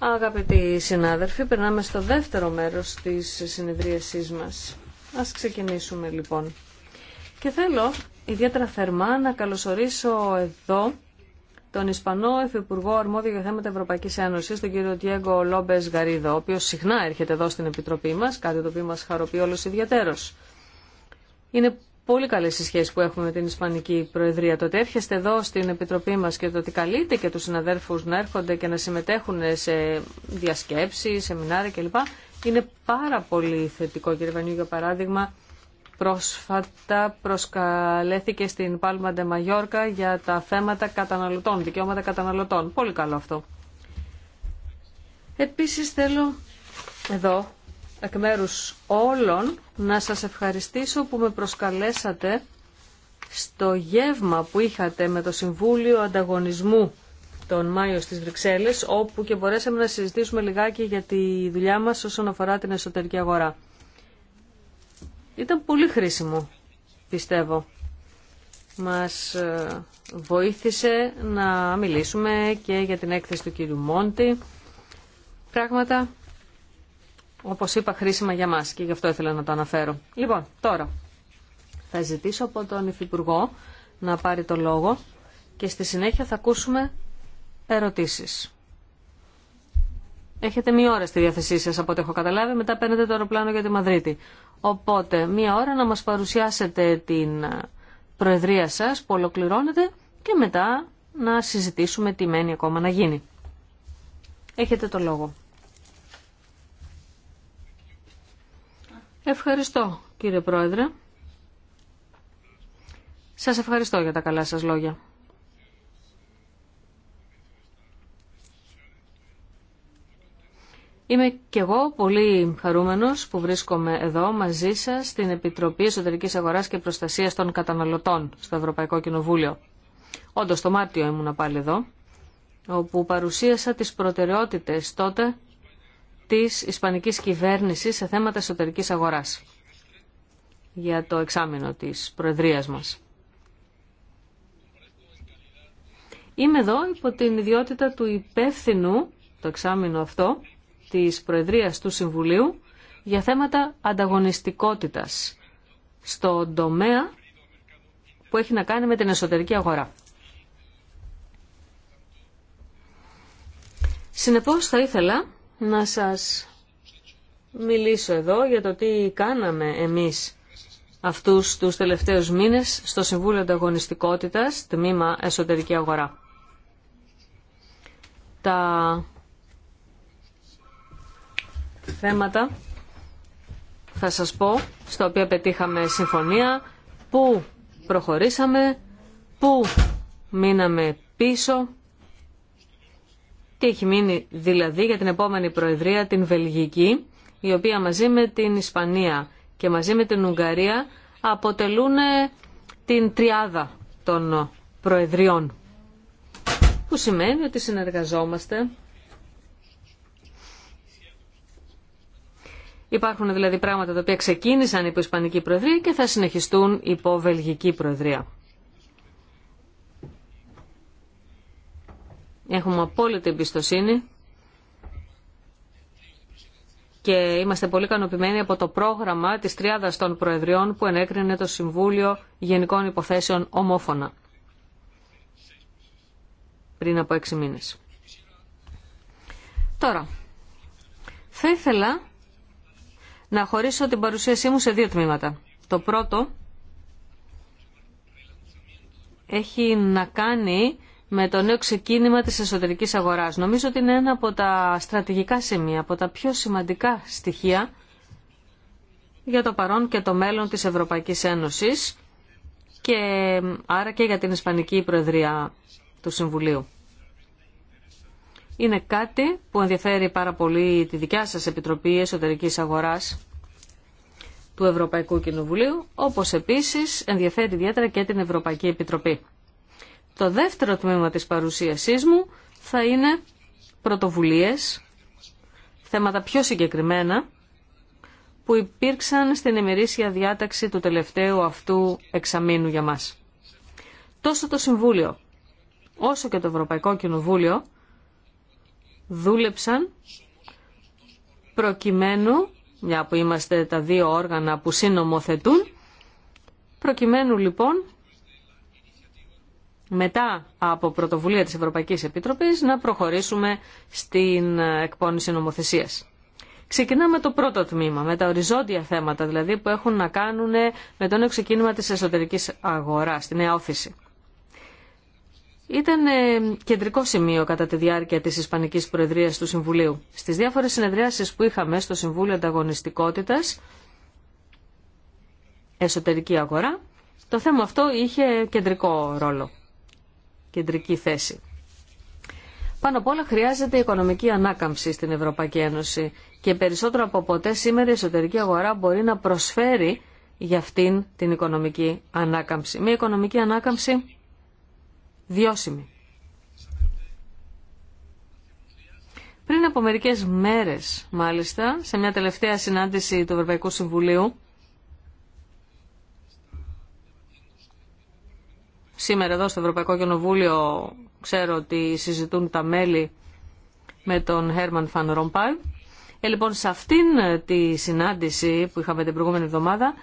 Αγαπητοί συνάδελφοι, περνάμε στο δεύτερο μέρος της συνεδρίασής μας. Ας ξεκινήσουμε λοιπόν. Και θέλω ιδιαίτερα θερμά να καλωσορίσω εδώ τον Ισπανό Υφυπουργό Αρμόδιο για θέματα Ευρωπαϊκή Ένωση, τον κύριο Τιέγκο Λόμπε Γαρίδο, ο οποίο συχνά έρχεται εδώ στην Επιτροπή μα, κάτι το οποίο μα χαροποιεί όλο ιδιαίτερω. Είναι πολύ καλές οι σχέσεις που έχουμε με την Ισπανική Προεδρία. Το ότι έρχεστε εδώ στην Επιτροπή μας και το ότι καλείτε και τους συναδέρφους να έρχονται και να συμμετέχουν σε διασκέψεις, σεμινάρια κλπ. Είναι πάρα πολύ θετικό. Κύριε Βανιού, για παράδειγμα, πρόσφατα προσκαλέθηκε στην Πάλμα Ντε Μαγιόρκα για τα θέματα καταναλωτών, δικαιώματα καταναλωτών. Πολύ καλό αυτό. Επίσης θέλω εδώ εκ μέρους όλων να σας ευχαριστήσω που με προσκαλέσατε στο γεύμα που είχατε με το Συμβούλιο Ανταγωνισμού τον Μάιο στις Βρυξέλλες, όπου και μπορέσαμε να συζητήσουμε λιγάκι για τη δουλειά μας όσον αφορά την εσωτερική αγορά. Ήταν πολύ χρήσιμο, πιστεύω. Μας ε, βοήθησε να μιλήσουμε και για την έκθεση του κύριου Μόντι. Πράγματα όπως είπα, χρήσιμα για μας και γι' αυτό ήθελα να το αναφέρω. Λοιπόν, τώρα θα ζητήσω από τον Υφυπουργό να πάρει το λόγο και στη συνέχεια θα ακούσουμε ερωτήσεις. Έχετε μία ώρα στη διάθεσή σας από ό,τι έχω καταλάβει, μετά παίρνετε το αεροπλάνο για τη Μαδρίτη. Οπότε, μία ώρα να μας παρουσιάσετε την ε, προεδρία σας που ολοκληρώνεται και μετά να συζητήσουμε τι μένει ακόμα να γίνει. Έχετε το λόγο. Ευχαριστώ, κύριε Πρόεδρε. Σας ευχαριστώ για τα καλά σας λόγια. Είμαι και εγώ πολύ χαρούμενος που βρίσκομαι εδώ μαζί σας στην Επιτροπή Εσωτερικής Αγοράς και Προστασίας των Καταναλωτών στο Ευρωπαϊκό Κοινοβούλιο. Όντως, το Μάρτιο ήμουν πάλι εδώ, όπου παρουσίασα τις προτεραιότητες τότε της Ισπανικής κυβέρνησης σε θέματα εσωτερικής αγοράς για το εξάμεινο της Προεδρίας μας. Είμαι εδώ υπό την ιδιότητα του υπεύθυνου, το εξάμεινο αυτό, της Προεδρίας του Συμβουλίου για θέματα ανταγωνιστικότητας στον τομέα που έχει να κάνει με την εσωτερική αγορά. Συνεπώς θα ήθελα να σας μιλήσω εδώ για το τι κάναμε εμείς αυτούς τους τελευταίους μήνες στο Συμβούλιο Ανταγωνιστικότητας, τμήμα Εσωτερική Αγορά. Τα θέματα θα σας πω στα οποία πετύχαμε συμφωνία, πού προχωρήσαμε, πού μείναμε πίσω τι έχει μείνει δηλαδή για την επόμενη Προεδρία, την Βελγική, η οποία μαζί με την Ισπανία και μαζί με την Ουγγαρία αποτελούν ε, την τριάδα των Προεδριών. Που σημαίνει ότι συνεργαζόμαστε. Υπάρχουν δηλαδή πράγματα τα οποία ξεκίνησαν υπό Ισπανική Προεδρία και θα συνεχιστούν υπό Βελγική Προεδρία. Έχουμε απόλυτη εμπιστοσύνη και είμαστε πολύ ικανοποιημένοι από το πρόγραμμα της Τριάδας των Προεδριών που ενέκρινε το Συμβούλιο Γενικών Υποθέσεων ομόφωνα πριν από έξι μήνες. Τώρα, θα ήθελα να χωρίσω την παρουσίασή μου σε δύο τμήματα. Το πρώτο έχει να κάνει με το νέο ξεκίνημα της εσωτερικής αγοράς. Νομίζω ότι είναι ένα από τα στρατηγικά σημεία, από τα πιο σημαντικά στοιχεία για το παρόν και το μέλλον της Ευρωπαϊκής Ένωσης και άρα και για την Ισπανική Προεδρία του Συμβουλίου. Είναι κάτι που ενδιαφέρει πάρα πολύ τη δικιά σας Επιτροπή Εσωτερικής Αγοράς του Ευρωπαϊκού Κοινοβουλίου, όπως επίσης ενδιαφέρει ιδιαίτερα και την Ευρωπαϊκή Επιτροπή. Το δεύτερο τμήμα της παρουσίασής μου θα είναι πρωτοβουλίες, θέματα πιο συγκεκριμένα, που υπήρξαν στην ημερήσια διάταξη του τελευταίου αυτού εξαμήνου για μας. Τόσο το Συμβούλιο, όσο και το Ευρωπαϊκό Κοινοβούλιο, δούλεψαν προκειμένου, μια που είμαστε τα δύο όργανα που συνομοθετούν, προκειμένου λοιπόν μετά από πρωτοβουλία της Ευρωπαϊκής Επιτροπής να προχωρήσουμε στην εκπόνηση νομοθεσίας. Ξεκινάμε το πρώτο τμήμα, με τα οριζόντια θέματα δηλαδή που έχουν να κάνουν με το νέο ξεκίνημα της εσωτερικής αγοράς, τη νέα όθηση. Ήταν ε, κεντρικό σημείο κατά τη διάρκεια της Ισπανικής Προεδρίας του Συμβουλίου. Στις διάφορες συνεδριάσεις που είχαμε στο Συμβούλιο Ανταγωνιστικότητας, εσωτερική αγορά, το θέμα αυτό είχε κεντρικό ρόλο κεντρική θέση. Πάνω απ' όλα χρειάζεται οικονομική ανάκαμψη στην Ευρωπαϊκή Ένωση και περισσότερο από ποτέ σήμερα η εσωτερική αγορά μπορεί να προσφέρει για αυτήν την οικονομική ανάκαμψη. Μια οικονομική ανάκαμψη διώσιμη. Πριν από μερικές μέρες, μάλιστα, σε μια τελευταία συνάντηση του Ευρωπαϊκού Συμβουλίου, Σήμερα εδώ στο Ευρωπαϊκό Κοινοβούλιο ξέρω ότι συζητούν τα μέλη με τον Herman Van Rompuy. Ε, λοιπόν, σε αυτήν ε, τη συνάντηση που είχαμε την προηγούμενη εβδομάδα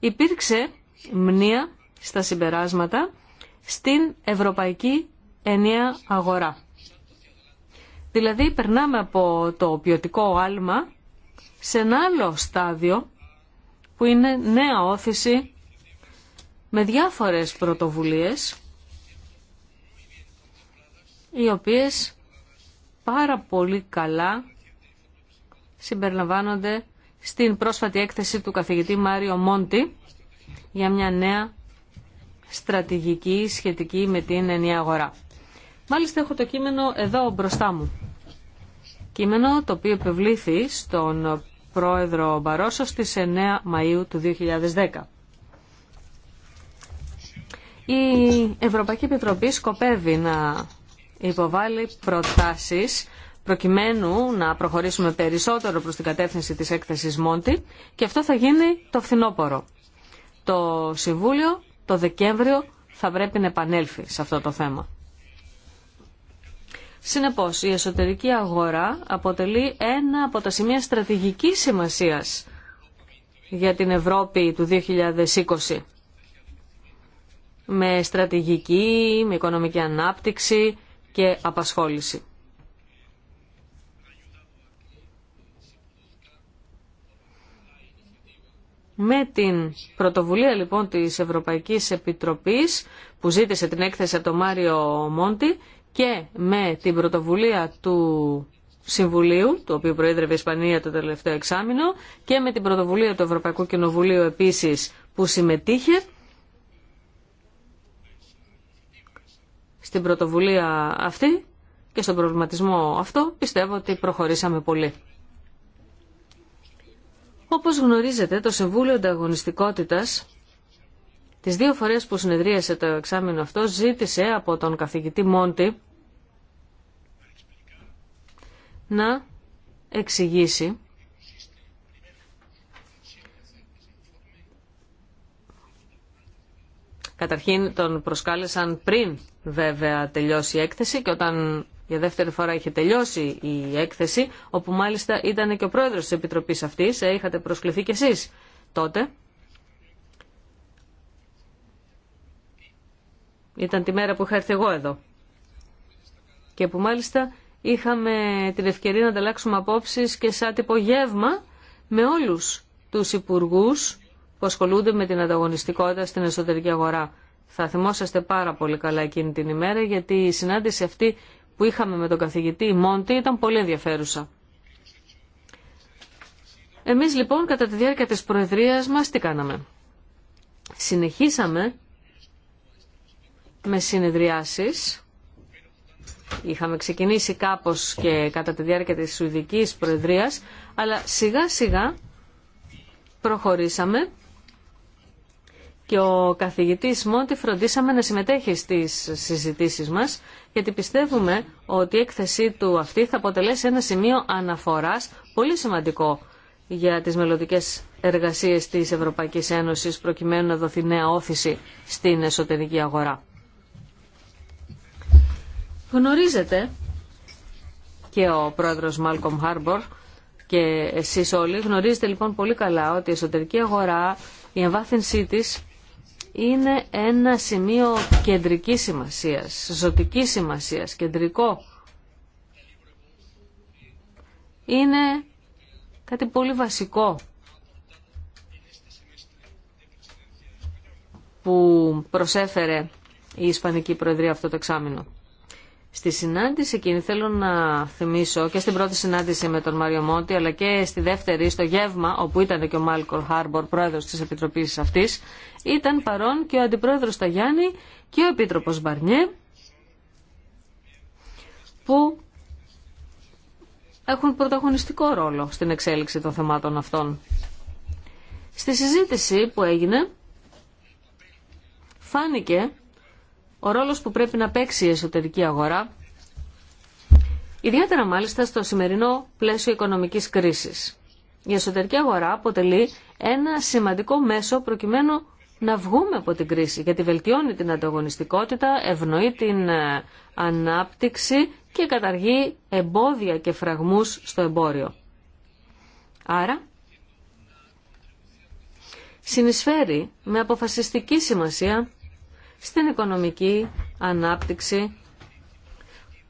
υπήρξε μνήα στα συμπεράσματα στην Ευρωπαϊκή Ενία Αγορά. Δηλαδή, περνάμε από το ποιοτικό άλμα σε ένα άλλο στάδιο που είναι νέα όθηση με διάφορες πρωτοβουλίες οι οποίες πάρα πολύ καλά συμπεριλαμβάνονται στην πρόσφατη έκθεση του καθηγητή Μάριο Μόντι για μια νέα στρατηγική σχετική με την ενιαία αγορά. Μάλιστα έχω το κείμενο εδώ μπροστά μου. Κείμενο το οποίο επιβλήθη στον πρόεδρο Μπαρόσο στις 9 Μαΐου του 2010. Η Ευρωπαϊκή Επιτροπή σκοπεύει να υποβάλει προτάσεις προκειμένου να προχωρήσουμε περισσότερο προς την κατεύθυνση της έκθεσης Μόντι και αυτό θα γίνει το φθινόπωρο. Το Συμβούλιο το Δεκέμβριο θα πρέπει να επανέλθει σε αυτό το θέμα. Συνεπώς, η εσωτερική αγορά αποτελεί ένα από τα σημεία στρατηγικής σημασίας για την Ευρώπη του 2020 με στρατηγική, με οικονομική ανάπτυξη και απασχόληση. Με την πρωτοβουλία λοιπόν της Ευρωπαϊκής Επιτροπής που ζήτησε την έκθεση από τον Μάριο Μόντι και με την πρωτοβουλία του Συμβουλίου, το οποίο προέδρευε η Ισπανία το τελευταίο εξάμεινο και με την πρωτοβουλία του Ευρωπαϊκού Κοινοβουλίου επίσης που συμμετείχε, στην πρωτοβουλία αυτή και στον προβληματισμό αυτό πιστεύω ότι προχωρήσαμε πολύ. Όπως γνωρίζετε, το Συμβούλιο ανταγωνιστικότητα τις δύο φορές που συνεδρίασε το εξάμεινο αυτό ζήτησε από τον καθηγητή Μόντι να εξηγήσει Καταρχήν τον προσκάλεσαν πριν βέβαια τελειώσει η έκθεση και όταν για δεύτερη φορά είχε τελειώσει η έκθεση, όπου μάλιστα ήταν και ο πρόεδρος της Επιτροπής αυτής, ε, είχατε προσκληθεί κι εσείς τότε. Ήταν τη μέρα που είχα έρθει εγώ εδώ. Και που μάλιστα είχαμε την ευκαιρία να ανταλλάξουμε απόψεις και σαν τυπογεύμα με όλους τους υπουργούς που ασχολούνται με την ανταγωνιστικότητα στην εσωτερική αγορά. Θα θυμόσαστε πάρα πολύ καλά εκείνη την ημέρα γιατί η συνάντηση αυτή που είχαμε με τον καθηγητή Μόντι ήταν πολύ ενδιαφέρουσα. Εμείς λοιπόν κατά τη διάρκεια της Προεδρίας μας τι κάναμε. Συνεχίσαμε με συνεδριάσεις. Είχαμε ξεκινήσει κάπως και κατά τη διάρκεια της Σουηδικής Προεδρίας, αλλά σιγά σιγά προχωρήσαμε και ο καθηγητής Μόντι φροντίσαμε να συμμετέχει στις συζητήσεις μας γιατί πιστεύουμε ότι η έκθεσή του αυτή θα αποτελέσει ένα σημείο αναφοράς πολύ σημαντικό για τις μελλοντικέ εργασίες της Ευρωπαϊκής Ένωσης προκειμένου να δοθεί νέα όθηση στην εσωτερική αγορά. Γνωρίζετε και ο πρόεδρος Μάλκομ Χάρμπορ και εσείς όλοι γνωρίζετε λοιπόν πολύ καλά ότι η εσωτερική αγορά η εμβάθυνσή της είναι ένα σημείο κεντρικής σημασίας, ζωτικής σημασίας, κεντρικό. Είναι κάτι πολύ βασικό που προσέφερε η Ισπανική Προεδρία αυτό το εξάμεινο. Στη συνάντηση εκείνη θέλω να θυμίσω και στην πρώτη συνάντηση με τον Μάριο Μόντι αλλά και στη δεύτερη στο γεύμα όπου ήταν και ο Μάλκορ Χάρμπορ πρόεδρος της Επιτροπής αυτής ήταν παρόν και ο Αντιπρόεδρος Ταγιάννη και ο Επίτροπος Μπαρνιέ που έχουν πρωταγωνιστικό ρόλο στην εξέλιξη των θεμάτων αυτών. Στη συζήτηση που έγινε φάνηκε ο ρόλος που πρέπει να παίξει η εσωτερική αγορά ιδιαίτερα μάλιστα στο σημερινό πλαίσιο οικονομικής κρίσης. Η εσωτερική αγορά αποτελεί ένα σημαντικό μέσο προκειμένου να βγούμε από την κρίση, γιατί βελτιώνει την ανταγωνιστικότητα, ευνοεί την ε, ανάπτυξη και καταργεί εμπόδια και φραγμούς στο εμπόριο. Άρα, συνεισφέρει με αποφασιστική σημασία στην οικονομική ανάπτυξη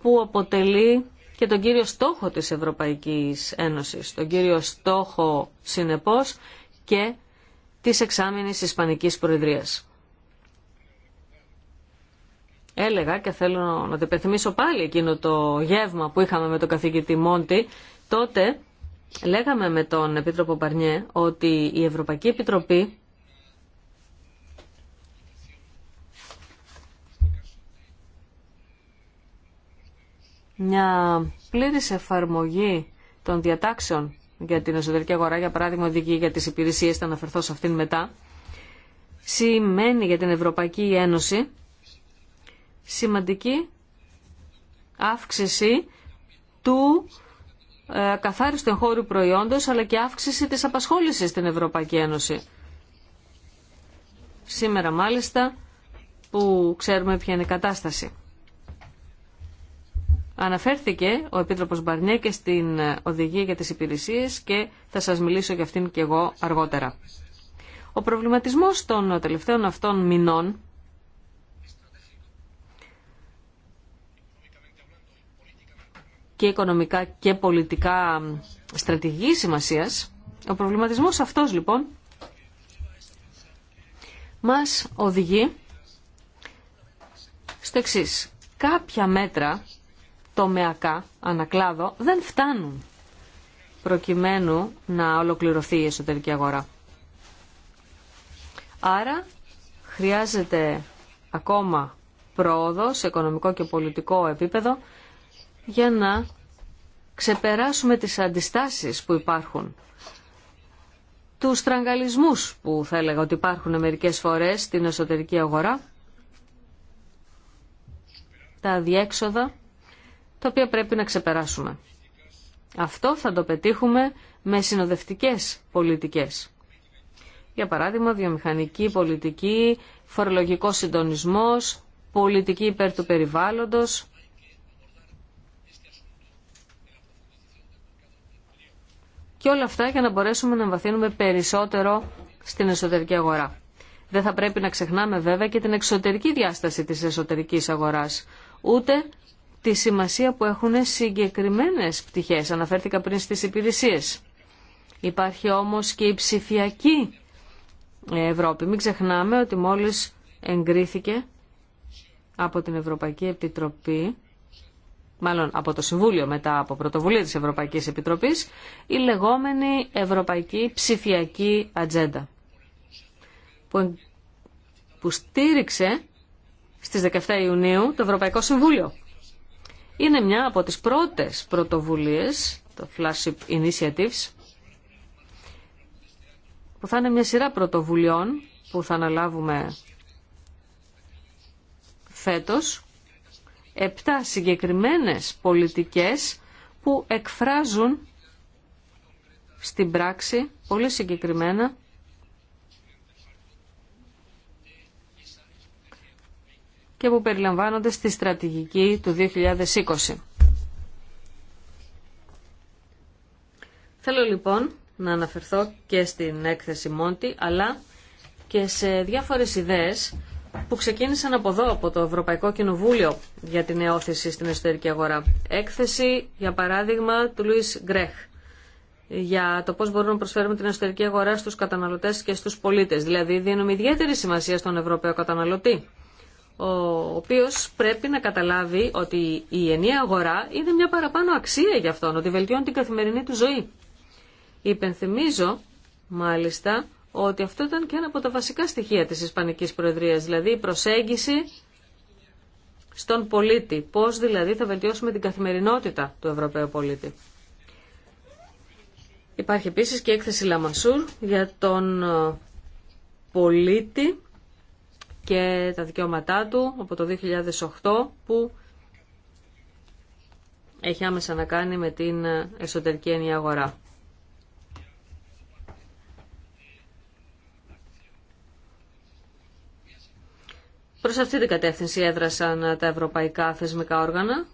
που αποτελεί και τον κύριο στόχο της Ευρωπαϊκής Ένωσης, τον κύριο στόχο συνεπώς και της εξάμηνης Ισπανικής Προεδρίας. Έλεγα και θέλω να το υπενθυμίσω πάλι εκείνο το γεύμα που είχαμε με τον καθηγητή Μόντι, τότε λέγαμε με τον Επίτροπο Παρνιέ ότι η Ευρωπαϊκή Επιτροπή μια πλήρης εφαρμογή των διατάξεων για την εσωτερική αγορά, για παράδειγμα δική για τι υπηρεσίε θα αναφερθώ σε αυτήν μετά, σημαίνει για την Ευρωπαϊκή Ένωση σημαντική αύξηση του ε, καθάριστου εγχώριου προϊόντος, αλλά και αύξηση της απασχόλησης στην Ευρωπαϊκή Ένωση. Σήμερα μάλιστα που ξέρουμε ποια είναι η κατάσταση. Αναφέρθηκε ο Επίτροπος Μπαρνιέ και στην Οδηγία για τις Υπηρεσίες και θα σας μιλήσω για αυτήν και εγώ αργότερα. Ο προβληματισμός των τελευταίων αυτών μηνών και οικονομικά και πολιτικά στρατηγικής σημασίας, ο προβληματισμός αυτός λοιπόν μας οδηγεί στο εξής. Κάποια μέτρα τομεακά, ανακλάδο, δεν φτάνουν προκειμένου να ολοκληρωθεί η εσωτερική αγορά. Άρα χρειάζεται ακόμα πρόοδο σε οικονομικό και πολιτικό επίπεδο για να ξεπεράσουμε τις αντιστάσεις που υπάρχουν. Τους στραγγαλισμούς που θα έλεγα ότι υπάρχουν μερικές φορές στην εσωτερική αγορά, τα διέξοδα τα οποία πρέπει να ξεπεράσουμε. Αυτό θα το πετύχουμε με συνοδευτικές πολιτικές. Για παράδειγμα, βιομηχανική πολιτική, φορολογικό συντονισμός, πολιτική υπέρ του περιβάλλοντος. Και όλα αυτά για να μπορέσουμε να βαθύνουμε περισσότερο στην εσωτερική αγορά. Δεν θα πρέπει να ξεχνάμε βέβαια και την εξωτερική διάσταση της εσωτερικής αγοράς, ούτε τη σημασία που έχουν συγκεκριμένες πτυχές. Αναφέρθηκα πριν στις υπηρεσίες. Υπάρχει όμως και η ψηφιακή Ευρώπη. Μην ξεχνάμε ότι μόλις εγκρίθηκε από την Ευρωπαϊκή Επιτροπή, μάλλον από το Συμβούλιο μετά από πρωτοβουλία της Ευρωπαϊκής Επιτροπής, η λεγόμενη Ευρωπαϊκή Ψηφιακή Ατζέντα, που, στήριξε στις 17 Ιουνίου το Ευρωπαϊκό Συμβούλιο είναι μια από τις πρώτες πρωτοβουλίες, το Flagship Initiatives, που θα είναι μια σειρά πρωτοβουλειών που θα αναλάβουμε φέτος, επτά συγκεκριμένες πολιτικές που εκφράζουν στην πράξη πολύ συγκεκριμένα και που περιλαμβάνονται στη στρατηγική του 2020. Θέλω λοιπόν να αναφερθώ και στην έκθεση Μόντι, αλλά και σε διάφορες ιδέες που ξεκίνησαν από εδώ, από το Ευρωπαϊκό Κοινοβούλιο για την εώθηση στην εσωτερική αγορά. Έκθεση, για παράδειγμα, του Λουίς Γκρέχ για το πώς μπορούμε να προσφέρουμε την εσωτερική αγορά στους καταναλωτές και στους πολίτες. Δηλαδή, δίνουμε ιδιαίτερη σημασία στον Ευρωπαίο καταναλωτή ο οποίος πρέπει να καταλάβει ότι η ενιαία αγορά είναι μια παραπάνω αξία για αυτόν, ότι βελτιώνει την καθημερινή του ζωή. Υπενθυμίζω, μάλιστα, ότι αυτό ήταν και ένα από τα βασικά στοιχεία της Ισπανικής Προεδρίας, δηλαδή η προσέγγιση στον πολίτη, πώς δηλαδή θα βελτιώσουμε την καθημερινότητα του Ευρωπαίου πολίτη. Υπάρχει επίσης και έκθεση Λαμασούρ για τον ε, πολίτη και τα δικαιώματά του από το 2008 που έχει άμεσα να κάνει με την εσωτερική ενιαία αγορά. Προς αυτή την κατεύθυνση έδρασαν τα ευρωπαϊκά θεσμικά όργανα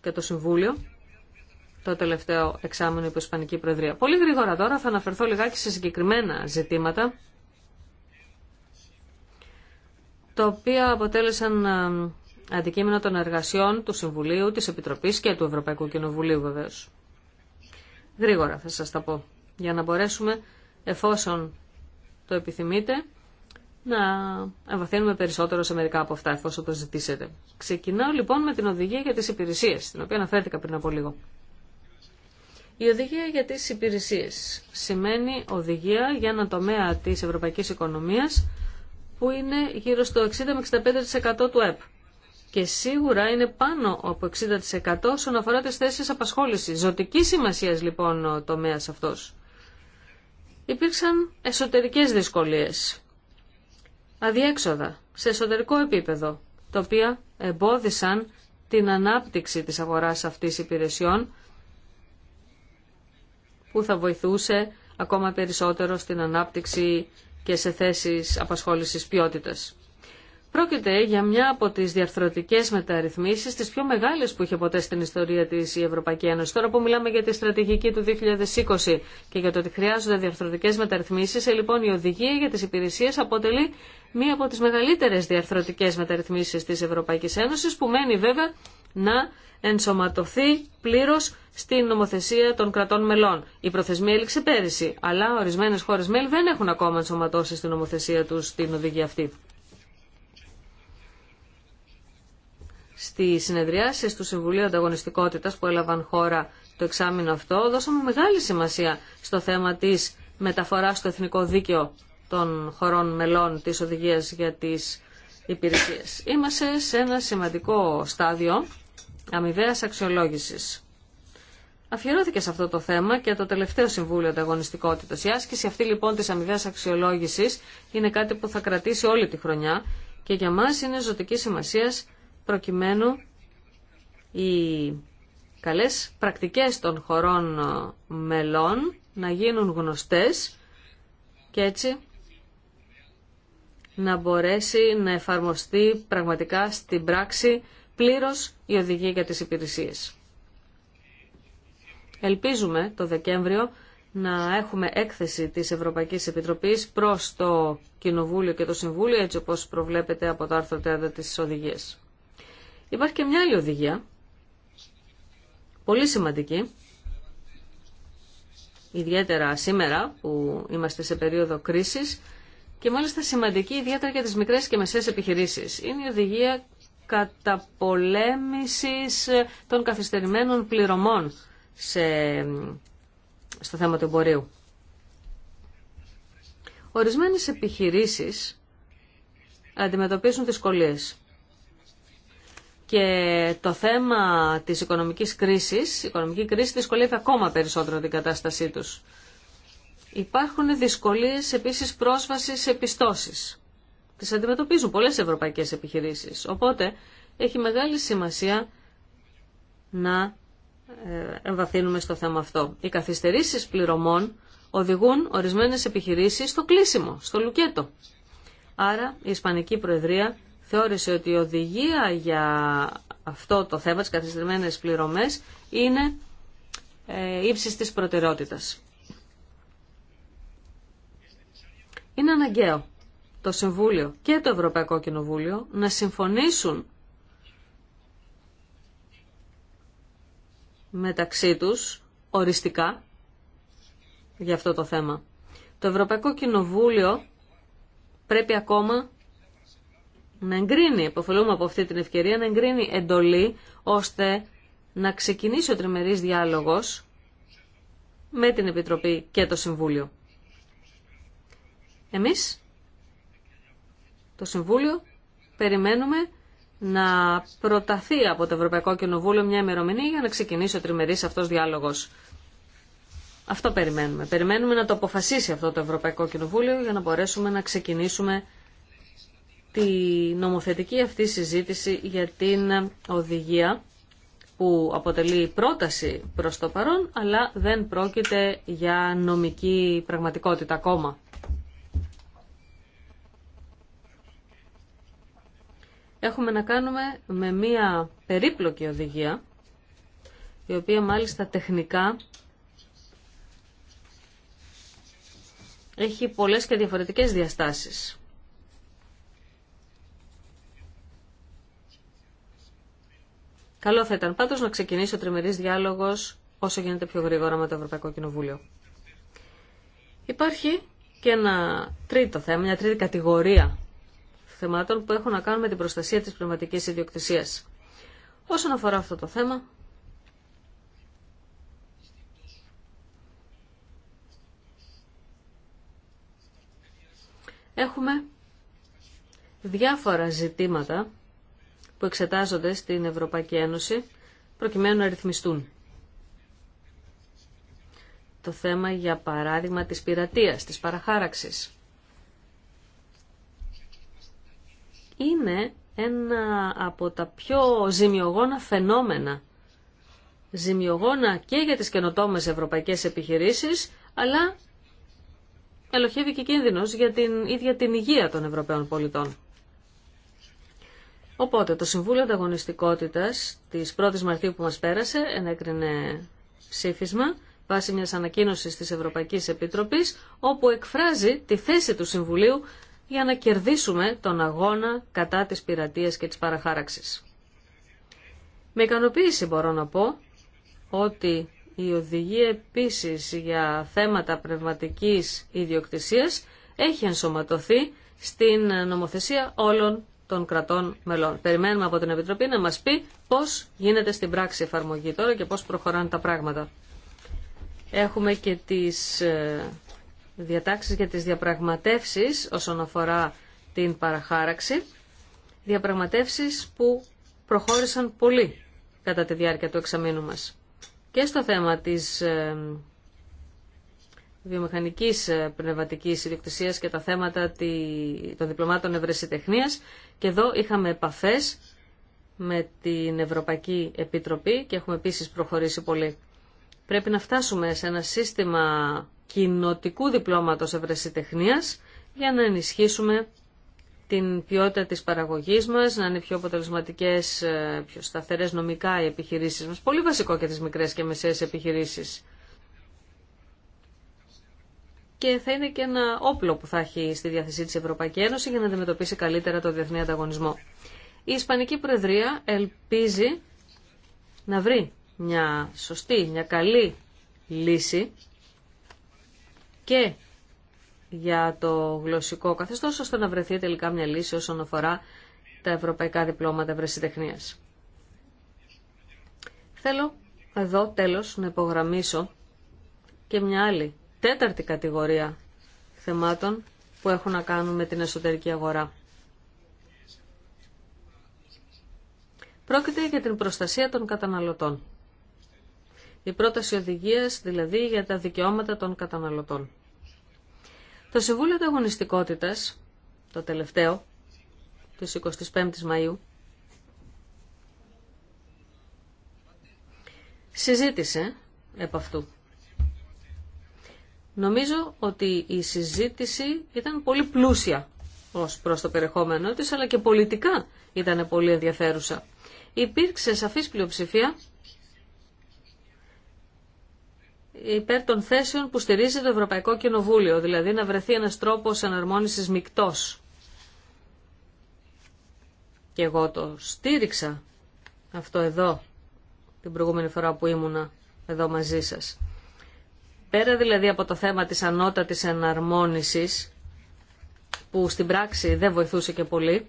και το Συμβούλιο το τελευταίο εξάμεινο υπό Ισπανική Προεδρία. Πολύ γρήγορα τώρα θα αναφερθώ λιγάκι σε συγκεκριμένα ζητήματα τα οποία αποτέλεσαν ε, αντικείμενο των εργασιών του Συμβουλίου, της Επιτροπής και του Ευρωπαϊκού Κοινοβουλίου βεβαίως. Γρήγορα θα σας τα πω, για να μπορέσουμε, εφόσον το επιθυμείτε, να εμβαθύνουμε περισσότερο σε μερικά από αυτά, εφόσον το ζητήσετε. Ξεκινάω λοιπόν με την οδηγία για τις υπηρεσίες, την οποία αναφέρθηκα πριν από λίγο. Η οδηγία για τις υπηρεσίες σημαίνει οδηγία για ένα τομέα της ευρωπαϊκής οικονομίας που είναι γύρω στο 60-65% του ΕΠ. Και σίγουρα είναι πάνω από 60% όσον αφορά τις θέσεις απασχόλησης. Ζωτική σημασία λοιπόν ο τομέας αυτός. Υπήρξαν εσωτερικές δυσκολίες, αδιέξοδα, σε εσωτερικό επίπεδο, τα οποία εμπόδισαν την ανάπτυξη της αγοράς αυτής υπηρεσιών, που θα βοηθούσε ακόμα περισσότερο στην ανάπτυξη και σε θέσεις απασχόλησης ποιότητας. Πρόκειται για μια από τις διαρθρωτικές μεταρρυθμίσεις, τις πιο μεγάλες που είχε ποτέ στην ιστορία της η Ευρωπαϊκή Ένωση. Τώρα που μιλάμε για τη στρατηγική του 2020 και για το ότι χρειάζονται διαρθρωτικές μεταρρυθμίσεις, ε, λοιπόν η οδηγία για τις υπηρεσίε αποτελεί μία από τις μεγαλύτερες διαρθρωτικές μεταρρυθμίσεις της Ευρωπαϊκής Ένωσης, που μένει βέβαια να ενσωματωθεί πλήρω στην νομοθεσία των κρατών μελών. Η προθεσμία έληξε πέρυσι, αλλά ορισμένες χώρες μέλη δεν έχουν ακόμα ενσωματώσει στην νομοθεσία τους την οδηγία αυτή. Στη συνεδριάσεις του Συμβουλίου Ανταγωνιστικότητα που έλαβαν χώρα το εξάμεινο αυτό, δώσαμε μεγάλη σημασία στο θέμα της μεταφορά στο εθνικό δίκαιο των χωρών μελών τη οδηγία για τις υπηρεσίες. Είμαστε σε ένα σημαντικό στάδιο αμοιβαία αξιολόγηση. Αφιερώθηκε σε αυτό το θέμα και το τελευταίο Συμβούλιο Ανταγωνιστικότητα. Η άσκηση αυτή λοιπόν τη αμοιβαία αξιολόγηση είναι κάτι που θα κρατήσει όλη τη χρονιά και για μα είναι ζωτική σημασία προκειμένου οι καλέ πρακτικέ των χωρών ε, μελών να γίνουν γνωστέ και έτσι να μπορέσει να εφαρμοστεί πραγματικά στην πράξη Πλήρω η οδηγία για τις υπηρεσίες. Ελπίζουμε το Δεκέμβριο να έχουμε έκθεση της Ευρωπαϊκής Επιτροπής προς το Κοινοβούλιο και το Συμβούλιο, έτσι όπως προβλέπεται από το άρθρο 30 της οδηγίας. Υπάρχει και μια άλλη οδηγία, πολύ σημαντική, ιδιαίτερα σήμερα που είμαστε σε περίοδο κρίσης και μάλιστα σημαντική ιδιαίτερα για τις μικρές και μεσαίες επιχειρήσεις. Είναι η οδηγία καταπολέμησης των καθυστερημένων πληρωμών σε, στο θέμα του εμπορίου. Ορισμένες επιχειρήσεις αντιμετωπίζουν δυσκολίες. Και το θέμα της οικονομικής κρίσης, η οικονομική κρίση δυσκολεύει ακόμα περισσότερο την κατάστασή τους. Υπάρχουν δυσκολίες επίσης πρόσβασης σε πιστώσεις. Τις αντιμετωπίζουν πολλές ευρωπαϊκές επιχειρήσεις. Οπότε έχει μεγάλη σημασία να ε, εμβαθύνουμε στο θέμα αυτό. Οι καθυστερήσεις πληρωμών οδηγούν ορισμένες επιχειρήσεις στο κλείσιμο, στο λουκέτο. Άρα η Ισπανική Προεδρία θεώρησε ότι η οδηγία για αυτό το θέμα, τις καθυστερημένες πληρωμές, είναι ε, ύψης της προτεραιότητας. Είναι αναγκαίο το Συμβούλιο και το Ευρωπαϊκό Κοινοβούλιο να συμφωνήσουν μεταξύ τους οριστικά για αυτό το θέμα. Το Ευρωπαϊκό Κοινοβούλιο πρέπει ακόμα να εγκρίνει, υποφελούμε από αυτή την ευκαιρία, να εγκρίνει εντολή ώστε να ξεκινήσει ο τριμερής διάλογος με την Επιτροπή και το Συμβούλιο. Εμείς το Συμβούλιο περιμένουμε να προταθεί από το Ευρωπαϊκό Κοινοβούλιο μια ημερομηνία για να ξεκινήσει ο τριμερής αυτός διάλογος. Αυτό περιμένουμε. Περιμένουμε να το αποφασίσει αυτό το Ευρωπαϊκό Κοινοβούλιο για να μπορέσουμε να ξεκινήσουμε τη νομοθετική αυτή συζήτηση για την οδηγία που αποτελεί πρόταση προς το παρόν, αλλά δεν πρόκειται για νομική πραγματικότητα ακόμα. έχουμε να κάνουμε με μία περίπλοκη οδηγία, η οποία μάλιστα τεχνικά έχει πολλές και διαφορετικές διαστάσεις. Καλό θα ήταν πάντως να ξεκινήσει ο τριμερής διάλογος όσο γίνεται πιο γρήγορα με το Ευρωπαϊκό Κοινοβούλιο. Υπάρχει και ένα τρίτο θέμα, μια τρίτη κατηγορία θεμάτων που έχουν να κάνουν με την προστασία της πνευματικής ιδιοκτησίας. Όσον αφορά αυτό το θέμα, έχουμε διάφορα ζητήματα που εξετάζονται στην Ευρωπαϊκή Ένωση προκειμένου να ρυθμιστούν. Το θέμα, για παράδειγμα, της πειρατείας, της παραχάραξης. είναι ένα από τα πιο ζημιογόνα φαινόμενα. Ζημιογόνα και για τις καινοτόμες ευρωπαϊκές επιχειρήσεις, αλλά ελοχεύει και κίνδυνος για την ίδια την υγεία των Ευρωπαίων πολιτών. Οπότε το Συμβούλιο Ανταγωνιστικότητας της 1ης Μαρτίου που μας πέρασε ενέκρινε ψήφισμα βάσει μιας ανακοίνωσης της Ευρωπαϊκής Επιτροπής όπου εκφράζει τη θέση του Συμβουλίου για να κερδίσουμε τον αγώνα κατά της πειρατείας και της παραχάραξης. Με ικανοποίηση μπορώ να πω ότι η οδηγία επίσης για θέματα πνευματικής ιδιοκτησίας έχει ενσωματωθεί στην νομοθεσία όλων των κρατών μελών. Περιμένουμε από την Επιτροπή να μας πει πώς γίνεται στην πράξη εφαρμογή τώρα και πώς προχωράνε τα πράγματα. Έχουμε και τις ε, διατάξεις για τις διαπραγματεύσεις όσον αφορά την παραχάραξη, διαπραγματεύσεις που προχώρησαν πολύ κατά τη διάρκεια του εξαμήνου μας. Και στο θέμα της ε, βιομηχανικής ε, πνευματικής ιδιοκτησίας και τα θέματα των διπλωμάτων ευρεσιτεχνίας και εδώ είχαμε επαφές με την Ευρωπαϊκή Επιτροπή και έχουμε επίσης προχωρήσει πολύ. Πρέπει να φτάσουμε σε ένα σύστημα κοινοτικού διπλώματος ευρεσιτεχνίας για να ενισχύσουμε την ποιότητα της παραγωγής μας, να είναι πιο αποτελεσματικές, ε, πιο σταθερές νομικά οι επιχειρήσεις μας. Πολύ βασικό και τις μικρές και μεσαίες επιχειρήσεις. Και θα είναι και ένα όπλο που θα έχει στη διάθεσή της Ευρωπαϊκή Ένωση για να αντιμετωπίσει καλύτερα το διεθνή ανταγωνισμό. Η Ισπανική Προεδρία ελπίζει να βρει μια σωστή, μια καλή λύση και για το γλωσσικό καθεστώς, ώστε να βρεθεί τελικά μια λύση όσον αφορά τα ευρωπαϊκά διπλώματα ευρεσιτεχνίας. Θέλω εδώ τέλος να υπογραμμίσω και μια άλλη τέταρτη κατηγορία θεμάτων που έχουν να κάνουν με την εσωτερική αγορά. Πρόκειται για την προστασία των καταναλωτών. Η πρόταση οδηγίας δηλαδή για τα δικαιώματα των καταναλωτών. Το Συμβούλιο Αγωνιστικότητας, το τελευταίο, της 25ης Μαΐου, συζήτησε επ' αυτού. Νομίζω ότι η συζήτηση ήταν πολύ πλούσια ως προς το περιεχόμενό της, αλλά και πολιτικά ήταν πολύ ενδιαφέρουσα. Υπήρξε σαφής πλειοψηφία υπέρ των θέσεων που στηρίζει το Ευρωπαϊκό Κοινοβούλιο, δηλαδή να βρεθεί ένας τρόπος εναρμόνισης μικτός. Και εγώ το στήριξα αυτό εδώ, την προηγούμενη φορά που ήμουνα εδώ μαζί σας. Πέρα δηλαδή από το θέμα της ανώτατης εναρμόνισης, που στην πράξη δεν βοηθούσε και πολύ,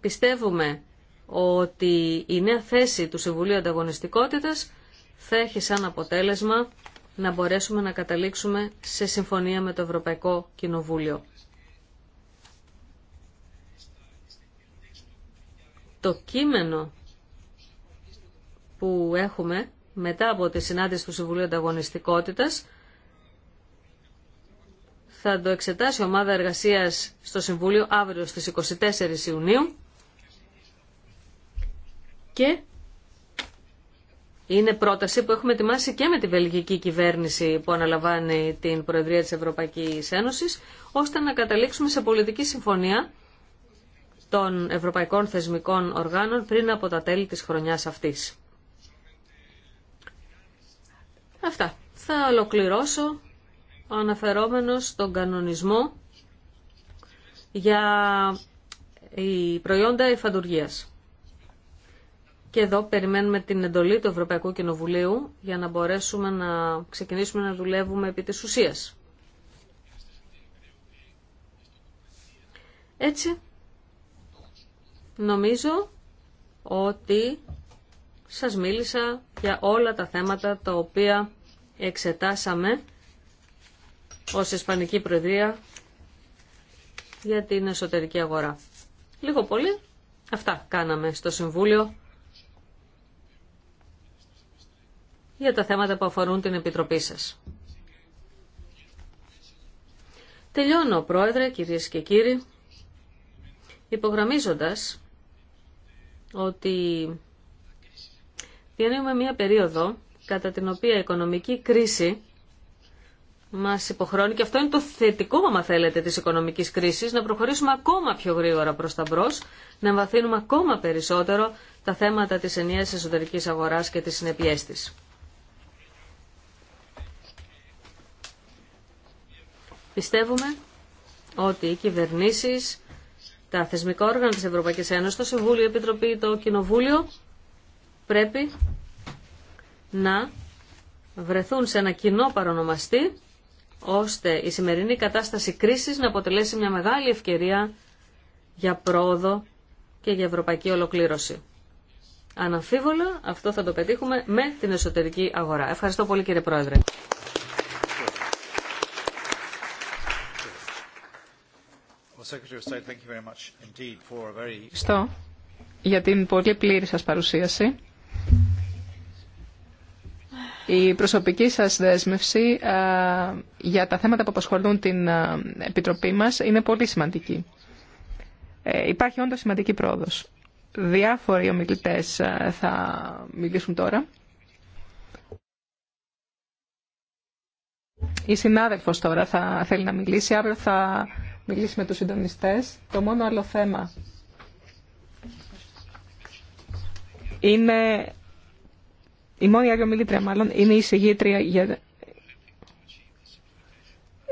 πιστεύουμε ότι η νέα θέση του Συμβουλίου Ανταγωνιστικότητας θα έχει σαν αποτέλεσμα να μπορέσουμε να καταλήξουμε σε συμφωνία με το Ευρωπαϊκό Κοινοβούλιο. Το κείμενο που έχουμε μετά από τη συνάντηση του Συμβουλίου Ανταγωνιστικότητας θα το εξετάσει η ομάδα εργασίας στο Συμβούλιο αύριο στις 24 Ιουνίου και είναι πρόταση που έχουμε ετοιμάσει και με τη βελγική κυβέρνηση που αναλαμβάνει την Προεδρία της Ευρωπαϊκής Ένωσης, ώστε να καταλήξουμε σε πολιτική συμφωνία των ευρωπαϊκών θεσμικών οργάνων πριν από τα τέλη της χρονιάς αυτής. Αυτά. Θα ολοκληρώσω αναφερόμενος στον κανονισμό για οι προϊόντα υφαντουργίας. Και εδώ περιμένουμε την εντολή του Ευρωπαϊκού Κοινοβουλίου για να μπορέσουμε να ξεκινήσουμε να δουλεύουμε επί της ουσίας. Έτσι, νομίζω ότι σας μίλησα για όλα τα θέματα τα οποία εξετάσαμε ως Ισπανική Προεδρία για την εσωτερική αγορά. Λίγο πολύ αυτά κάναμε στο Συμβούλιο για τα θέματα που αφορούν την Επιτροπή σας. Τελειώνω, Πρόεδρε, κυρίες και κύριοι, υπογραμμίζοντας ότι διανύουμε μία περίοδο κατά την οποία η οικονομική κρίση μας υποχρώνει, και αυτό είναι το θετικό, άμα θέλετε, της οικονομικής κρίσης, να προχωρήσουμε ακόμα πιο γρήγορα προς τα μπρος, να εμβαθύνουμε ακόμα περισσότερο τα θέματα της ενιαίας εσωτερικής αγοράς και τις συνεπιές της. Πιστεύουμε ότι οι κυβερνήσει, τα θεσμικά όργανα της Ευρωπαϊκή Ένωση, το Συμβούλιο, η Επιτροπή, το Κοινοβούλιο, πρέπει να βρεθούν σε ένα κοινό παρονομαστή, ώστε η σημερινή κατάσταση κρίσης να αποτελέσει μια μεγάλη ευκαιρία για πρόοδο και για ευρωπαϊκή ολοκλήρωση. Αναμφίβολα αυτό θα το πετύχουμε με την εσωτερική αγορά. Ευχαριστώ πολύ κύριε Πρόεδρε. Ευχαριστώ για την πολύ πλήρη σας παρουσίαση. Η προσωπική σας δέσμευση για τα θέματα που απασχολούν την Επιτροπή μας είναι πολύ σημαντική. Ε, υπάρχει όντως σημαντική πρόοδος. Διάφοροι ομιλητές θα μιλήσουν τώρα. Η συνάδελφος τώρα θα θέλει να μιλήσει, αύριο θα μιλήσει με τους συντονιστές. Το μόνο άλλο θέμα είναι... Η μόνη άλλη μάλλον είναι η συγγήτρια για...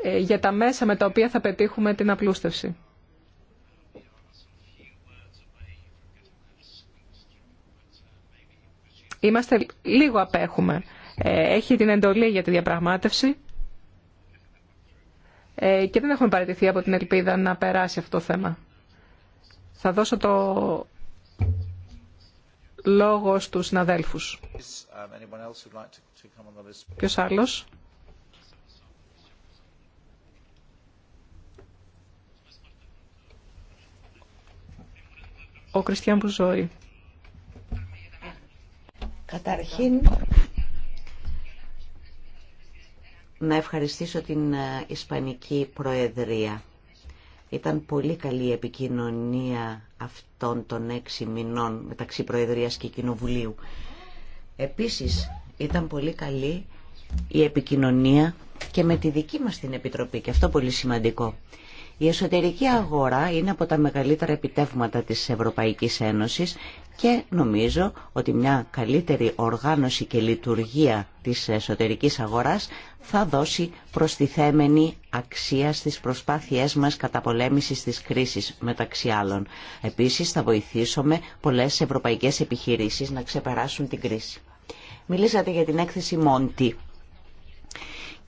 Ε, για τα μέσα με τα οποία θα πετύχουμε την απλούστευση. Είμαστε λίγο απέχουμε. Ε, έχει την εντολή για τη διαπραγμάτευση ε, και δεν έχουμε παραιτηθεί από την ελπίδα να περάσει αυτό το θέμα. Θα δώσω το λόγο στους συναδέλφους. Ποιος άλλος? Ο Κριστιαν Μπουζόη. Καταρχήν να ευχαριστήσω την ε, Ισπανική Προεδρία. Ήταν πολύ καλή η επικοινωνία αυτών των έξι μηνών μεταξύ Προεδρίας και Κοινοβουλίου. Επίσης, ήταν πολύ καλή η επικοινωνία και με τη δική μας την Επιτροπή και αυτό πολύ σημαντικό. Η εσωτερική αγορά είναι από τα μεγαλύτερα επιτεύγματα της Ευρωπαϊκής Ένωσης και νομίζω ότι μια καλύτερη οργάνωση και λειτουργία της εσωτερικής αγοράς θα δώσει προστιθέμενη αξία στις προσπάθειές μας καταπολέμησης της κρίσης μεταξύ άλλων. Επίσης θα βοηθήσουμε πολλές ευρωπαϊκές επιχειρήσεις να ξεπεράσουν την κρίση. Μιλήσατε για την έκθεση Μόντι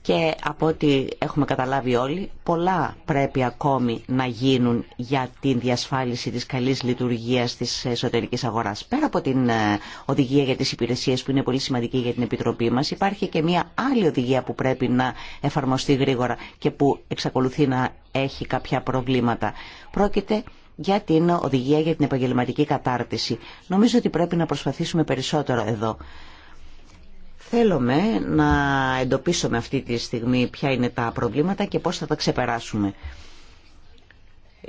και από ό,τι έχουμε καταλάβει όλοι, πολλά πρέπει ακόμη να γίνουν για την διασφάλιση της καλής λειτουργίας της εσωτερικής αγοράς. Πέρα από την ε, οδηγία για τις υπηρεσίες που είναι πολύ σημαντική για την Επιτροπή μας, υπάρχει και μια άλλη οδηγία που πρέπει να εφαρμοστεί γρήγορα και που εξακολουθεί να έχει κάποια προβλήματα. Πρόκειται για την οδηγία για την επαγγελματική κατάρτιση. Νομίζω ότι πρέπει να προσπαθήσουμε περισσότερο εδώ. Θέλουμε να εντοπίσουμε αυτή τη στιγμή ποια είναι τα προβλήματα και πώς θα τα ξεπεράσουμε.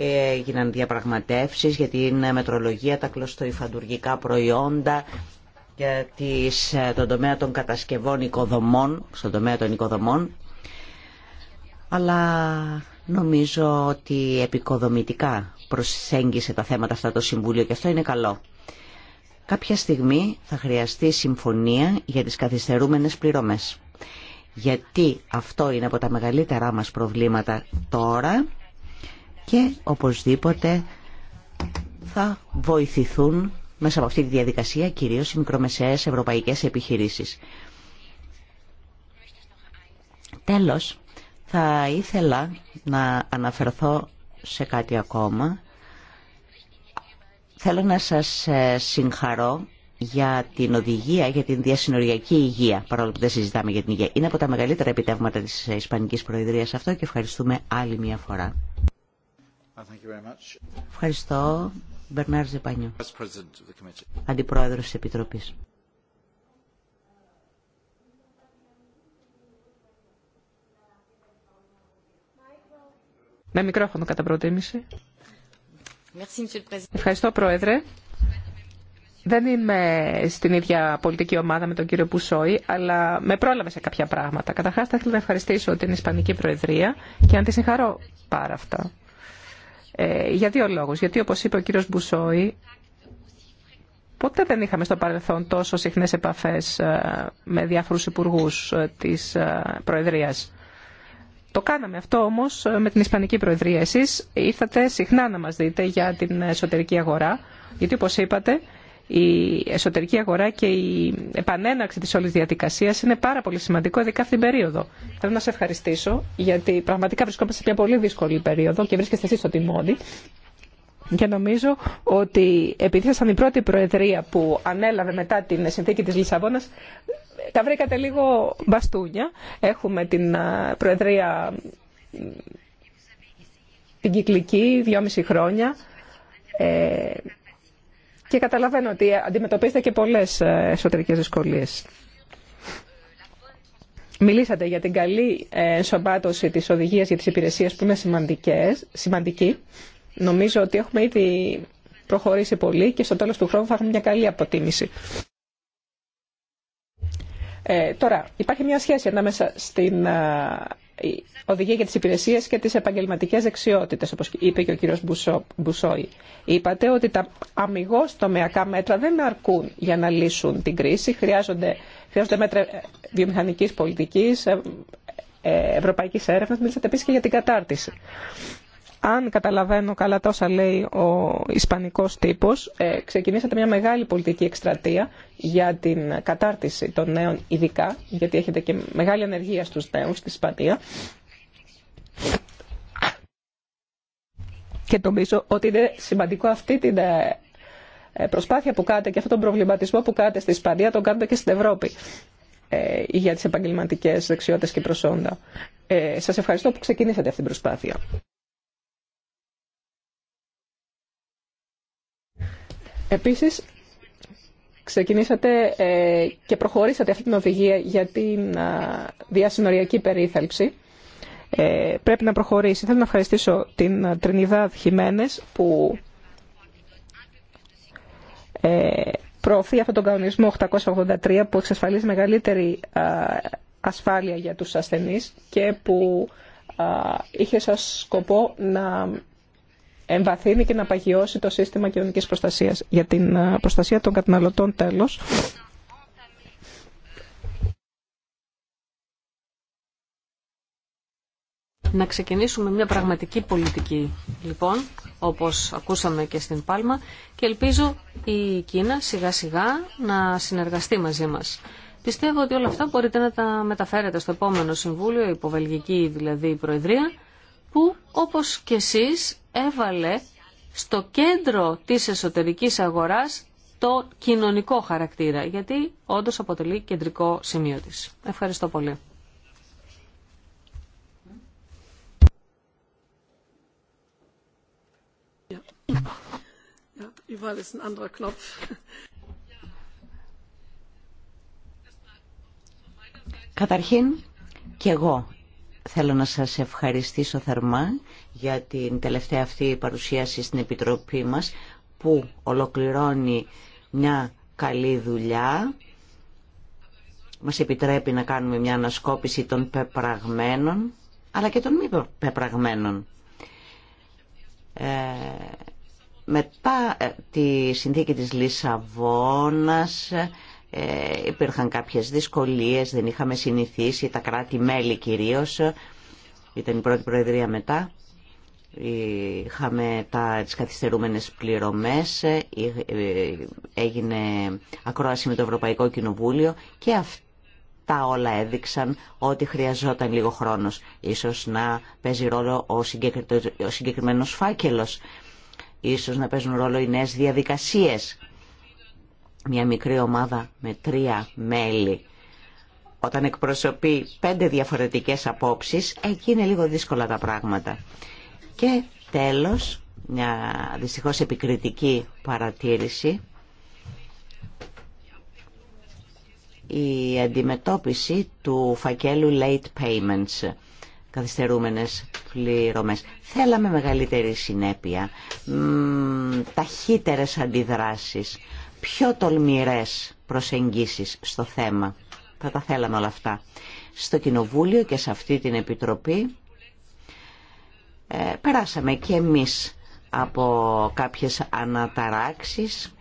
Έγιναν διαπραγματεύσεις για την μετρολογία, τα κλωστοϊφαντουργικά προϊόντα, για τις, τον τομέα των κατασκευών οικοδομών, στον τομέα των οικοδομών. Αλλά νομίζω ότι επικοδομητικά προσέγγισε τα θέματα αυτά το Συμβούλιο και αυτό είναι καλό. Κάποια στιγμή θα χρειαστεί συμφωνία για τις καθυστερούμενες πληρωμές. Γιατί αυτό είναι από τα μεγαλύτερά μας προβλήματα τώρα και οπωσδήποτε θα βοηθηθούν μέσα από αυτή τη διαδικασία κυρίως οι μικρομεσαίες ευρωπαϊκές επιχειρήσεις. Τέλος, θα ήθελα να αναφερθώ σε κάτι ακόμα Θέλω να σας ε, συγχαρώ για την οδηγία για την διασυνοριακή υγεία, παρόλο που δεν συζητάμε για την υγεία. Είναι από τα μεγαλύτερα επιτεύγματα της Ισπανικής Προεδρίας αυτό και ευχαριστούμε άλλη μια φορά. Ευχαριστώ. Μπερνάρ Ζεπανιού, Αντιπρόεδρος της Επιτροπής. Με μικρόφωνο κατά προτίμηση. Ευχαριστώ, Πρόεδρε. Δεν είμαι στην ίδια πολιτική ομάδα με τον κύριο Μπουσόη, αλλά με πρόλαβε σε κάποια πράγματα. Καταρχάς, θα ήθελα να ευχαριστήσω την Ισπανική Προεδρία και να τη συγχαρώ πάρα αυτά. Ε, για δύο λόγους. Γιατί, όπως είπε ο κύριος Μπουσόη, ποτέ δεν είχαμε στο παρελθόν τόσο συχνές επαφές ε, με διάφορους υπουργούς ε, της Προεδρίας. Το κάναμε αυτό όμως ε, με την Ισπανική Προεδρία. Εσείς ήρθατε συχνά να μας δείτε για την εσωτερική αγορά, γιατί όπως είπατε η εσωτερική αγορά και η επανέναρξη της όλης διαδικασίας είναι πάρα πολύ σημαντικό, ειδικά αυτήν την περίοδο. Θέλω να σε ευχαριστήσω, γιατί πραγματικά βρισκόμαστε σε μια πολύ δύσκολη περίοδο και βρίσκεστε εσείς στο τιμόνι και νομίζω ότι επειδή ήσασταν η πρώτη προεδρία που ανέλαβε μετά την συνθήκη της Λισαβόνας, τα βρήκατε λίγο μπαστούνια. Έχουμε την προεδρία την κυκλική, δυόμιση χρόνια. Ε, και καταλαβαίνω ότι αντιμετωπίζετε και πολλές ε, εσωτερικές δυσκολίες. Μιλήσατε για την καλή ε, ενσωμάτωση της οδηγίας για τις υπηρεσίες που είναι σημαντικές, σημαντική. Νομίζω ότι έχουμε ήδη προχωρήσει πολύ και στο τέλος του χρόνου θα έχουμε μια καλή αποτίμηση. Ε, τώρα, υπάρχει μια σχέση ανάμεσα στην ε, οδηγία για τις υπηρεσίες και τις επαγγελματικές δεξιότητες, όπως είπε και ο κύριος Μπουσό, Μπουσόη. Είπατε ότι τα αμυγός τομεακά μέτρα δεν αρκούν για να λύσουν την κρίση. Χρειάζονται, μέτρα βιομηχανικής πολιτικής, ε, ε, ευρωπαϊκής έρευνας. Μίλησατε επίσης και για την κατάρτιση αν καταλαβαίνω καλά τόσα λέει ο ισπανικός τύπος, ε, ξεκινήσατε μια μεγάλη πολιτική εκστρατεία για την κατάρτιση των νέων ειδικά, γιατί έχετε και μεγάλη ανεργία στους νέους στη Ισπανία. Και νομίζω ότι είναι σημαντικό αυτή την ε, ε, προσπάθεια που κάνετε και αυτόν τον προβληματισμό που κάνετε στη Ισπανία τον κάνετε και στην Ευρώπη ε, για τις επαγγελματικές δεξιότητες και προσόντα. Ε, σας ευχαριστώ που ξεκινήσατε αυτή την προσπάθεια. Επίσης, ξεκινήσατε ε, και προχωρήσατε αυτή την οδηγία για την διασυνοριακή περίθαλψη. Ε, πρέπει να προχωρήσει. Θέλω να ευχαριστήσω την Τρινιδά Χιμένες που ε, προωθεί αυτόν τον κανονισμό 883 που εξασφαλίζει μεγαλύτερη ασφάλεια για τους ασθενείς και που είχε σαν σκοπό να εμβαθύνει και να παγιώσει το σύστημα κοινωνικής προστασίας. Για την προστασία των καταναλωτών τέλος, Να ξεκινήσουμε μια πραγματική πολιτική, λοιπόν, όπως ακούσαμε και στην Πάλμα και ελπίζω η Κίνα σιγά σιγά να συνεργαστεί μαζί μας. Πιστεύω ότι όλα αυτά μπορείτε να τα μεταφέρετε στο επόμενο Συμβούλιο, υποβελγική δηλαδή η Προεδρία, που όπως και εσείς έβαλε στο κέντρο της εσωτερικής αγοράς το κοινωνικό χαρακτήρα, γιατί όντως αποτελεί κεντρικό σημείο της. Ευχαριστώ πολύ. Καταρχήν και εγώ Θέλω να σας ευχαριστήσω θερμά για την τελευταία αυτή παρουσίαση στην Επιτροπή μας που ολοκληρώνει μια καλή δουλειά. Μας επιτρέπει να κάνουμε μια ανασκόπηση των πεπραγμένων αλλά και των μη πεπραγμένων. Ε, μετά ε, τη συνθήκη της Λισαβόνας ε, υπήρχαν κάποιες δυσκολίες, δεν είχαμε συνηθίσει, τα κράτη-μέλη κυρίως, ήταν η πρώτη προεδρία μετά. Είχαμε τα, τις καθυστερούμενες πληρωμές, ε, ε, έγινε ακρόαση με το Ευρωπαϊκό Κοινοβούλιο και αυτά όλα έδειξαν ότι χρειαζόταν λίγο χρόνος. Ίσως να παίζει ρόλο ο, συγκεκρι... ο συγκεκριμένος φάκελος, ίσως να παίζουν ρόλο οι νέες διαδικασίες μια μικρή ομάδα με τρία μέλη όταν εκπροσωπεί πέντε διαφορετικές απόψεις, εκεί είναι λίγο δύσκολα τα πράγματα. Και τέλος, μια δυστυχώς επικριτική παρατήρηση, η αντιμετώπιση του φακέλου late payments, καθυστερούμενες πληρωμές. Θέλαμε μεγαλύτερη συνέπεια, ταχύτερες αντιδράσεις πιο τολμηρές προσεγγίσεις στο θέμα. Θα τα θέλαμε όλα αυτά. Στο Κοινοβούλιο και σε αυτή την Επιτροπή ε, περάσαμε και εμείς από κάποιες αναταράξεις.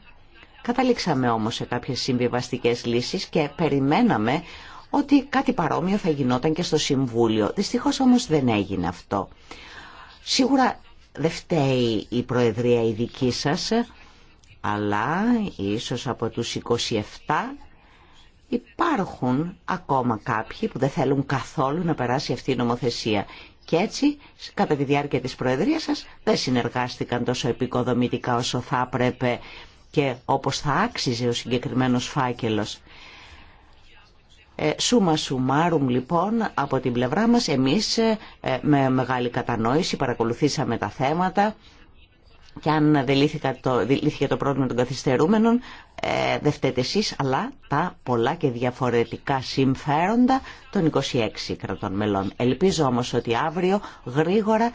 Καταλήξαμε όμως σε κάποιες συμβιβαστικές λύσεις και περιμέναμε ότι κάτι παρόμοιο θα γινόταν και στο Συμβούλιο. Δυστυχώς όμως δεν έγινε αυτό. Σίγουρα δεν φταίει η Προεδρία η δική σας αλλά ίσως από τους 27 υπάρχουν ακόμα κάποιοι που δεν θέλουν καθόλου να περάσει αυτή η νομοθεσία. Και έτσι, κατά τη διάρκεια της Προεδρίας σας, δεν συνεργάστηκαν τόσο επικοδομητικά όσο θα έπρεπε και όπως θα άξιζε ο συγκεκριμένος φάκελος. Ε, σούμα σουμάρουμ λοιπόν από την πλευρά μας εμείς ε, με μεγάλη κατανόηση παρακολουθήσαμε τα θέματα και αν δεν λύθηκε το πρόβλημα των καθυστερούμενων, ε, δεν φταίτε αλλά τα πολλά και διαφορετικά συμφέροντα των 26 κρατών μελών. Ελπίζω όμως ότι αύριο γρήγορα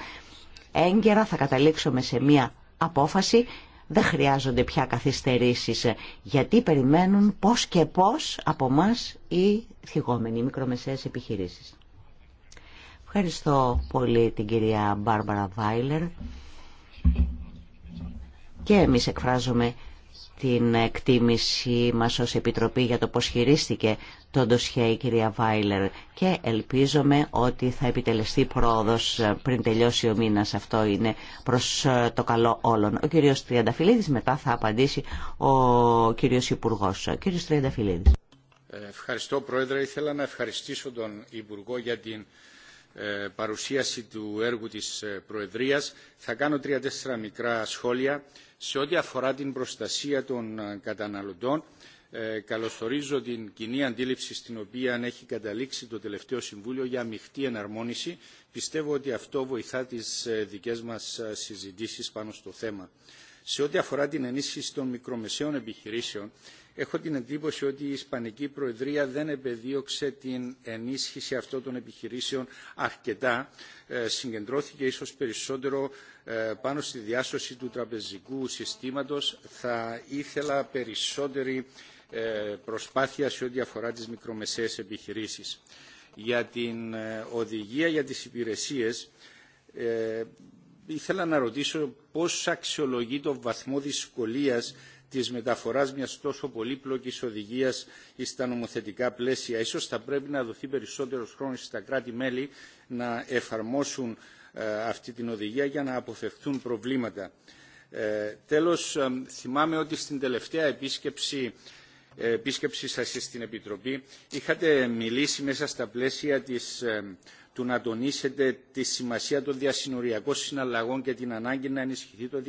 έγκαιρα θα καταλήξουμε σε μία απόφαση. Δεν χρειάζονται πια καθυστερήσεις, γιατί περιμένουν πώς και πώς από εμά οι θυγόμενοι οι μικρομεσαίες επιχειρήσεις. Ευχαριστώ πολύ την κυρία Μπάρμπαρα Βάιλερ. Και εμείς εκφράζουμε την εκτίμησή μας ως Επιτροπή για το πώς χειρίστηκε το ντοσιέ η κυρία Βάιλερ και ελπίζομαι ότι θα επιτελεστεί πρόοδος πριν τελειώσει ο μήνας. Αυτό είναι προς ε, το καλό όλων. Ο κύριος Τριανταφυλλίδης μετά θα απαντήσει ο κύριος Υπουργός. Ο κύριος Τριανταφυλλίδης. Ε, ευχαριστώ Πρόεδρε. Ήθελα να ευχαριστήσω τον Υπουργό για την ε, παρουσίαση του έργου της ε, Προεδρίας θα κάνω τρία-τέσσερα μικρά σχόλια. Σε ό,τι αφορά την προστασία των ε, καταναλωτών, καλωσορίζω την κοινή αντίληψη στην οποία έχει καταλήξει το τελευταίο Συμβούλιο για μειχτή εναρμόνιση. Πιστεύω ότι αυτό βοηθά τις δικές μας συζητήσεις πάνω στο θέμα. Σε ό,τι αφορά την ενίσχυση των μικρομεσαίων επιχειρήσεων, έχω την εντύπωση ότι η Ισπανική Προεδρία δεν επεδίωξε την ενίσχυση αυτών των επιχειρήσεων αρκετά. Ε, συγκεντρώθηκε ίσως περισσότερο ε, πάνω στη διάσωση του τραπεζικού συστήματος. Θα ήθελα περισσότερη ε, προσπάθεια σε ό,τι αφορά τις μικρομεσαίες επιχειρήσεις. Για την οδηγία για τις υπηρεσίες ήθελα να ρωτήσω πώς αξιολογεί το βαθμό δυσκολίας της μεταφοράς μιας τόσο πολύπλοκης οδηγίας στα νομοθετικά πλαίσια. Ίσως θα πρέπει να δοθεί περισσότερος χρόνος στα κράτη-μέλη να εφαρμόσουν ε, αυτή την οδηγία για να αποφευθούν προβλήματα. Ε, τέλος, ε, θυμάμαι ότι στην τελευταία επίσκεψη επίσκεψη σας στην Επιτροπή είχατε μιλήσει μέσα στα πλαίσια της του να τονίσετε τη σημασία των διασυνοριακών συναλλαγών και την ανάγκη να ενισχυθεί το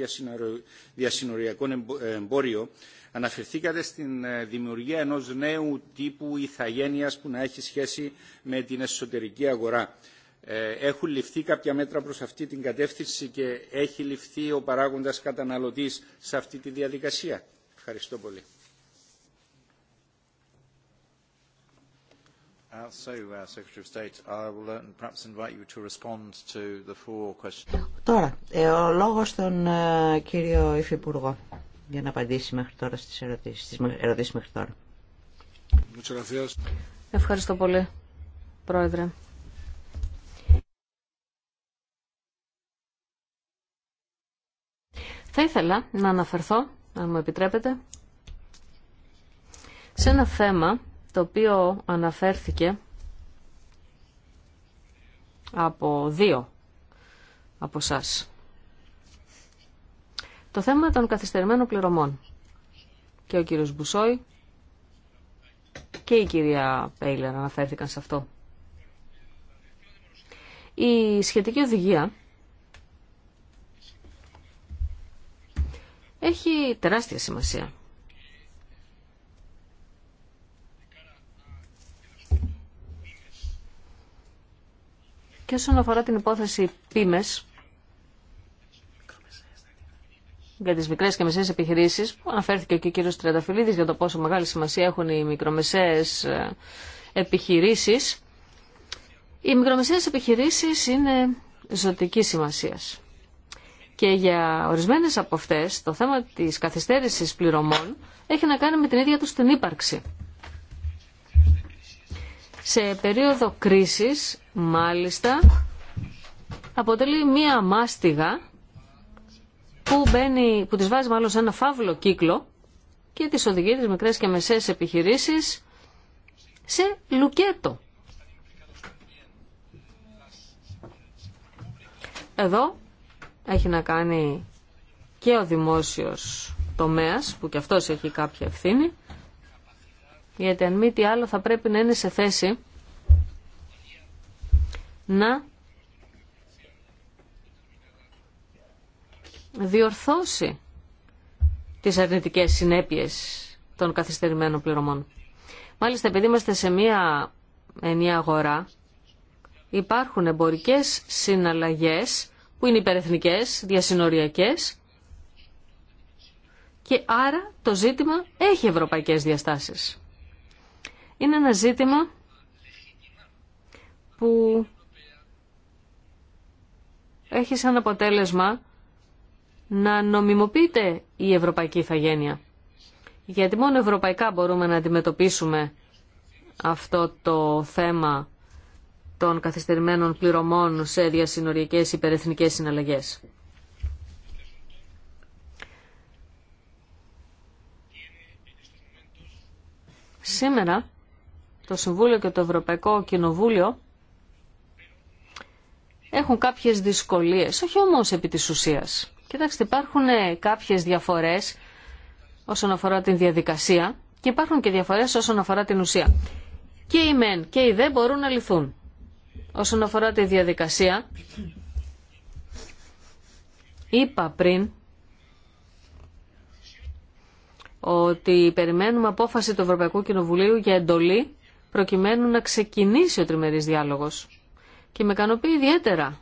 διασυνοριακό εμπόριο, αναφερθήκατε στην ε, δημιουργία ενός νέου τύπου ηθαγένειας που να έχει σχέση με την εσωτερική αγορά. Ε, έχουν ληφθεί κάποια μέτρα προς αυτή την κατεύθυνση και έχει ληφθεί ο παράγοντας καταναλωτής σε αυτή τη διαδικασία. Ευχαριστώ πολύ. Τώρα, ο λόγος στον ε, κύριο Υφυπουργό για να απαντήσει μέχρι τώρα στις ερωτήσεις, στις ερωτήσεις μέχρι τώρα. Ευχαριστώ πολύ, Πρόεδρε. Θα ήθελα να αναφερθώ, αν μου επιτρέπετε, σε ένα θέμα το οποίο αναφέρθηκε από δύο από εσά. Το θέμα των καθυστερημένων πληρωμών. Και ο κύριος Μπουσόη και η κυρία Πέιλερ αναφέρθηκαν σε αυτό. Η σχετική οδηγία έχει τεράστια σημασία. Και όσον αφορά την υπόθεση πίμες, για τις μικρές και μεσαίες επιχειρήσεις, που αναφέρθηκε και ο κύριος Τριανταφυλλίδης για το πόσο μεγάλη σημασία έχουν οι μικρομεσαίες ε, επιχειρήσεις, οι μικρομεσαίες επιχειρήσεις είναι ζωτική σημασίας. Και για ορισμένες από αυτές, το θέμα της καθυστέρησης πληρωμών έχει να κάνει με την ίδια τους την ύπαρξη. Σε περίοδο κρίσης, μάλιστα, αποτελεί μία μάστιγα που, μπαίνει, που τις βάζει μάλλον σε ένα φαύλο κύκλο και τις οδηγεί τις μικρές και μεσαίες επιχειρήσεις σε λουκέτο. Εδώ έχει να κάνει και ο δημόσιος τομέας, που και αυτός έχει κάποια ευθύνη, γιατί αν μη τι άλλο θα πρέπει να είναι σε θέση να διορθώσει τις αρνητικές συνέπειες των καθυστερημένων πληρωμών. Μάλιστα, επειδή είμαστε σε μία ενιαία αγορά, υπάρχουν εμπορικές συναλλαγές που είναι υπερεθνικές, διασυνοριακές και άρα το ζήτημα έχει ευρωπαϊκές διαστάσεις είναι ένα ζήτημα που έχει σαν αποτέλεσμα να νομιμοποιείται η ευρωπαϊκή ηθαγένεια. Γιατί μόνο ευρωπαϊκά μπορούμε να αντιμετωπίσουμε αυτό το θέμα των καθυστερημένων πληρωμών σε διασυνοριακές υπερεθνικές συναλλαγές. Σήμερα το Συμβούλιο και το Ευρωπαϊκό Κοινοβούλιο έχουν κάποιες δυσκολίες, όχι όμως επί της ουσίας. Κοιτάξτε, υπάρχουν κάποιες διαφορές όσον αφορά την διαδικασία και υπάρχουν και διαφορές όσον αφορά την ουσία. Και οι μεν και οι δε μπορούν να λυθούν. Όσον αφορά τη διαδικασία, είπα πριν ότι περιμένουμε απόφαση του Ευρωπαϊκού Κοινοβουλίου για εντολή προκειμένου να ξεκινήσει ο τριμερής διάλογος. Και με ικανοποιεί ιδιαίτερα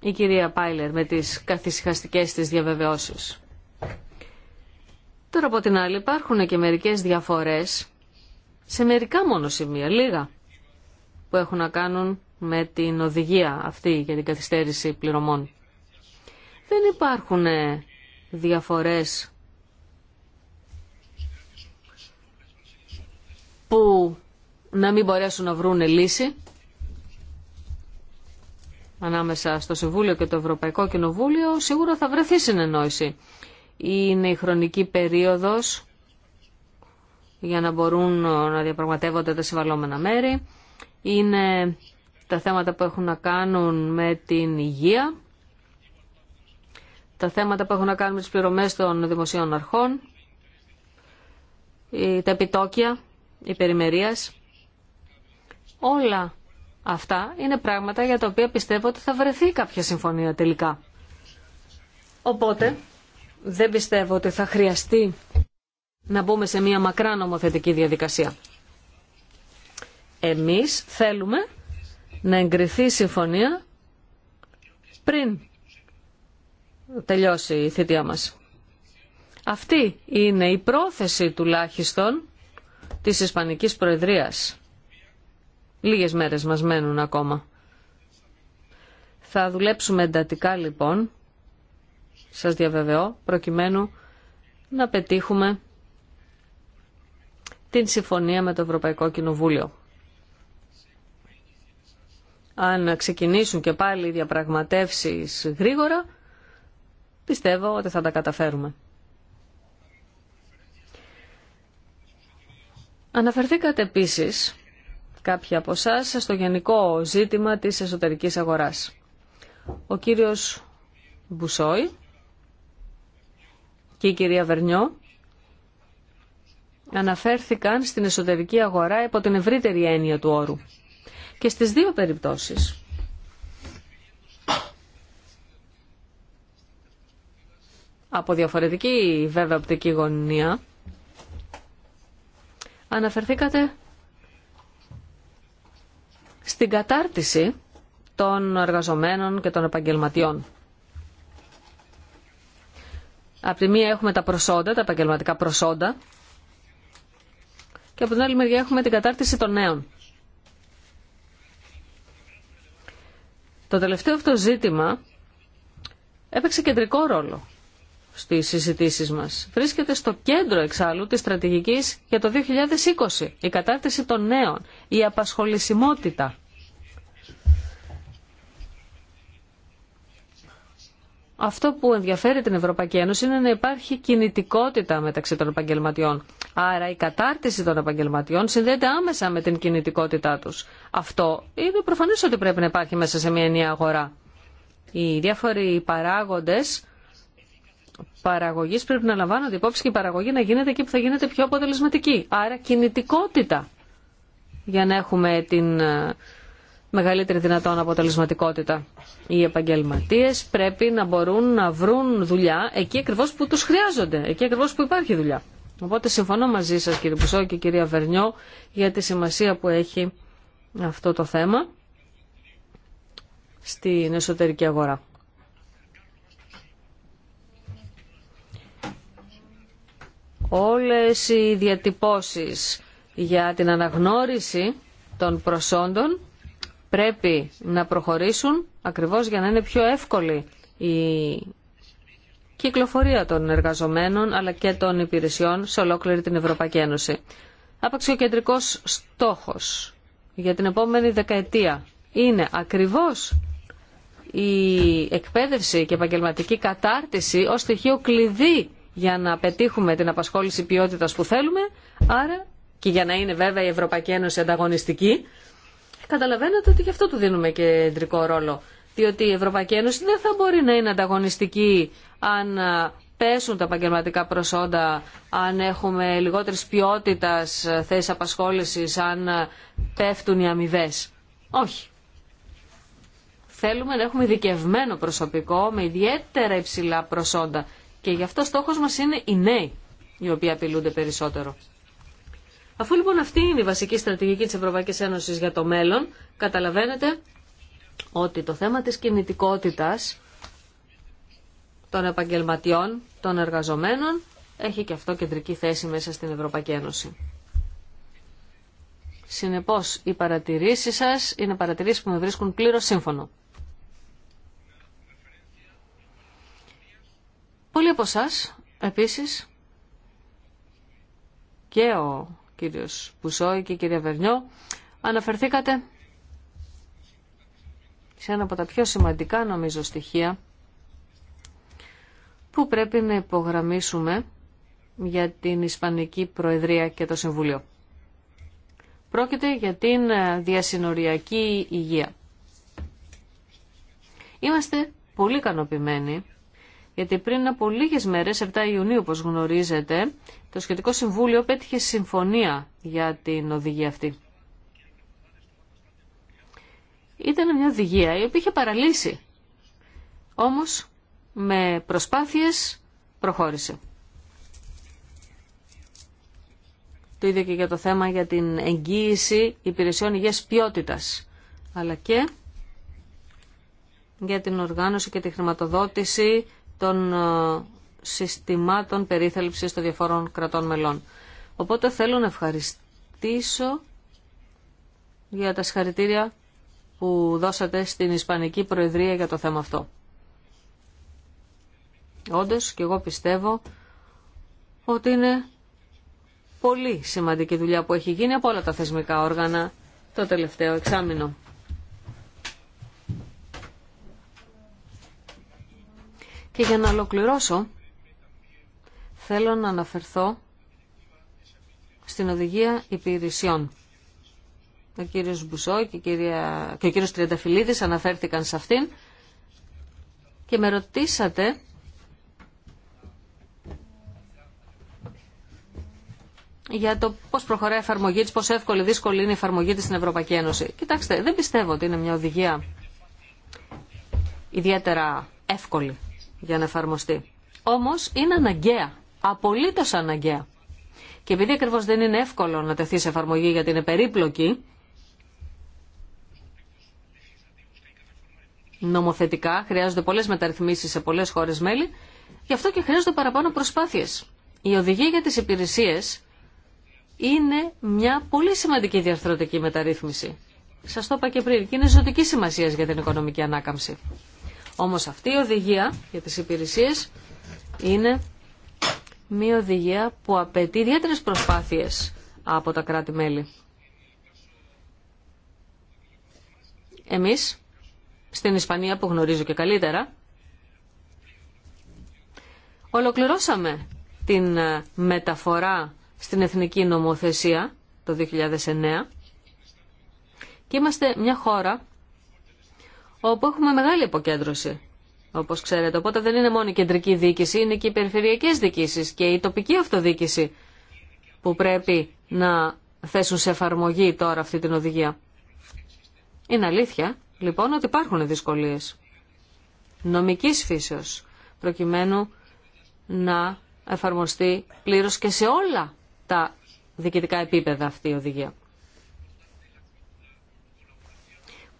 η κυρία Πάιλερ με τις καθησυχαστικές της διαβεβαιώσεις. Τώρα από την άλλη υπάρχουν και μερικές διαφορές σε μερικά μόνο σημεία, λίγα, που έχουν να κάνουν με την οδηγία αυτή για την καθυστέρηση πληρωμών. Δεν υπάρχουν ε, διαφορές που να μην μπορέσουν να βρουν λύση ανάμεσα στο Συμβούλιο και το Ευρωπαϊκό Κοινοβούλιο, σίγουρα θα βρεθεί συνεννόηση. Είναι η χρονική περίοδος για να μπορούν να διαπραγματεύονται τα συμβαλόμενα μέρη. Είναι τα θέματα που έχουν να κάνουν με την υγεία, τα θέματα που έχουν να κάνουν με τις πληρωμές των δημοσίων αρχών, τα επιτόκια υπερημερίας. Όλα αυτά είναι πράγματα για τα οποία πιστεύω ότι θα βρεθεί κάποια συμφωνία τελικά. Οπότε δεν πιστεύω ότι θα χρειαστεί να μπούμε σε μια μακρά νομοθετική διαδικασία. Εμείς θέλουμε να εγκριθεί συμφωνία πριν τελειώσει η θητεία μας. Αυτή είναι η πρόθεση τουλάχιστον της Ισπανικής Προεδρίας. Λίγες μέρες μας μένουν ακόμα. Θα δουλέψουμε εντατικά λοιπόν, σας διαβεβαιώ, προκειμένου να πετύχουμε την συμφωνία με το Ευρωπαϊκό Κοινοβούλιο. Αν ξεκινήσουν και πάλι οι διαπραγματεύσεις γρήγορα, πιστεύω ότι θα τα καταφέρουμε. Αναφερθήκατε επίσης, κάποιοι από εσά στο γενικό ζήτημα της εσωτερικής αγοράς. Ο κύριος Μπουσόη και η κυρία Βερνιό αναφέρθηκαν στην εσωτερική αγορά υπό την ευρύτερη έννοια του όρου. Και στις δύο περιπτώσεις από διαφορετική βέβαια οπτική γωνία Αναφερθήκατε στην κατάρτιση των εργαζομένων και των επαγγελματιών. Από τη μία έχουμε τα προσόντα, τα επαγγελματικά προσόντα και από την άλλη μεριά έχουμε την κατάρτιση των νέων. Το τελευταίο αυτό ζήτημα έπαιξε κεντρικό ρόλο στις συζητήσεις μας. Βρίσκεται στο κέντρο εξάλλου της στρατηγικής για το 2020, η κατάρτιση των νέων, η απασχολησιμότητα. Αυτό που ενδιαφέρει την Ευρωπαϊκή Ένωση είναι να υπάρχει κινητικότητα μεταξύ των επαγγελματιών. Άρα η κατάρτιση των επαγγελματιών συνδέεται άμεσα με την κινητικότητά τους. Αυτό είναι προφανές ότι πρέπει να υπάρχει μέσα σε μια νέα αγορά. Οι διάφοροι παράγοντες παραγωγής πρέπει να λαμβάνονται υπόψη και η παραγωγή να γίνεται εκεί που θα γίνεται πιο αποτελεσματική. Άρα κινητικότητα για να έχουμε την ε, μεγαλύτερη δυνατόν αποτελεσματικότητα. Οι επαγγελματίες πρέπει να μπορούν να βρουν δουλειά εκεί ακριβώς που τους χρειάζονται, εκεί ακριβώς που υπάρχει δουλειά. Οπότε συμφωνώ μαζί σα, κύριε Πουσό και κυρία Βερνιό για τη σημασία που έχει αυτό το θέμα στην εσωτερική αγορά. όλες οι διατυπώσεις για την αναγνώριση των προσόντων πρέπει να προχωρήσουν ακριβώς για να είναι πιο εύκολη η κυκλοφορία των εργαζομένων αλλά και των υπηρεσιών σε ολόκληρη την Ευρωπαϊκή Ένωση. Άπαξ ο στόχος για την επόμενη δεκαετία είναι ακριβώς η εκπαίδευση και επαγγελματική κατάρτιση ως στοιχείο κλειδί για να πετύχουμε την απασχόληση ποιότητα που θέλουμε, άρα και για να είναι βέβαια η Ευρωπαϊκή Ένωση ανταγωνιστική, καταλαβαίνετε ότι γι' αυτό του δίνουμε κεντρικό ρόλο. Διότι η Ευρωπαϊκή Ένωση δεν θα μπορεί να είναι ανταγωνιστική αν πέσουν τα επαγγελματικά προσόντα, αν έχουμε λιγότερης ποιότητας θέσεις απασχόληση, αν πέφτουν οι αμοιβέ. Όχι. Θέλουμε να έχουμε ειδικευμένο προσωπικό με ιδιαίτερα υψηλά προσόντα και γι' αυτό στόχος μας είναι οι νέοι, οι οποίοι απειλούνται περισσότερο. Αφού λοιπόν αυτή είναι η βασική στρατηγική της Ευρωπαϊκής Ένωσης για το μέλλον, καταλαβαίνετε ότι το θέμα της κινητικότητας των επαγγελματιών, των εργαζομένων, έχει και αυτό κεντρική θέση μέσα στην Ευρωπαϊκή Ένωση. Συνεπώς, οι παρατηρήσεις σας είναι παρατηρήσεις που με βρίσκουν πλήρως σύμφωνο. Πολλοί από εσά επίσης και ο κύριος Πουσόη και η κυρία Βερνιό αναφερθήκατε σε ένα από τα πιο σημαντικά νομίζω στοιχεία που πρέπει να υπογραμμίσουμε για την Ισπανική Προεδρία και το Συμβουλίο. Πρόκειται για την διασυνοριακή υγεία. Είμαστε πολύ ικανοποιημένοι γιατί πριν από λίγες μέρες, 7 Ιουνίου όπως γνωρίζετε, το σχετικό συμβούλιο πέτυχε συμφωνία για την οδηγία αυτή. Ήταν μια οδηγία η οποία είχε παραλύσει. Όμως με προσπάθειες προχώρησε. Το ίδιο και για το θέμα για την εγγύηση υπηρεσιών υγείας ποιότητας, αλλά και για την οργάνωση και τη χρηματοδότηση των ε, συστημάτων περίθαλψης των διαφόρων κρατών μελών. Οπότε θέλω να ευχαριστήσω για τα συγχαρητήρια που δώσατε στην Ισπανική Προεδρία για το θέμα αυτό. Όντως και εγώ πιστεύω ότι είναι πολύ σημαντική δουλειά που έχει γίνει από όλα τα θεσμικά όργανα το τελευταίο εξάμεινο. Και για να ολοκληρώσω, θέλω να αναφερθώ στην οδηγία υπηρεσιών. Ο κύριος Μπουσό και, κυρία... και ο κύριος Τριανταφυλλίδης αναφέρθηκαν σε αυτήν και με ρωτήσατε για το πώς προχωράει η εφαρμογή της, πόσο εύκολη δύσκολη είναι η εφαρμογή της στην Ευρωπαϊκή Ένωση. Κοιτάξτε, δεν πιστεύω ότι είναι μια οδηγία ιδιαίτερα εύκολη για να εφαρμοστεί. Όμως είναι αναγκαία, απολύτως αναγκαία. Και επειδή ακριβώ δεν είναι εύκολο να τεθεί σε εφαρμογή γιατί είναι περίπλοκη, νομοθετικά χρειάζονται πολλές μεταρρυθμίσεις σε πολλές χώρες μέλη, γι' αυτό και χρειάζονται παραπάνω προσπάθειες. Η οδηγία για τις υπηρεσίες είναι μια πολύ σημαντική διαρθρωτική μεταρρύθμιση. Σας το είπα και πριν, είναι ζωτική σημασία για την οικονομική ανάκαμψη. Όμως αυτή η οδηγία για τις υπηρεσίες είναι μια οδηγία που απαιτεί ιδιαίτερε προσπάθειες από τα κράτη-μέλη. Εμείς, στην Ισπανία που γνωρίζω και καλύτερα, ολοκληρώσαμε την ε, μεταφορά στην Εθνική Νομοθεσία το 2009 και είμαστε μια χώρα όπου έχουμε μεγάλη αποκέντρωση, όπως ξέρετε. Οπότε δεν είναι μόνο η κεντρική διοίκηση, είναι και οι περιφερειακέ διοικησει και η τοπική αυτοδιοίκηση που πρέπει να θέσουν σε εφαρμογή τώρα αυτή την οδηγία. Είναι αλήθεια, λοιπόν, ότι υπάρχουν δυσκολίες νομικής φύσεως, προκειμένου να εφαρμοστεί πλήρω και σε όλα τα διοικητικά επίπεδα αυτή η οδηγία.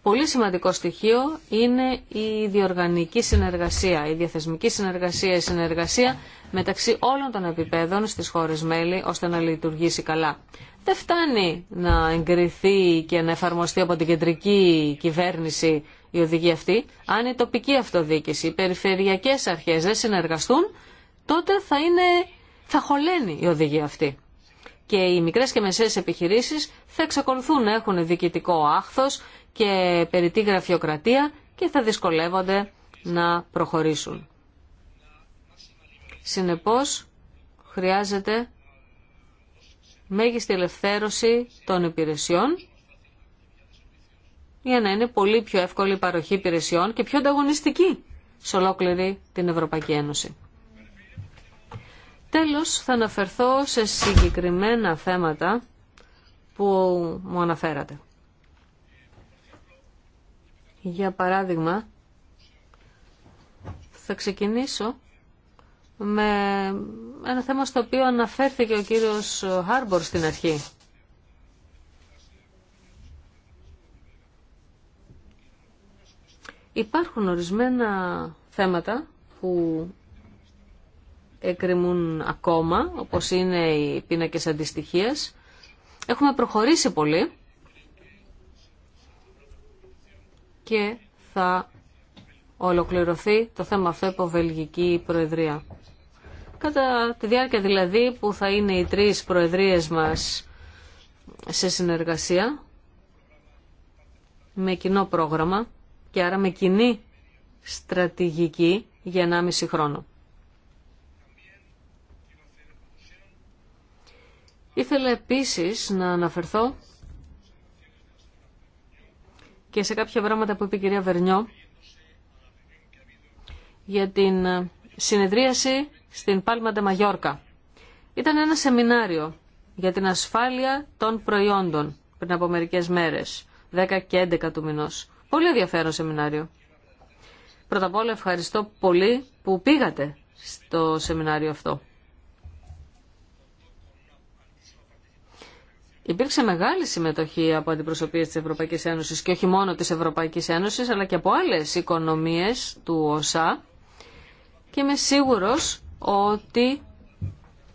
πολύ σημαντικό στοιχείο είναι η διοργανική συνεργασία, η διαθεσμική συνεργασία, η συνεργασία μεταξύ όλων των επιπέδων στις χώρες μέλη ώστε να λειτουργήσει καλά. Δεν φτάνει να εγκριθεί και να εφαρμοστεί από την κεντρική κυβέρνηση η οδηγία αυτή. Αν η τοπική αυτοδιοίκηση, οι περιφερειακές αρχές δεν συνεργαστούν, τότε θα, είναι, θα χωλαίνει η οδηγία αυτή και οι μικρές και μεσαίες επιχειρήσεις θα εξακολουθούν να έχουν διοικητικό άχθος, και τη γραφειοκρατία και θα δυσκολεύονται να προχωρήσουν. Συνεπώς, χρειάζεται μέγιστη ελευθέρωση των υπηρεσιών για να είναι πολύ πιο εύκολη η παροχή υπηρεσιών και πιο ανταγωνιστική σε ολόκληρη την Ευρωπαϊκή Ένωση. Τέλος, θα αναφερθώ σε συγκεκριμένα θέματα που μου αναφέρατε. Για παράδειγμα, θα ξεκινήσω με ένα θέμα στο οποίο αναφέρθηκε ο κύριος Χάρμπορ στην αρχή. Υπάρχουν ορισμένα θέματα που εκκρεμούν ακόμα, όπως είναι οι πίνακες αντιστοιχίας. Έχουμε προχωρήσει πολύ και θα ολοκληρωθεί το θέμα αυτό υπό Βελγική Προεδρία. Κατά τη διάρκεια δηλαδή που θα είναι οι τρεις προεδρίες μας σε συνεργασία με κοινό πρόγραμμα και άρα με κοινή στρατηγική για 1,5 χρόνο. Ήθελα επίσης να αναφερθώ και σε κάποια πράγματα που είπε η κυρία Βερνιό για την ε, συνεδρίαση στην Πάλμα Ντε Μαγιόρκα. Ήταν ένα σεμινάριο για την ασφάλεια των προϊόντων πριν από μερικές μέρες, 10 και 11 του μηνός. Πολύ ενδιαφέρον σεμινάριο. Πρώτα απ' όλα ευχαριστώ πολύ που πήγατε στο σεμινάριο αυτό. Υπήρξε μεγάλη συμμετοχή από αντιπροσωπείε της Ευρωπαϊκής Ένωση και όχι μόνο της Ευρωπαϊκής Ένωση, αλλά και από άλλες οικονομίες του ΟΣΑ και είμαι σίγουρο ότι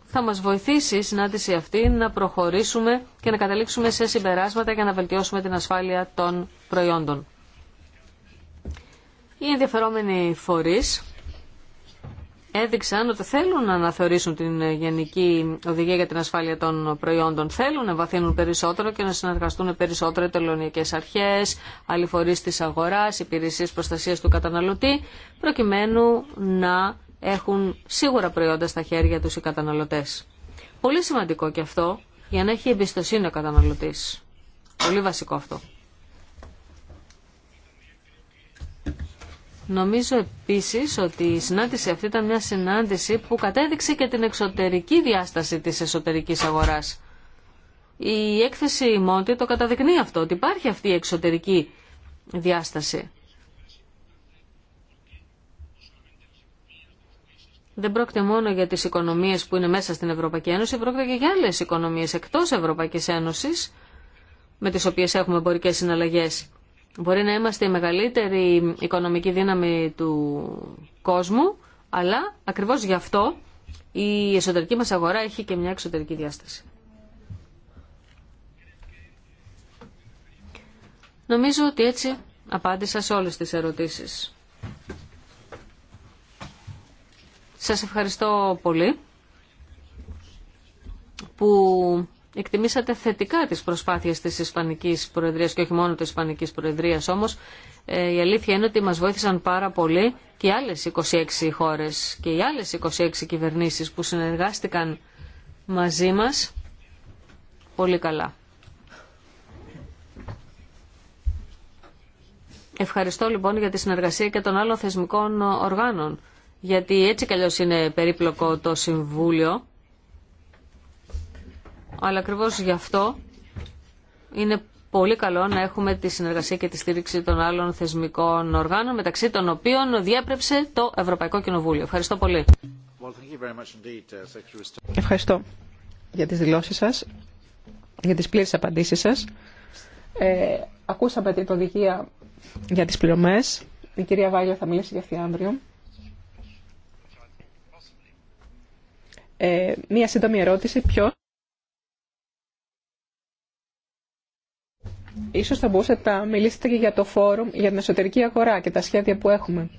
θα μας βοηθήσει η συνάντηση αυτή να προχωρήσουμε και να καταλήξουμε σε συμπεράσματα για να βελτιώσουμε την ασφάλεια των προϊόντων. Οι ενδιαφερόμενοι φορείς έδειξαν ότι θέλουν να αναθεωρήσουν την Γενική Οδηγία για την Ασφάλεια των Προϊόντων. Θέλουν να βαθύνουν περισσότερο και να συνεργαστούν περισσότερο τελωνιακέ αρχέ, άλλοι φορεί τη αγορά, υπηρεσίε προστασία του καταναλωτή, προκειμένου να έχουν σίγουρα προϊόντα στα χέρια του οι καταναλωτέ. Πολύ σημαντικό και αυτό για να έχει εμπιστοσύνη ο καταναλωτή. Πολύ βασικό αυτό. Νομίζω επίσης ότι η συνάντηση αυτή ήταν μια συνάντηση που κατέδειξε και την εξωτερική διάσταση της εσωτερικής αγοράς. Η έκθεση Μόντι το καταδεικνύει αυτό, ότι υπάρχει αυτή η εξωτερική διάσταση. Δεν πρόκειται μόνο για τις οικονομίες που είναι μέσα στην Ευρωπαϊκή Ένωση, πρόκειται και για άλλες οικονομίες εκτός Ευρωπαϊκής Ένωσης, με τις οποίες έχουμε εμπορικές συναλλαγές. Μπορεί να είμαστε η μεγαλύτερη οικονομική δύναμη του κόσμου, αλλά ακριβώς γι' αυτό η εσωτερική μας αγορά έχει και μια εξωτερική διάσταση. Νομίζω ότι έτσι απάντησα σε όλες τις ερωτήσεις. Σας ευχαριστώ πολύ που εκτιμήσατε θετικά τις προσπάθειες της Ισπανικής Προεδρίας και όχι μόνο της Ισπανικής Προεδρίας όμως. Ε, η αλήθεια είναι ότι μας βοήθησαν πάρα πολύ και οι άλλες 26 χώρες και οι άλλες 26 κυβερνήσεις που συνεργάστηκαν μαζί μας πολύ καλά. Ευχαριστώ λοιπόν για τη συνεργασία και των άλλων θεσμικών οργάνων, γιατί έτσι κι είναι περίπλοκο το Συμβούλιο αλλά ακριβώ γι' αυτό είναι πολύ καλό να έχουμε τη συνεργασία και τη στήριξη των άλλων θεσμικών οργάνων, μεταξύ των οποίων διέπρεψε το Ευρωπαϊκό Κοινοβούλιο. Ευχαριστώ πολύ. Uh, Ευχαριστώ για τις δηλώσεις σας, για τις πλήρες απαντήσεις σας. Ε, ακούσαμε την οδηγία για τις πληρωμές. Η κυρία Βάγια θα μιλήσει για αυτή αύριο. Ε, μία σύντομη ερώτηση. Ίσως θα μπορούσατε να μιλήσετε και για το φόρουμ, για την εσωτερική αγορά και τα σχέδια που έχουμε.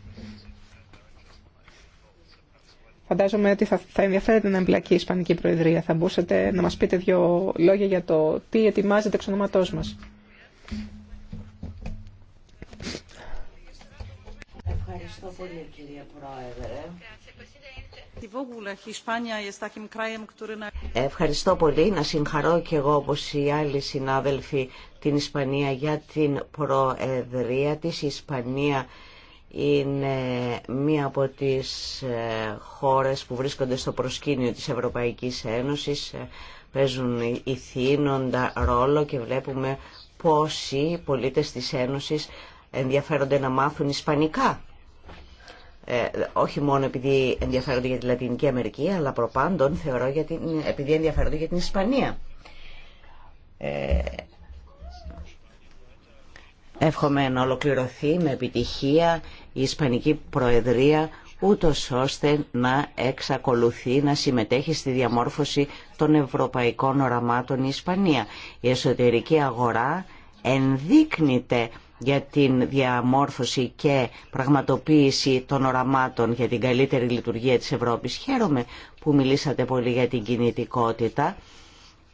Φαντάζομαι ότι θα, θα ενδιαφέρεται να εμπλακεί η Ισπανική Προεδρία. Θα μπορούσατε να μας πείτε δύο λόγια για το τι ετοιμάζεται εξ ονόματός μας. Ευχαριστώ πολύ κυρία Πρόεδρε. Ευχαριστώ πολύ. Να συγχαρώ και εγώ όπως οι άλλοι συνάδελφοι την Ισπανία για την προεδρία της. Η Ισπανία είναι μία από τις ε, χώρες που βρίσκονται στο προσκήνιο της Ευρωπαϊκής Ένωσης. Ε, παίζουν ηθήνοντα ρόλο και βλέπουμε πόσοι πολίτες της Ένωσης ενδιαφέρονται να μάθουν Ισπανικά ε, όχι μόνο επειδή ενδιαφέρονται για τη Λατινική Αμερική, αλλά προπάντων θεωρώ για επειδή ενδιαφέρονται για την Ισπανία. Ε, εύχομαι να ολοκληρωθεί με επιτυχία η Ισπανική Προεδρία ούτω ώστε να εξακολουθεί να συμμετέχει στη διαμόρφωση των ευρωπαϊκών οραμάτων η Ισπανία. Η εσωτερική αγορά ενδείκνυται για την διαμόρφωση και πραγματοποίηση των οραμάτων για την καλύτερη λειτουργία της Ευρώπης. Χαίρομαι που μιλήσατε πολύ για την κινητικότητα,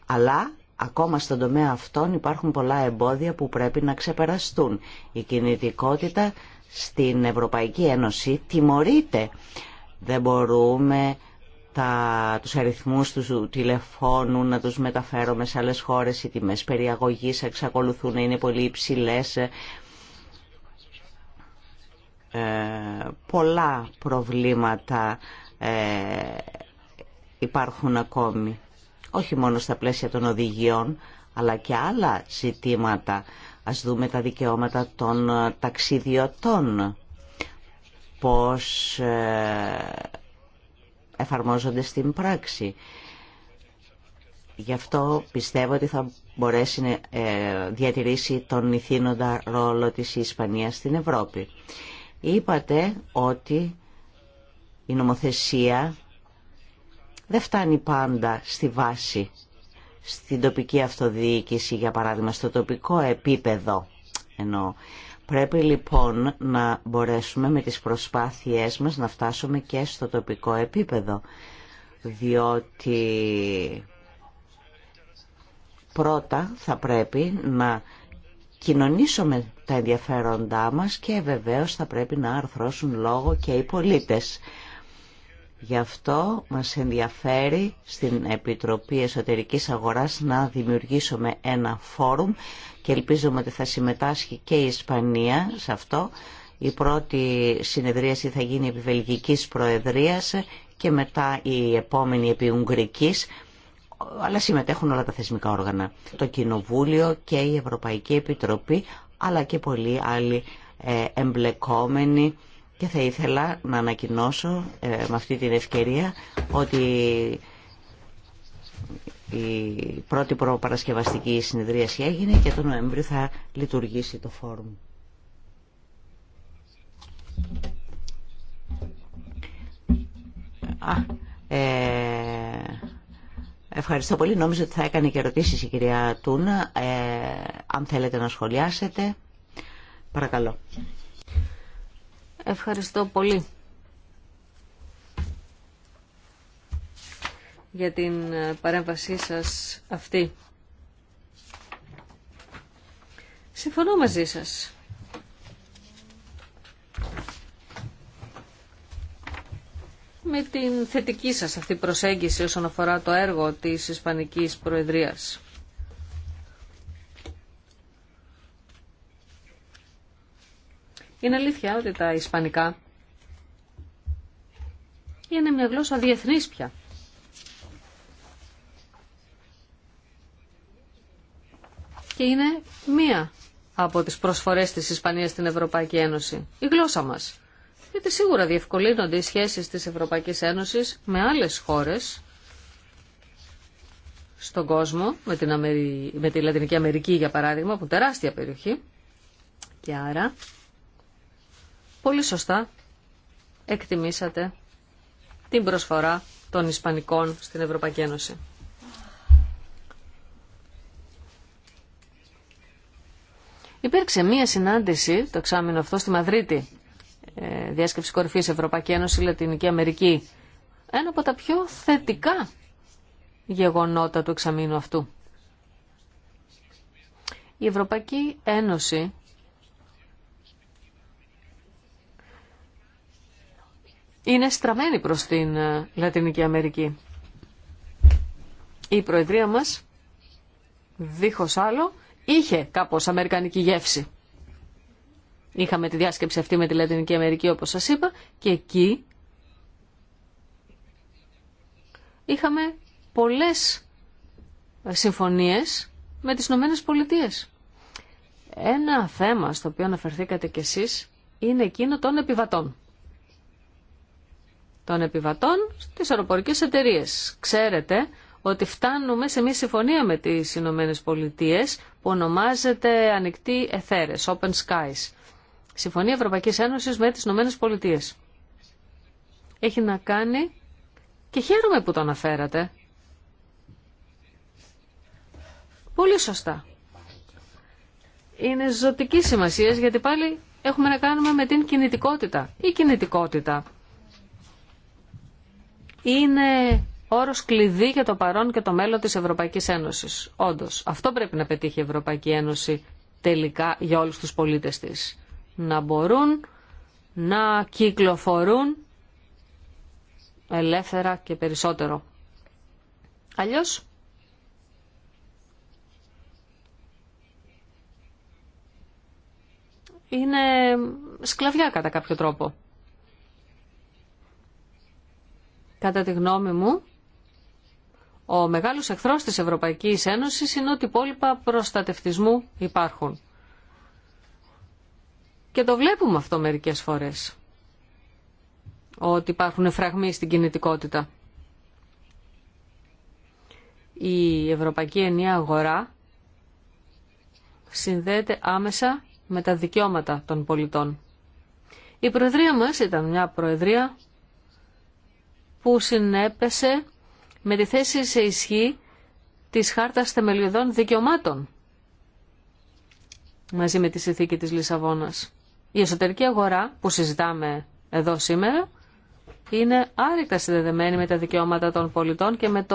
αλλά ακόμα στον τομέα αυτών υπάρχουν πολλά εμπόδια που πρέπει να ξεπεραστούν. Η κινητικότητα στην Ευρωπαϊκή Ένωση τιμωρείται. Δεν μπορούμε τα, τους αριθμούς του τηλεφώνου να τους μεταφέρουμε σε άλλες χώρες. Οι τιμές περιαγωγής εξακολουθούν να είναι πολύ υψηλέ. Ε, πολλά προβλήματα ε, υπάρχουν ακόμη. Όχι μόνο στα πλαίσια των οδηγιών, αλλά και άλλα ζητήματα. Ας δούμε τα δικαιώματα των ταξιδιωτών. Πώς... Ε, εφαρμόζονται στην πράξη. Γι' αυτό πιστεύω ότι θα μπορέσει να ε, διατηρήσει τον ηθήνοντα ρόλο της Ισπανίας στην Ευρώπη. Είπατε ότι η νομοθεσία δεν φτάνει πάντα στη βάση, στην τοπική αυτοδιοίκηση, για παράδειγμα, στο τοπικό επίπεδο. Ενώ Πρέπει λοιπόν να μπορέσουμε με τις προσπάθειές μας να φτάσουμε και στο τοπικό επίπεδο, διότι πρώτα θα πρέπει να κοινωνήσουμε τα ενδιαφέροντά μας και βεβαίως θα πρέπει να αρθρώσουν λόγο και οι πολίτες. Γι' αυτό μας ενδιαφέρει στην Επιτροπή Εσωτερικής Αγοράς να δημιουργήσουμε ένα φόρουμ και ελπίζουμε ότι θα συμμετάσχει και η Ισπανία σε αυτό. Η πρώτη συνεδρίαση θα γίνει επί Βελγικής Προεδρίας και μετά η επόμενη επί Ουγγρικής, αλλά συμμετέχουν όλα τα θεσμικά όργανα. Το Κοινοβούλιο και η Ευρωπαϊκή Επιτροπή, αλλά και πολλοί άλλοι ε, εμπλεκόμενοι και θα ήθελα να ανακοινώσω ε, με αυτή την ευκαιρία ότι η πρώτη προπαρασκευαστική συνεδρίαση έγινε και τον Νοέμβριο θα λειτουργήσει το φόρουμ. Ε, ευχαριστώ πολύ. Νόμιζα ότι θα έκανε και ερωτήσει, η κυρία Τούνα. Ε, αν θέλετε να σχολιάσετε, παρακαλώ. Ευχαριστώ πολύ για την ε, παρέμβασή σας αυτή. Συμφωνώ μαζί σας. με την θετική σας αυτή προσέγγιση όσον αφορά το έργο της Ισπανικής Προεδρίας. Είναι αλήθεια ότι τα ισπανικά είναι μια γλώσσα διεθνής πια. Και είναι μία από τις προσφορές της Ισπανίας στην Ευρωπαϊκή Ένωση. Η γλώσσα μας. Γιατί σίγουρα διευκολύνονται οι σχέσεις της Ευρωπαϊκής Ένωσης με άλλες χώρες στον κόσμο, με, την με τη Λατινική Αμερική για παράδειγμα, που τεράστια περιοχή. Και άρα Πολύ σωστά εκτιμήσατε την προσφορά των Ισπανικών στην Ευρωπαϊκή Ένωση. Υπήρξε μία συνάντηση το εξάμεινο αυτό στη Μαδρίτη, ε, διάσκεψη κορυφής Ευρωπαϊκή Ένωση Λατινική Αμερική. Ένα από τα πιο θετικά γεγονότα του εξαμήνου αυτού. Η Ευρωπαϊκή Ένωση είναι στραμμένη προς την ε, Λατινική Αμερική. Η Προεδρία μας, δίχως άλλο, είχε κάπως αμερικανική γεύση. Είχαμε τη διάσκεψη αυτή με τη Λατινική Αμερική όπως σας είπα και εκεί είχαμε πολλές ε, συμφωνίες με τις Ηνωμένε Πολιτείες. Ένα θέμα στο οποίο αναφερθήκατε κι εσείς είναι εκείνο των επιβατών των επιβατών στις αεροπορικές εταιρείες. Ξέρετε ότι φτάνουμε σε μια συμφωνία με τις Ηνωμένε Πολιτείες που ονομάζεται Ανοιχτή Εθέρες, Open Skies. Συμφωνία Ευρωπαϊκής Ένωσης με τις Ηνωμένε Πολιτείες. Έχει να κάνει και χαίρομαι που το αναφέρατε. Πολύ σωστά. Είναι ζωτική σημασία γιατί πάλι έχουμε να κάνουμε με την κινητικότητα. Η κινητικότητα είναι όρος κλειδί για το παρόν και το μέλλον της Ευρωπαϊκής Ένωσης. Όντως, αυτό πρέπει να πετύχει η Ευρωπαϊκή Ένωση τελικά για όλους τους πολίτες της. Να μπορούν να κυκλοφορούν ελεύθερα και περισσότερο. Αλλιώς... Είναι σκλαβιά κατά κάποιο τρόπο. Κατά τη γνώμη μου, ο μεγάλος εχθρός της Ευρωπαϊκής Ένωσης είναι ότι υπόλοιπα προστατευτισμού υπάρχουν. Και το βλέπουμε αυτό μερικές φορές, ότι υπάρχουν φραγμοί στην κινητικότητα. Η Ευρωπαϊκή Ενία Αγορά συνδέεται άμεσα με τα δικαιώματα των πολιτών. Η Προεδρία μας ήταν μια Προεδρία που συνέπεσε με τη θέση σε ισχύ της Χάρτας Θεμελιωδών Δικαιωμάτων μαζί με τη συνθήκη της Λισαβόνας. Η εσωτερική αγορά που συζητάμε εδώ σήμερα είναι άρρηκτα συνδεδεμένη με τα δικαιώματα των πολιτών και με,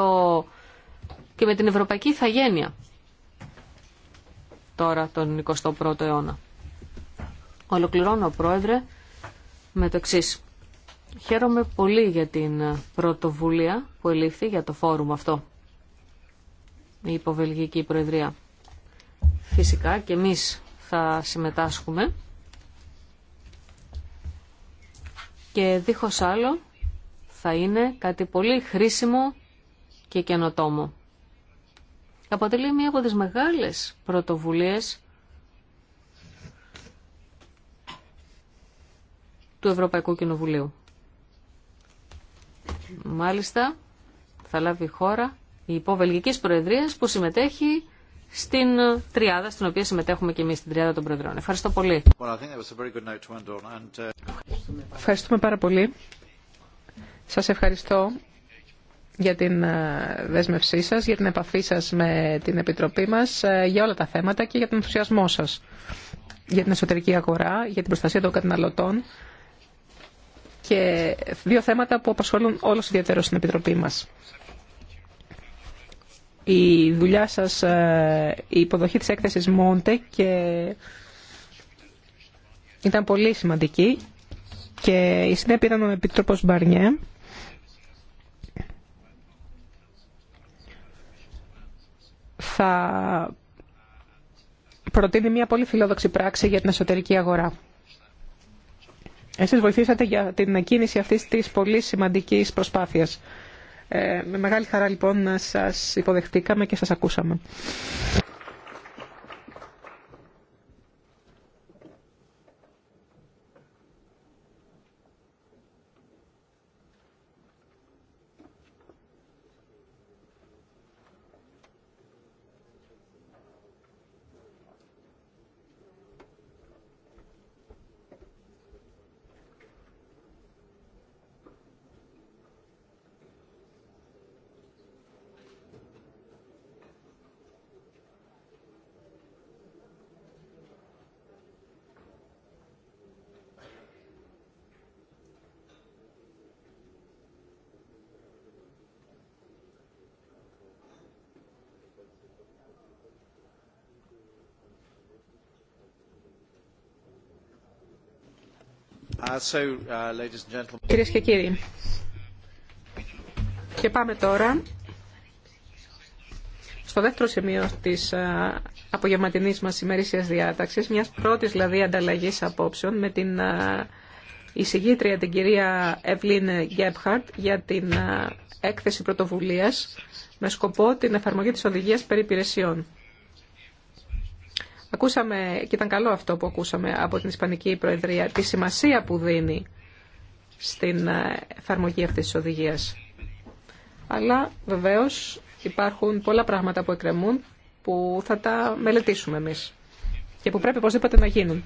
με την ευρωπαϊκή ηθαγένεια τώρα τον 21ο αιώνα. Ολοκληρώνω, Πρόεδρε, με το εξή. Χαίρομαι πολύ για την πρωτοβουλία που ελήφθη για το φόρουμ αυτό, η υποβελγική προεδρία. Φυσικά και εμείς θα συμμετάσχουμε. Και δίχως άλλο θα είναι κάτι πολύ χρήσιμο και καινοτόμο. Αποτελεί μία από τις μεγάλες πρωτοβουλίες του Ευρωπαϊκού Κοινοβουλίου. Μάλιστα, θα λάβει η χώρα η υποβελγικής Προεδρία που συμμετέχει στην τριάδα, στην οποία συμμετέχουμε και εμεί στην τριάδα των προεδρών. Ευχαριστώ πολύ. Uh, Ευχαριστούμε πάρα πολύ. Σας ευχαριστώ για την ε, δέσμευσή σας, για την επαφή σας με την Επιτροπή μας, ε, για όλα τα θέματα και για τον ενθουσιασμό σας για την εσωτερική αγορά, για την προστασία των καταναλωτών και δύο θέματα που απασχολούν όλο ιδιαίτερο στην Επιτροπή μας. Η δουλειά σας, ε, η υποδοχή της έκθεσης Μόντε και ήταν πολύ σημαντική και η συνέπεια ήταν ο Επίτροπος Μπαρνιέ. Θα προτείνει μια πολύ φιλόδοξη πράξη για την εσωτερική αγορά. Εσείς βοηθήσατε για την κίνηση αυτής της πολύ σημαντικής προσπάθειας. Ε, με μεγάλη χαρά λοιπόν σας υποδεχτήκαμε και σας ακούσαμε. Uh, uh, Κυρίες και κύριοι, και πάμε τώρα στο δεύτερο σημείο της uh, απογευματινής μας ημερήσιας διάταξης, μιας πρώτης δηλαδή ανταλλαγής απόψεων με την εισηγήτρια την κυρία Ευλίν Γκέμπχαρτ για την έκθεση πρωτοβουλίας με σκοπό την εφαρμογή της οδηγίας περί υπηρεσιών. Ακούσαμε, και ήταν καλό αυτό που ακούσαμε από την Ισπανική Προεδρία, τη σημασία που δίνει στην ε, εφαρμογή αυτής της οδηγίας. Αλλά βεβαίως υπάρχουν πολλά πράγματα που εκκρεμούν που θα τα μελετήσουμε εμείς και που πρέπει οπωσδήποτε να γίνουν.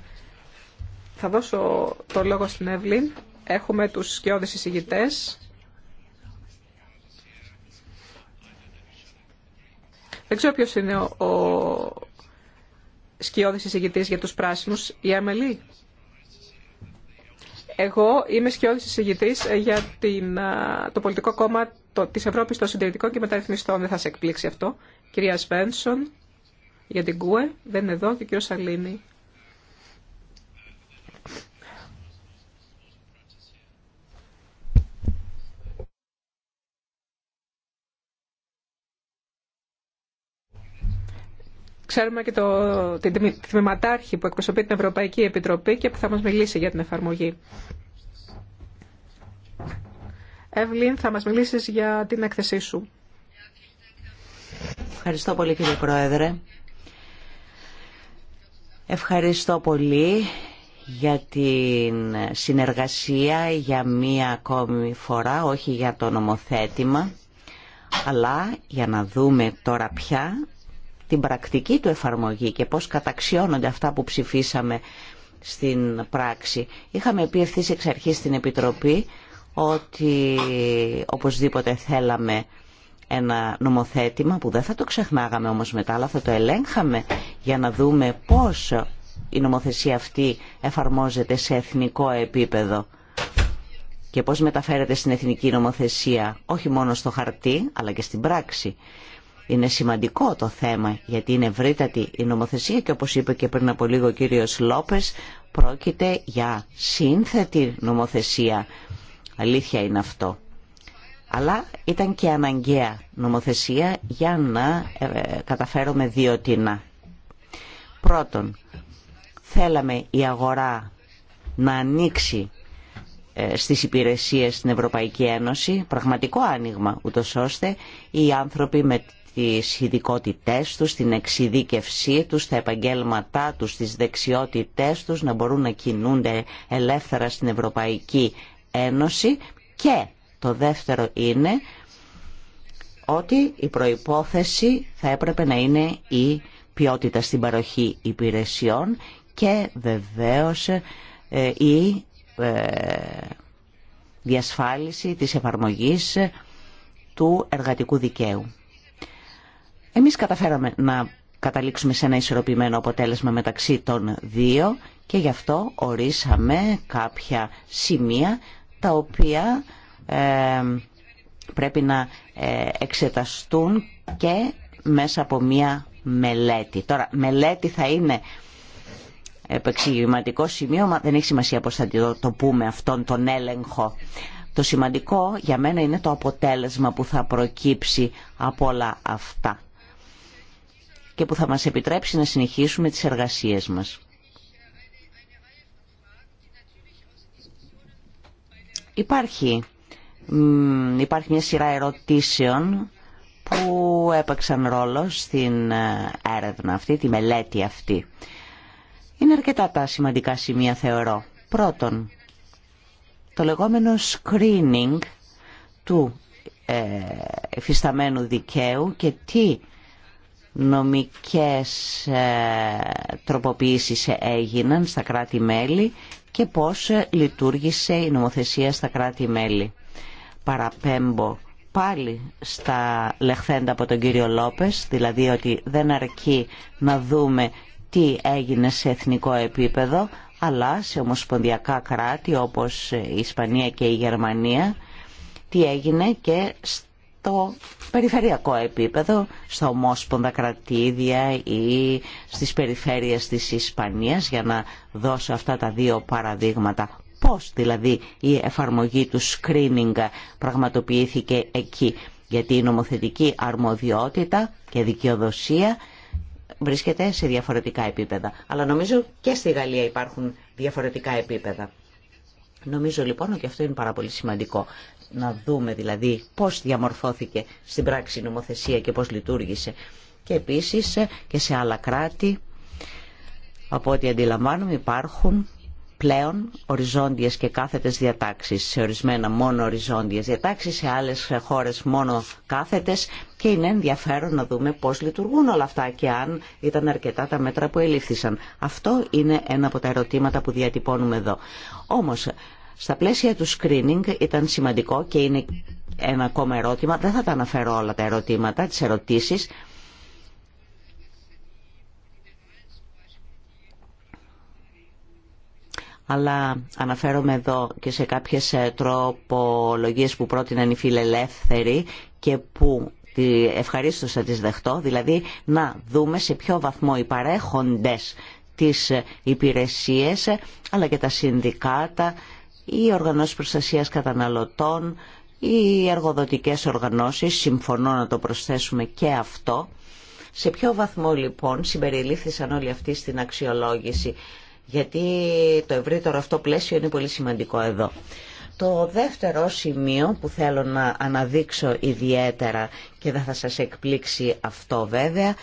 Θα δώσω το λόγο στην Εύλην. Έχουμε τους σκιώδεις εισηγητές. Δεν ξέρω ποιος είναι ο σκιώδης εισηγητής για τους πράσινους, η Αμελή. Εγώ είμαι σκιώδη εισηγητής για την, το πολιτικό κόμμα το, της Ευρώπης των Συντηρητικών και Μεταρρυθμιστών. Δεν θα σε εκπλήξει αυτό. Κυρία Σβένσον για την ΚΟΕ, δεν είναι εδώ και ο κύριος Σαλίνη Ξέρουμε και το, την τμηματάρχη που εκπροσωπεί την Ευρωπαϊκή Επιτροπή και που θα μας μιλήσει για την εφαρμογή. Εύλην, θα μας μιλήσεις για την έκθεσή σου. Ευχαριστώ πολύ κύριε Πρόεδρε. Ευχαριστώ πολύ για την συνεργασία για μία ακόμη φορά, όχι για το νομοθέτημα, αλλά για να δούμε τώρα πια την πρακτική του εφαρμογή και πώς καταξιώνονται αυτά που ψηφίσαμε στην πράξη. Είχαμε πει ευθύς εξ αρχής στην Επιτροπή ότι οπωσδήποτε θέλαμε ένα νομοθέτημα που δεν θα το ξεχνάγαμε όμως μετά, αλλά θα το ελέγχαμε για να δούμε πώς η νομοθεσία αυτή εφαρμόζεται σε εθνικό επίπεδο και πώς μεταφέρεται στην εθνική νομοθεσία, όχι μόνο στο χαρτί, αλλά και στην πράξη. Είναι σημαντικό το θέμα γιατί είναι ευρύτατη η νομοθεσία και όπως είπε και πριν από λίγο ο κύριος Λόπες πρόκειται για σύνθετη νομοθεσία. Αλήθεια είναι αυτό. Αλλά ήταν και αναγκαία νομοθεσία για να ε, καταφέρουμε δύο τινά. Πρώτον, θέλαμε η αγορά να ανοίξει ε, στις υπηρεσίες στην Ευρωπαϊκή Ένωση, πραγματικό άνοιγμα, ούτω ώστε οι άνθρωποι με τις ειδικότητές τους, την εξειδίκευσή τους, τα επαγγέλματά τους, τις δεξιότητές τους να μπορούν να κινούνται ελεύθερα στην Ευρωπαϊκή Ένωση και το δεύτερο είναι ότι η προϋπόθεση θα έπρεπε να είναι η ποιότητα στην παροχή υπηρεσιών και βεβαίως ε, η ε, διασφάλιση της εφαρμογής του εργατικού δικαίου. Εμείς καταφέραμε να καταλήξουμε σε ένα ισορροπημένο αποτέλεσμα μεταξύ των δύο και γι' αυτό ορίσαμε κάποια σημεία τα οποία ε, πρέπει να ε, εξεταστούν και μέσα από μία μελέτη. Τώρα, μελέτη θα είναι επεξηγηματικό σημείο, μα δεν έχει σημασία πώς θα το πούμε αυτόν τον έλεγχο. Το σημαντικό για μένα είναι το αποτέλεσμα που θα προκύψει από όλα αυτά και που θα μας επιτρέψει να συνεχίσουμε τις εργασίες μας. Υπάρχει, υπάρχει μια σειρά ερωτήσεων που έπαιξαν ρόλο στην ε, έρευνα αυτή, τη μελέτη αυτή. Είναι αρκετά τα σημαντικά σημεία θεωρώ. Πρώτον, το λεγόμενο screening του ε, εφισταμένου δικαίου και τι νομικές ε, τροποποιήσεις έγιναν στα κράτη-μέλη και πώς λειτουργήσε η νομοθεσία στα κράτη-μέλη. Παραπέμπω πάλι στα λεχθέντα από τον κύριο Λόπες, δηλαδή ότι δεν αρκεί να δούμε τι έγινε σε εθνικό επίπεδο, αλλά σε ομοσπονδιακά κράτη όπως η Ισπανία και η Γερμανία, τι έγινε και το περιφερειακό επίπεδο, στα ομόσπονδα κρατήδια ή στις περιφέρειες της Ισπανίας, για να δώσω αυτά τα δύο παραδείγματα. Πώς δηλαδή η εφαρμογή του screening πραγματοποιήθηκε εκεί. Γιατί η νομοθετική αρμοδιότητα και δικαιοδοσία βρίσκεται σε διαφορετικά επίπεδα. Αλλά νομίζω και στη Γαλλία υπάρχουν διαφορετικά επίπεδα. Νομίζω λοιπόν ότι αυτό είναι πάρα πολύ σημαντικό να δούμε δηλαδή πώς διαμορφώθηκε στην πράξη η νομοθεσία και πώς λειτουργήσε. Και επίσης ε, και σε άλλα κράτη, από ό,τι αντιλαμβάνουμε υπάρχουν πλέον οριζόντιες και κάθετες διατάξεις, σε ορισμένα μόνο οριζόντιες διατάξεις, σε άλλες χώρες μόνο κάθετες και είναι ενδιαφέρον να δούμε πώς λειτουργούν όλα αυτά και αν ήταν αρκετά τα μέτρα που ελήφθησαν. Αυτό είναι ένα από τα ερωτήματα που διατυπώνουμε εδώ. Όμως στα πλαίσια του screening ήταν σημαντικό και είναι ένα ακόμα ερώτημα. Δεν θα τα αναφέρω όλα τα ερωτήματα, τις ερωτήσεις. αλλά αναφέρομαι εδώ και σε κάποιες ε, τροπολογίες που πρότειναν οι φιλελεύθεροι και που ευχαρίστως θα τις δεχτώ, δηλαδή να δούμε σε ποιο βαθμό οι παρέχοντες τις ε, υπηρεσίες ε, αλλά και τα συνδικάτα οι οργανώσεις προστασίας καταναλωτών, οι εργοδοτικές οργανώσεις, συμφωνώ να το προσθέσουμε και αυτό. Σε ποιο βαθμό λοιπόν συμπεριλήφθησαν όλοι αυτοί στην αξιολόγηση, γιατί το ευρύτερο αυτό πλαίσιο είναι πολύ σημαντικό εδώ. Το δεύτερο σημείο που θέλω να αναδείξω ιδιαίτερα και δεν θα σας εκπλήξει αυτό βέβαια,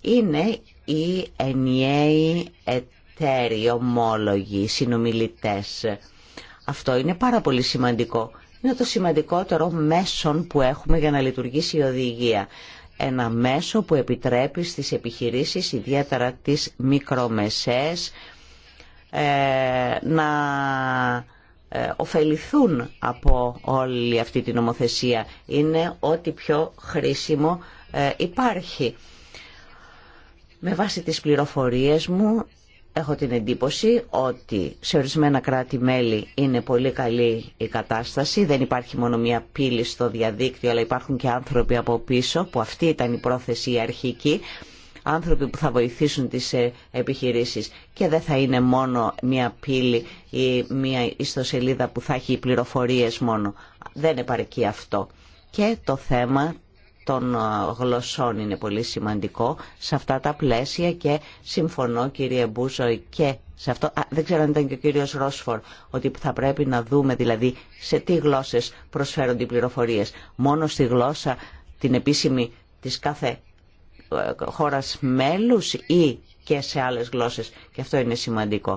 είναι οι ενιαίοι εταίροι, ομόλογοι, συνομιλητές αυτό είναι πάρα πολύ σημαντικό. Είναι το σημαντικότερο μέσον που έχουμε για να λειτουργήσει η οδηγία. Ένα μέσο που επιτρέπει στις επιχειρήσεις, ιδιαίτερα τις μικρομεσές, ε, να ε, ωφεληθούν από όλη αυτή την νομοθεσία. Είναι ό,τι πιο χρήσιμο ε, υπάρχει. Με βάση τις πληροφορίες μου Έχω την εντύπωση ότι σε ορισμένα κράτη-μέλη είναι πολύ καλή η κατάσταση. Δεν υπάρχει μόνο μία πύλη στο διαδίκτυο, αλλά υπάρχουν και άνθρωποι από πίσω, που αυτή ήταν η πρόθεση η αρχική, άνθρωποι που θα βοηθήσουν τις ε, επιχειρήσεις. Και δεν θα είναι μόνο μία πύλη ή μία ιστοσελίδα που θα έχει πληροφορίες μόνο. Δεν επαρκεί αυτό. Και το θέμα των ε, γλωσσών είναι πολύ σημαντικό σε αυτά τα πλαίσια και συμφωνώ κύριε Μπούζο και σε αυτό, δεν ξέρω αν ήταν και ο κύριος Ρόσφορ, ότι θα πρέπει να δούμε δηλαδή σε τι γλώσσες προσφέρονται οι πληροφορίες. Μόνο στη γλώσσα την επίσημη της κάθε ε, χώρας μέλους ή και σε άλλες γλώσσες. Και αυτό είναι σημαντικό.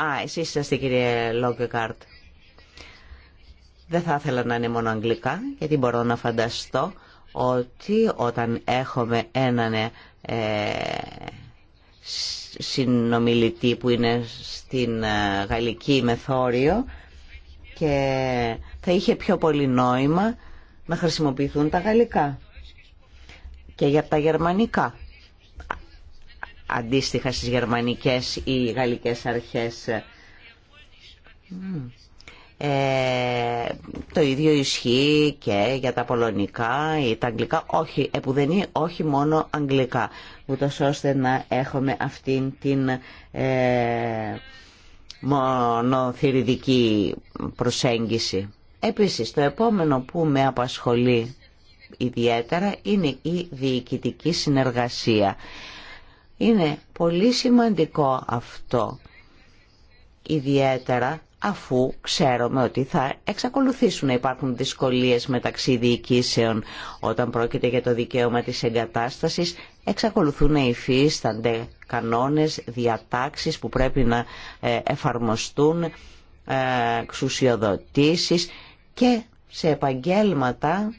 Α, εσείς είσαστε κύριε Λόγκεκάρτ. Δεν θα ήθελα να είναι μόνο αγγλικά, γιατί μπορώ να φανταστώ ότι όταν έχουμε έναν ε, συνομιλητή που είναι στην ε, γαλλική μεθόριο και θα είχε πιο πολύ νόημα να χρησιμοποιηθούν τα γαλλικά και για τα γερμανικά αντίστοιχα στις γερμανικές ή γαλλικές αρχές ε, το ίδιο ισχύει και για τα πολωνικά ή τα αγγλικά, όχι, επουδενή όχι μόνο αγγλικά, ούτω ώστε να έχουμε αυτήν την ε, μονοθυριδική προσέγγιση. Επίσης, το επόμενο που με απασχολεί ιδιαίτερα είναι η διοικητική συνεργασία. Είναι πολύ σημαντικό αυτό, ιδιαίτερα αφού ξέρουμε ότι θα εξακολουθήσουν να υπάρχουν δυσκολίες μεταξύ διοικήσεων όταν πρόκειται για το δικαίωμα της εγκατάστασης, εξακολουθούν να υφίστανται κανόνες, διατάξεις που πρέπει να ε, εφαρμοστούν, ε, ξουσιοδοτήσεις και σε επαγγέλματα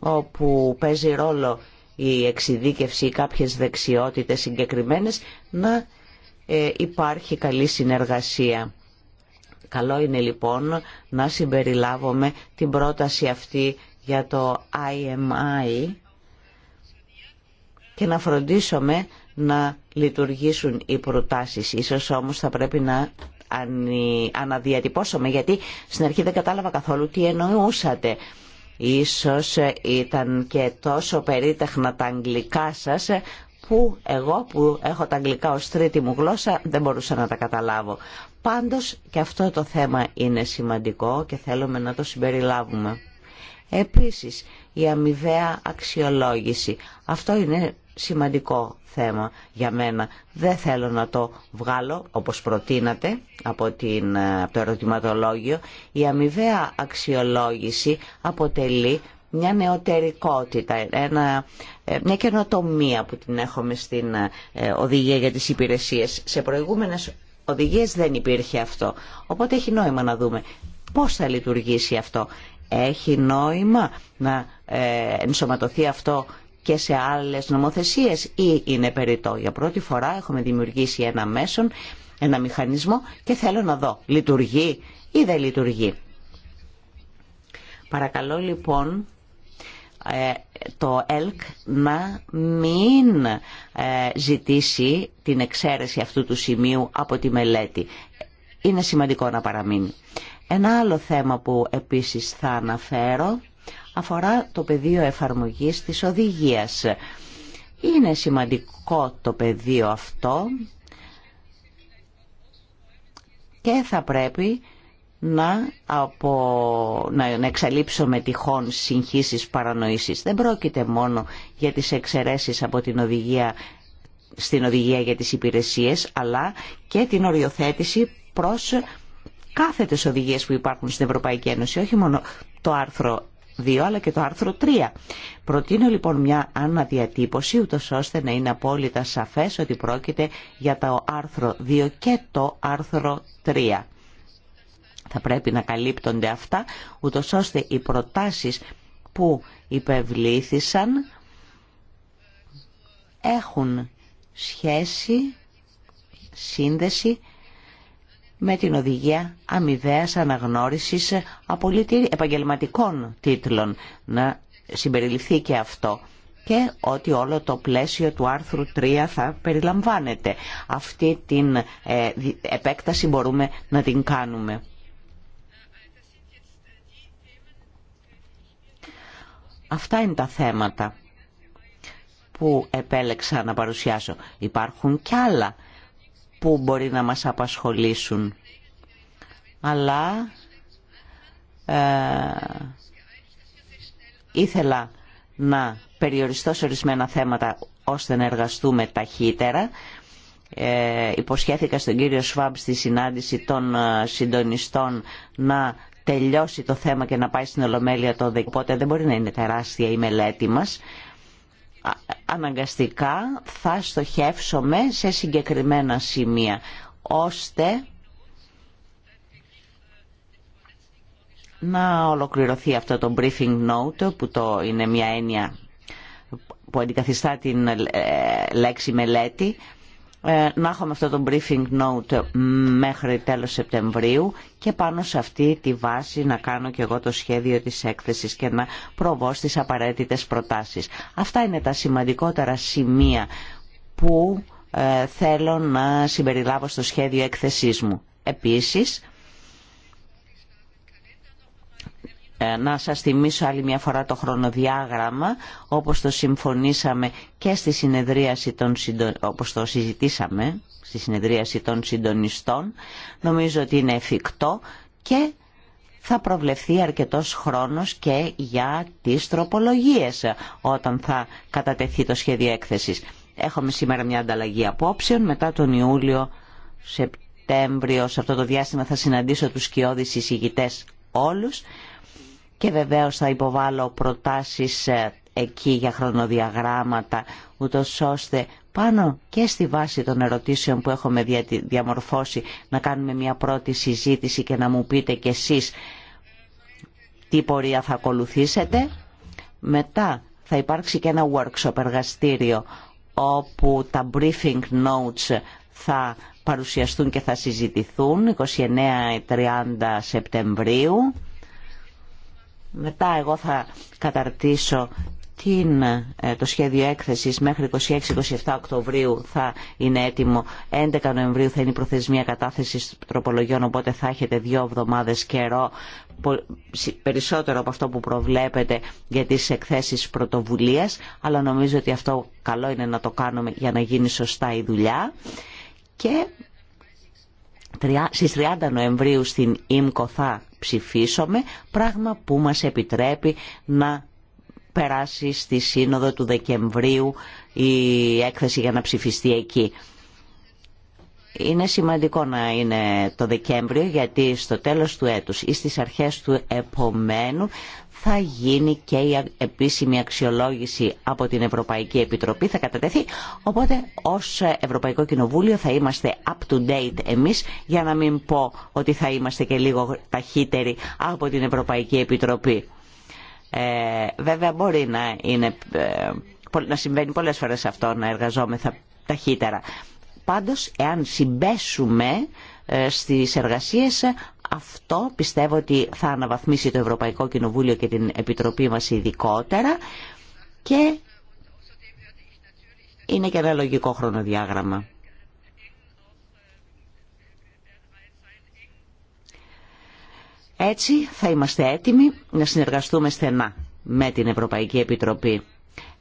όπου παίζει ρόλο η εξειδίκευση ή κάποιες δεξιότητες συγκεκριμένες να ε, υπάρχει καλή συνεργασία Καλό είναι λοιπόν να συμπεριλάβουμε την πρόταση αυτή για το IMI και να φροντίσουμε να λειτουργήσουν οι προτάσεις. Ίσως όμως θα πρέπει να αναδιατυπώσουμε γιατί στην αρχή δεν κατάλαβα καθόλου τι εννοούσατε. Ίσως ε, ήταν και τόσο περίτεχνα τα αγγλικά σας που εγώ που έχω τα αγγλικά ως τρίτη μου γλώσσα δεν μπορούσα να τα καταλάβω. Πάντως και αυτό το θέμα είναι σημαντικό και θέλουμε να το συμπεριλάβουμε. Επίσης, η αμοιβαία αξιολόγηση. Αυτό είναι σημαντικό θέμα για μένα. Δεν θέλω να το βγάλω, όπως προτείνατε, από, την, το ερωτηματολόγιο. Η αμοιβαία αξιολόγηση αποτελεί μια νεωτερικότητα, ένα, ε, μια καινοτομία που την έχουμε στην ε, οδηγία για τις υπηρεσίες. Σε προηγούμενες οδηγίες δεν υπήρχε αυτό. Οπότε έχει νόημα να δούμε πώς θα λειτουργήσει αυτό. Έχει νόημα να ε, ενσωματωθεί αυτό και σε άλλες νομοθεσίες ή είναι περιττό. Για πρώτη φορά έχουμε δημιουργήσει ένα μέσον, ένα μηχανισμό και θέλω να δω λειτουργεί ή δεν λειτουργεί. Παρακαλώ λοιπόν ε, το ΕΛΚ να μην ε, ζητήσει την εξαίρεση αυτού του σημείου από τη μελέτη. Είναι σημαντικό να παραμείνει. Ένα άλλο θέμα που επίσης θα αναφέρω αφορά το πεδίο εφαρμογής της οδηγίας. Είναι σημαντικό το πεδίο αυτό και θα πρέπει να, απο... να εξαλείψουμε τυχόν συγχύσεις παρανοήσεις. Δεν πρόκειται μόνο για τις εξαιρέσεις από την οδηγία στην οδηγία για τις υπηρεσίες, αλλά και την οριοθέτηση προς κάθετες οδηγίες που υπάρχουν στην Ευρωπαϊκή Ένωση, όχι μόνο το άρθρο 2 αλλά και το άρθρο 3. Προτείνω λοιπόν μια αναδιατύπωση ούτω ώστε να είναι απόλυτα σαφές ότι πρόκειται για το άρθρο 2 και το άρθρο 3 θα πρέπει να καλύπτονται αυτά, ούτω ώστε οι προτάσεις που υπευλήθησαν έχουν σχέση, σύνδεση με την οδηγία αμοιβαίας αναγνώρισης επαγγελματικών τίτλων. Να συμπεριληφθεί και αυτό και ότι όλο το πλαίσιο του άρθρου 3 θα περιλαμβάνεται. Αυτή την ε, επέκταση μπορούμε να την κάνουμε. Αυτά είναι τα θέματα που επέλεξα να παρουσιάσω. Υπάρχουν κι άλλα που μπορεί να μας απασχολήσουν. Αλλά ε, ήθελα να περιοριστώ σε ορισμένα θέματα ώστε να εργαστούμε ταχύτερα. Ε, υποσχέθηκα στον κύριο Σφάμπ στη συνάντηση των ε, συντονιστών να τελειώσει το θέμα και να πάει στην Ολομέλεια το ΔΕΚ. Οπότε δεν μπορεί να είναι τεράστια η μελέτη μας. Αναγκαστικά θα στοχεύσουμε σε συγκεκριμένα σημεία, ώστε να ολοκληρωθεί αυτό το briefing note που το είναι μια έννοια που αντικαθιστά την ε, λέξη μελέτη ε, να έχουμε αυτό το briefing note μέχρι τέλος Σεπτεμβρίου και πάνω σε αυτή τη βάση να κάνω και εγώ το σχέδιο της έκθεσης και να προβώ στις απαραίτητες προτάσεις. Αυτά είναι τα σημαντικότερα σημεία που ε, θέλω να συμπεριλάβω στο σχέδιο έκθεσής μου. Επίσης, Ε, να σας θυμίσω άλλη μια φορά το χρονοδιάγραμμα όπως το συμφωνήσαμε και στη συνεδρίαση των όπως το συζητήσαμε στη συνεδρίαση των συντονιστών νομίζω ότι είναι εφικτό και θα προβλεφθεί αρκετός χρόνος και για τις τροπολογίες όταν θα κατατεθεί το σχέδιο έκθεσης. Έχουμε σήμερα μια ανταλλαγή απόψεων, μετά τον Ιούλιο, Σεπτέμβριο, σε αυτό το διάστημα θα συναντήσω τους σκιώδεις εισηγητές όλους και βεβαίως θα υποβάλω προτάσεις ε, εκεί για χρονοδιαγράμματα, ούτω ώστε πάνω και στη βάση των ερωτήσεων που έχουμε διαμορφώσει να κάνουμε μια πρώτη συζήτηση και να μου πείτε κι εσείς τι πορεία θα ακολουθήσετε. Μετά θα υπάρξει και ένα workshop εργαστήριο όπου τα briefing notes θα παρουσιαστούν και θα συζητηθούν 29-30 Σεπτεμβρίου μετά εγώ θα καταρτήσω ε, το σχέδιο έκθεσης μέχρι 26-27 Οκτωβρίου θα είναι έτοιμο. 11 Νοεμβρίου θα είναι η προθεσμία κατάθεσης τροπολογιών, οπότε θα έχετε δύο εβδομάδες καιρό περισσότερο από αυτό που προβλέπετε για τις εκθέσεις πρωτοβουλίας, αλλά νομίζω ότι αυτό καλό είναι να το κάνουμε για να γίνει σωστά η δουλειά. Και στις 30 Νοεμβρίου στην ΙΜΚΟ θα ψηφίσουμε, πράγμα που μας επιτρέπει να περάσει στη Σύνοδο του Δεκεμβρίου η έκθεση για να ψηφιστεί εκεί. Είναι σημαντικό να είναι το Δεκέμβριο γιατί στο τέλος του έτους ή στις αρχές του επομένου θα γίνει και η επίσημη αξιολόγηση από την Ευρωπαϊκή Επιτροπή, θα κατατεθεί. Οπότε ως Ευρωπαϊκό Κοινοβούλιο θα είμαστε up to date εμείς, για να μην πω ότι θα είμαστε και λίγο ταχύτεροι από την Ευρωπαϊκή Επιτροπή. Ε, βέβαια μπορεί να, είναι, ε, να συμβαίνει πολλές φορές αυτό, να εργαζόμεθα ταχύτερα. Πάντως, εάν συμπέσουμε ε, στις εργασίες, αυτό πιστεύω ότι θα αναβαθμίσει το Ευρωπαϊκό Κοινοβούλιο και την Επιτροπή μας ειδικότερα και είναι και ένα λογικό χρονοδιάγραμμα. Έτσι θα είμαστε έτοιμοι να συνεργαστούμε στενά με την Ευρωπαϊκή Επιτροπή.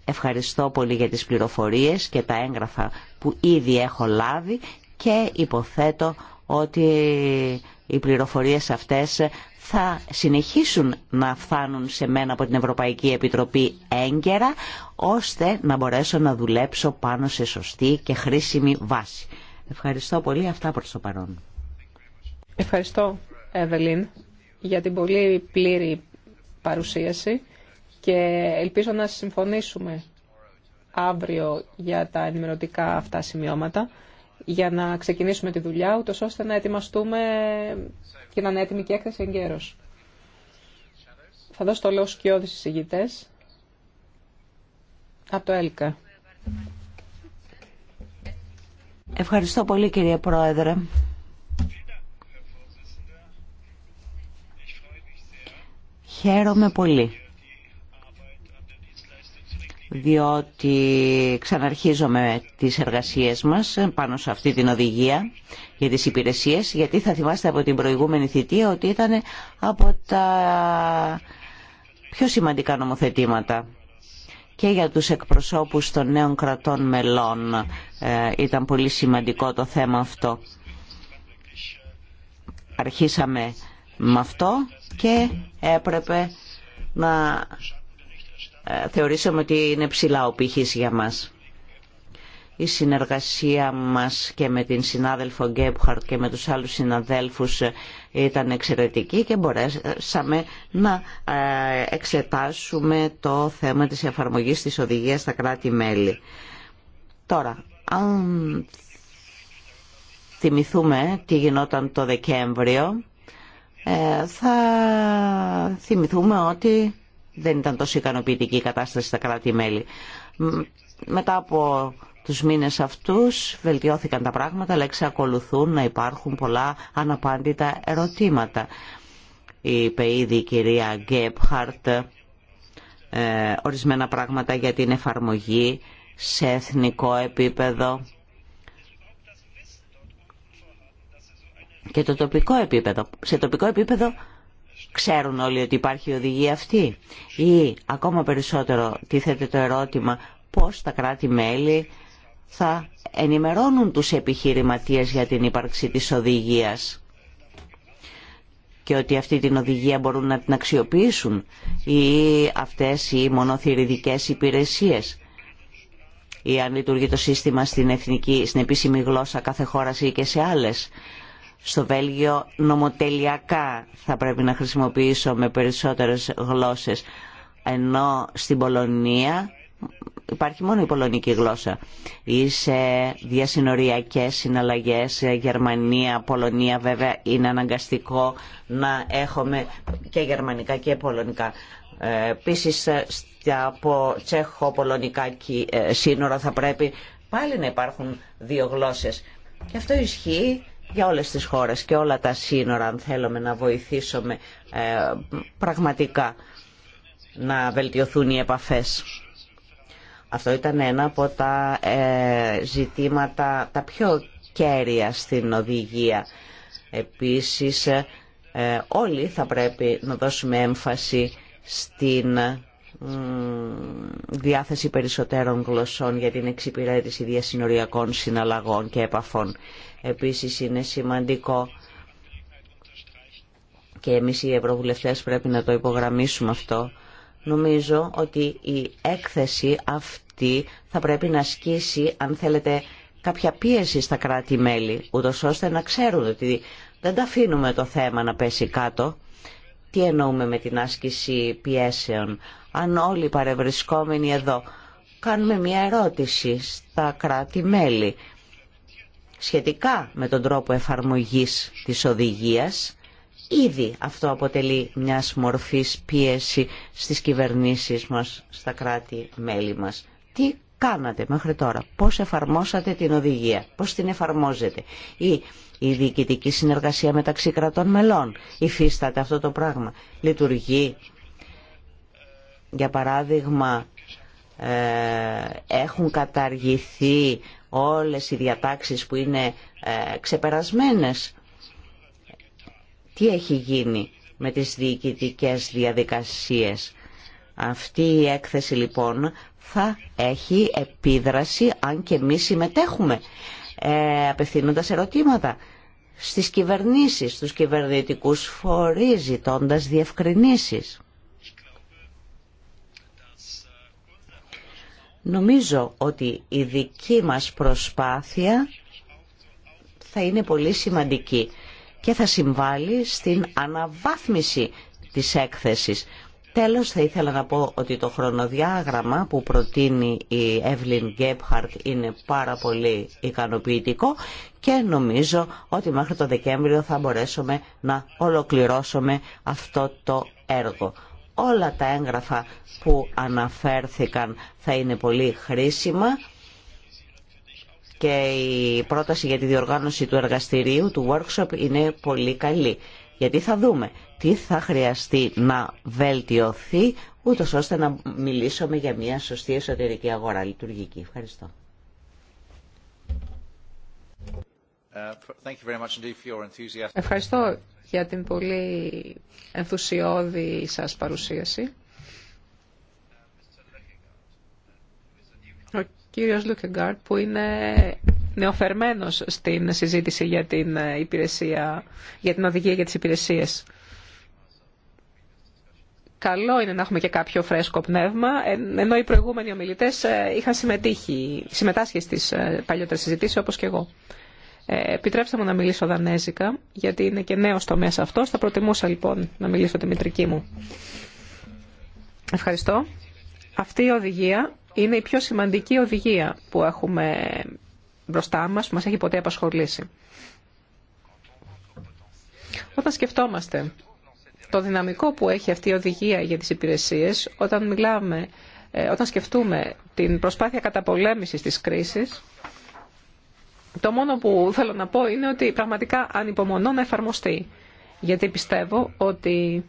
Ευχαριστώ πολύ για τις πληροφορίες και τα έγγραφα που ήδη έχω λάβει και υποθέτω ότι οι πληροφορίες αυτές θα συνεχίσουν να φτάνουν σε μένα από την Ευρωπαϊκή Επιτροπή έγκαιρα, ώστε να μπορέσω να δουλέψω πάνω σε σωστή και χρήσιμη βάση. Ευχαριστώ πολύ. Αυτά προς το παρόν. Ευχαριστώ, Εβελίν, για την πολύ πλήρη παρουσίαση και ελπίζω να συμφωνήσουμε αύριο για τα ενημερωτικά αυτά σημειώματα για να ξεκινήσουμε τη δουλειά, ούτως ώστε να ετοιμαστούμε και να είναι έτοιμη και έκθεση καιρός. Θα δώσω το λόγο σκιώδης κοιόδης από το ΕΛΚΑ. Ευχαριστώ πολύ κύριε Πρόεδρε. Χαίρομαι πολύ διότι ξαναρχίζομαι τις εργασίες μας πάνω σε αυτή την οδηγία για τις υπηρεσίες, γιατί θα θυμάστε από την προηγούμενη θητεία ότι ήταν από τα πιο σημαντικά νομοθετήματα και για τους εκπροσώπους των νέων κρατών μελών ε, ήταν πολύ σημαντικό το θέμα αυτό. Αρχίσαμε με αυτό και έπρεπε να θεωρήσαμε ότι είναι ψηλά ο πύχης για μας. Η συνεργασία μας και με την συνάδελφο Γκέμπχαρτ και με τους άλλους συναδέλφους ήταν εξαιρετική και μπορέσαμε να ε, εξετάσουμε το θέμα της εφαρμογής της οδηγίας στα κράτη-μέλη. Τώρα, αν θυμηθούμε τι γινόταν το Δεκέμβριο, ε, θα θυμηθούμε ότι δεν ήταν τόσο ικανοποιητική η κατάσταση στα κράτη-μέλη. Μετά από τους μήνες αυτούς βελτιώθηκαν τα πράγματα, αλλά εξακολουθούν να υπάρχουν πολλά αναπάντητα ερωτήματα. Είπε ήδη η κυρία Γκέπχαρτ ε, ορισμένα πράγματα για την εφαρμογή σε εθνικό επίπεδο και το τοπικό επίπεδο. Σε τοπικό επίπεδο Ξέρουν όλοι ότι υπάρχει η οδηγία αυτή ή ακόμα περισσότερο τίθεται το ερώτημα πώς τα κράτη-μέλη θα ενημερώνουν τους επιχειρηματίες για την ύπαρξη της οδηγίας και ότι αυτή την οδηγία μπορούν να την αξιοποιήσουν ή αυτές οι μονοθυριδικές υπηρεσίες ή αν λειτουργεί το σύστημα στην, εθνική, στην επίσημη γλώσσα κάθε χώρας ή και σε άλλες στο Βέλγιο νομοτελειακά θα πρέπει να χρησιμοποιήσω με περισσότερες γλώσσες ενώ στην Πολωνία υπάρχει μόνο η πολωνική γλώσσα ή σε διασυνοριακές συναλλαγές Γερμανία, Πολωνία βέβαια είναι αναγκαστικό να έχουμε και γερμανικά και πολωνικά ε, Επίση από τσέχο-πολωνικά ε, σύνορα θα πρέπει πάλι να υπάρχουν δύο γλώσσες και αυτό ισχύει για όλες τις χώρες και όλα τα σύνορα αν θέλουμε να βοηθήσουμε ε, πραγματικά να βελτιωθούν οι επαφές. Αυτό ήταν ένα από τα ε, ζητήματα τα πιο κέρια στην οδηγία. Επίσης ε, όλοι θα πρέπει να δώσουμε έμφαση στην διάθεση περισσότερων γλωσσών για την εξυπηρέτηση διασυνοριακών συναλλαγών και επαφών. Επίσης είναι σημαντικό και εμείς οι ευρωβουλευτές πρέπει να το υπογραμμίσουμε αυτό. Νομίζω ότι η έκθεση αυτή θα πρέπει να ασκήσει, αν θέλετε, κάποια πίεση στα κράτη-μέλη, ούτως ώστε να ξέρουν ότι δεν τα αφήνουμε το θέμα να πέσει κάτω. Τι εννοούμε με την άσκηση πιέσεων αν όλοι παρευρισκόμενοι εδώ κάνουμε μια ερώτηση στα κράτη-μέλη σχετικά με τον τρόπο εφαρμογής της οδηγίας, ήδη αυτό αποτελεί μια μορφής πίεση στις κυβερνήσεις μας, στα κράτη-μέλη μας. Τι κάνατε μέχρι τώρα, πώς εφαρμόσατε την οδηγία, πώς την εφαρμόζετε. Ή η διοικητική συνεργασία μεταξύ κρατών μελών υφίσταται αυτό το πράγμα. Λειτουργεί για παράδειγμα, ε, έχουν καταργηθεί όλες οι διατάξεις που είναι ε, ξεπερασμένες. Τι έχει γίνει με τις διοικητικές διαδικασίες. Αυτή η έκθεση λοιπόν θα έχει επίδραση αν και εμείς συμμετέχουμε ε, απευθύνοντας ερωτήματα στις κυβερνήσεις, στους κυβερνητικούς φορείς ζητώντα διευκρινήσεις. Νομίζω ότι η δική μας προσπάθεια θα είναι πολύ σημαντική και θα συμβάλλει στην αναβάθμιση της έκθεσης. Τέλος θα ήθελα να πω ότι το χρονοδιάγραμμα που προτείνει η Εύλιν Γκέπχαρτ είναι πάρα πολύ ικανοποιητικό και νομίζω ότι μέχρι το Δεκέμβριο θα μπορέσουμε να ολοκληρώσουμε αυτό το έργο όλα τα έγγραφα που αναφέρθηκαν θα είναι πολύ χρήσιμα και η πρόταση για τη διοργάνωση του εργαστηρίου, του workshop, είναι πολύ καλή. Γιατί θα δούμε τι θα χρειαστεί να βελτιωθεί, ούτως ώστε να μιλήσουμε για μια σωστή εσωτερική αγορά λειτουργική. Ευχαριστώ. Uh, Ευχαριστώ για την πολύ ενθουσιώδη σας παρουσίαση. Ο κύριος Λουκεγκάρτ που είναι νεοφερμένος στην συζήτηση για την, ε, υπηρεσία, για την οδηγία για τις υπηρεσίες. Καλό είναι να έχουμε και κάποιο φρέσκο πνεύμα, ενώ οι προηγούμενοι ομιλητές ε, είχαν συμμετάσχει στις ε, παλιότερες συζητήσεις όπως και εγώ. Ε, επιτρέψτε μου να μιλήσω δανέζικα, γιατί είναι και νέος το μέσα αυτό. Θα προτιμούσα λοιπόν να μιλήσω τη μητρική μου. Ευχαριστώ. Αυτή η οδηγία είναι η πιο σημαντική οδηγία που έχουμε μπροστά μας, που μας έχει ποτέ απασχολήσει. Όταν σκεφτόμαστε το δυναμικό που έχει αυτή η οδηγία για τις υπηρεσίες, όταν μιλάμε, ε, όταν σκεφτούμε την προσπάθεια καταπολέμησης της κρίσης, το μόνο που θέλω να πω είναι ότι πραγματικά ανυπομονώ να εφαρμοστεί. Γιατί πιστεύω ότι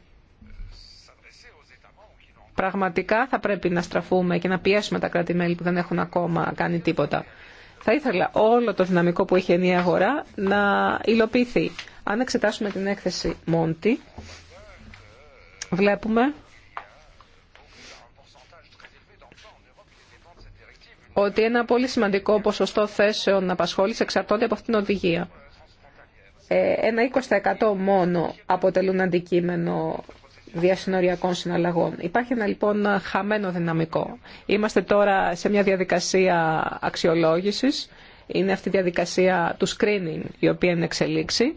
πραγματικά θα πρέπει να στραφούμε και να πιέσουμε τα κράτη-μέλη που δεν έχουν ακόμα κάνει τίποτα. Θα ήθελα όλο το δυναμικό που έχει η αγορά να υλοποιηθεί. Αν εξετάσουμε την έκθεση Μόντι, βλέπουμε ότι ένα πολύ σημαντικό ποσοστό θέσεων απασχόληση εξαρτώνται από αυτήν την οδηγία. Ε, ένα 20% μόνο αποτελούν αντικείμενο διασυνοριακών συναλλαγών. Υπάρχει ένα λοιπόν χαμένο δυναμικό. Είμαστε τώρα σε μια διαδικασία αξιολόγησης. Είναι αυτή η διαδικασία του screening η οποία είναι εξελίξη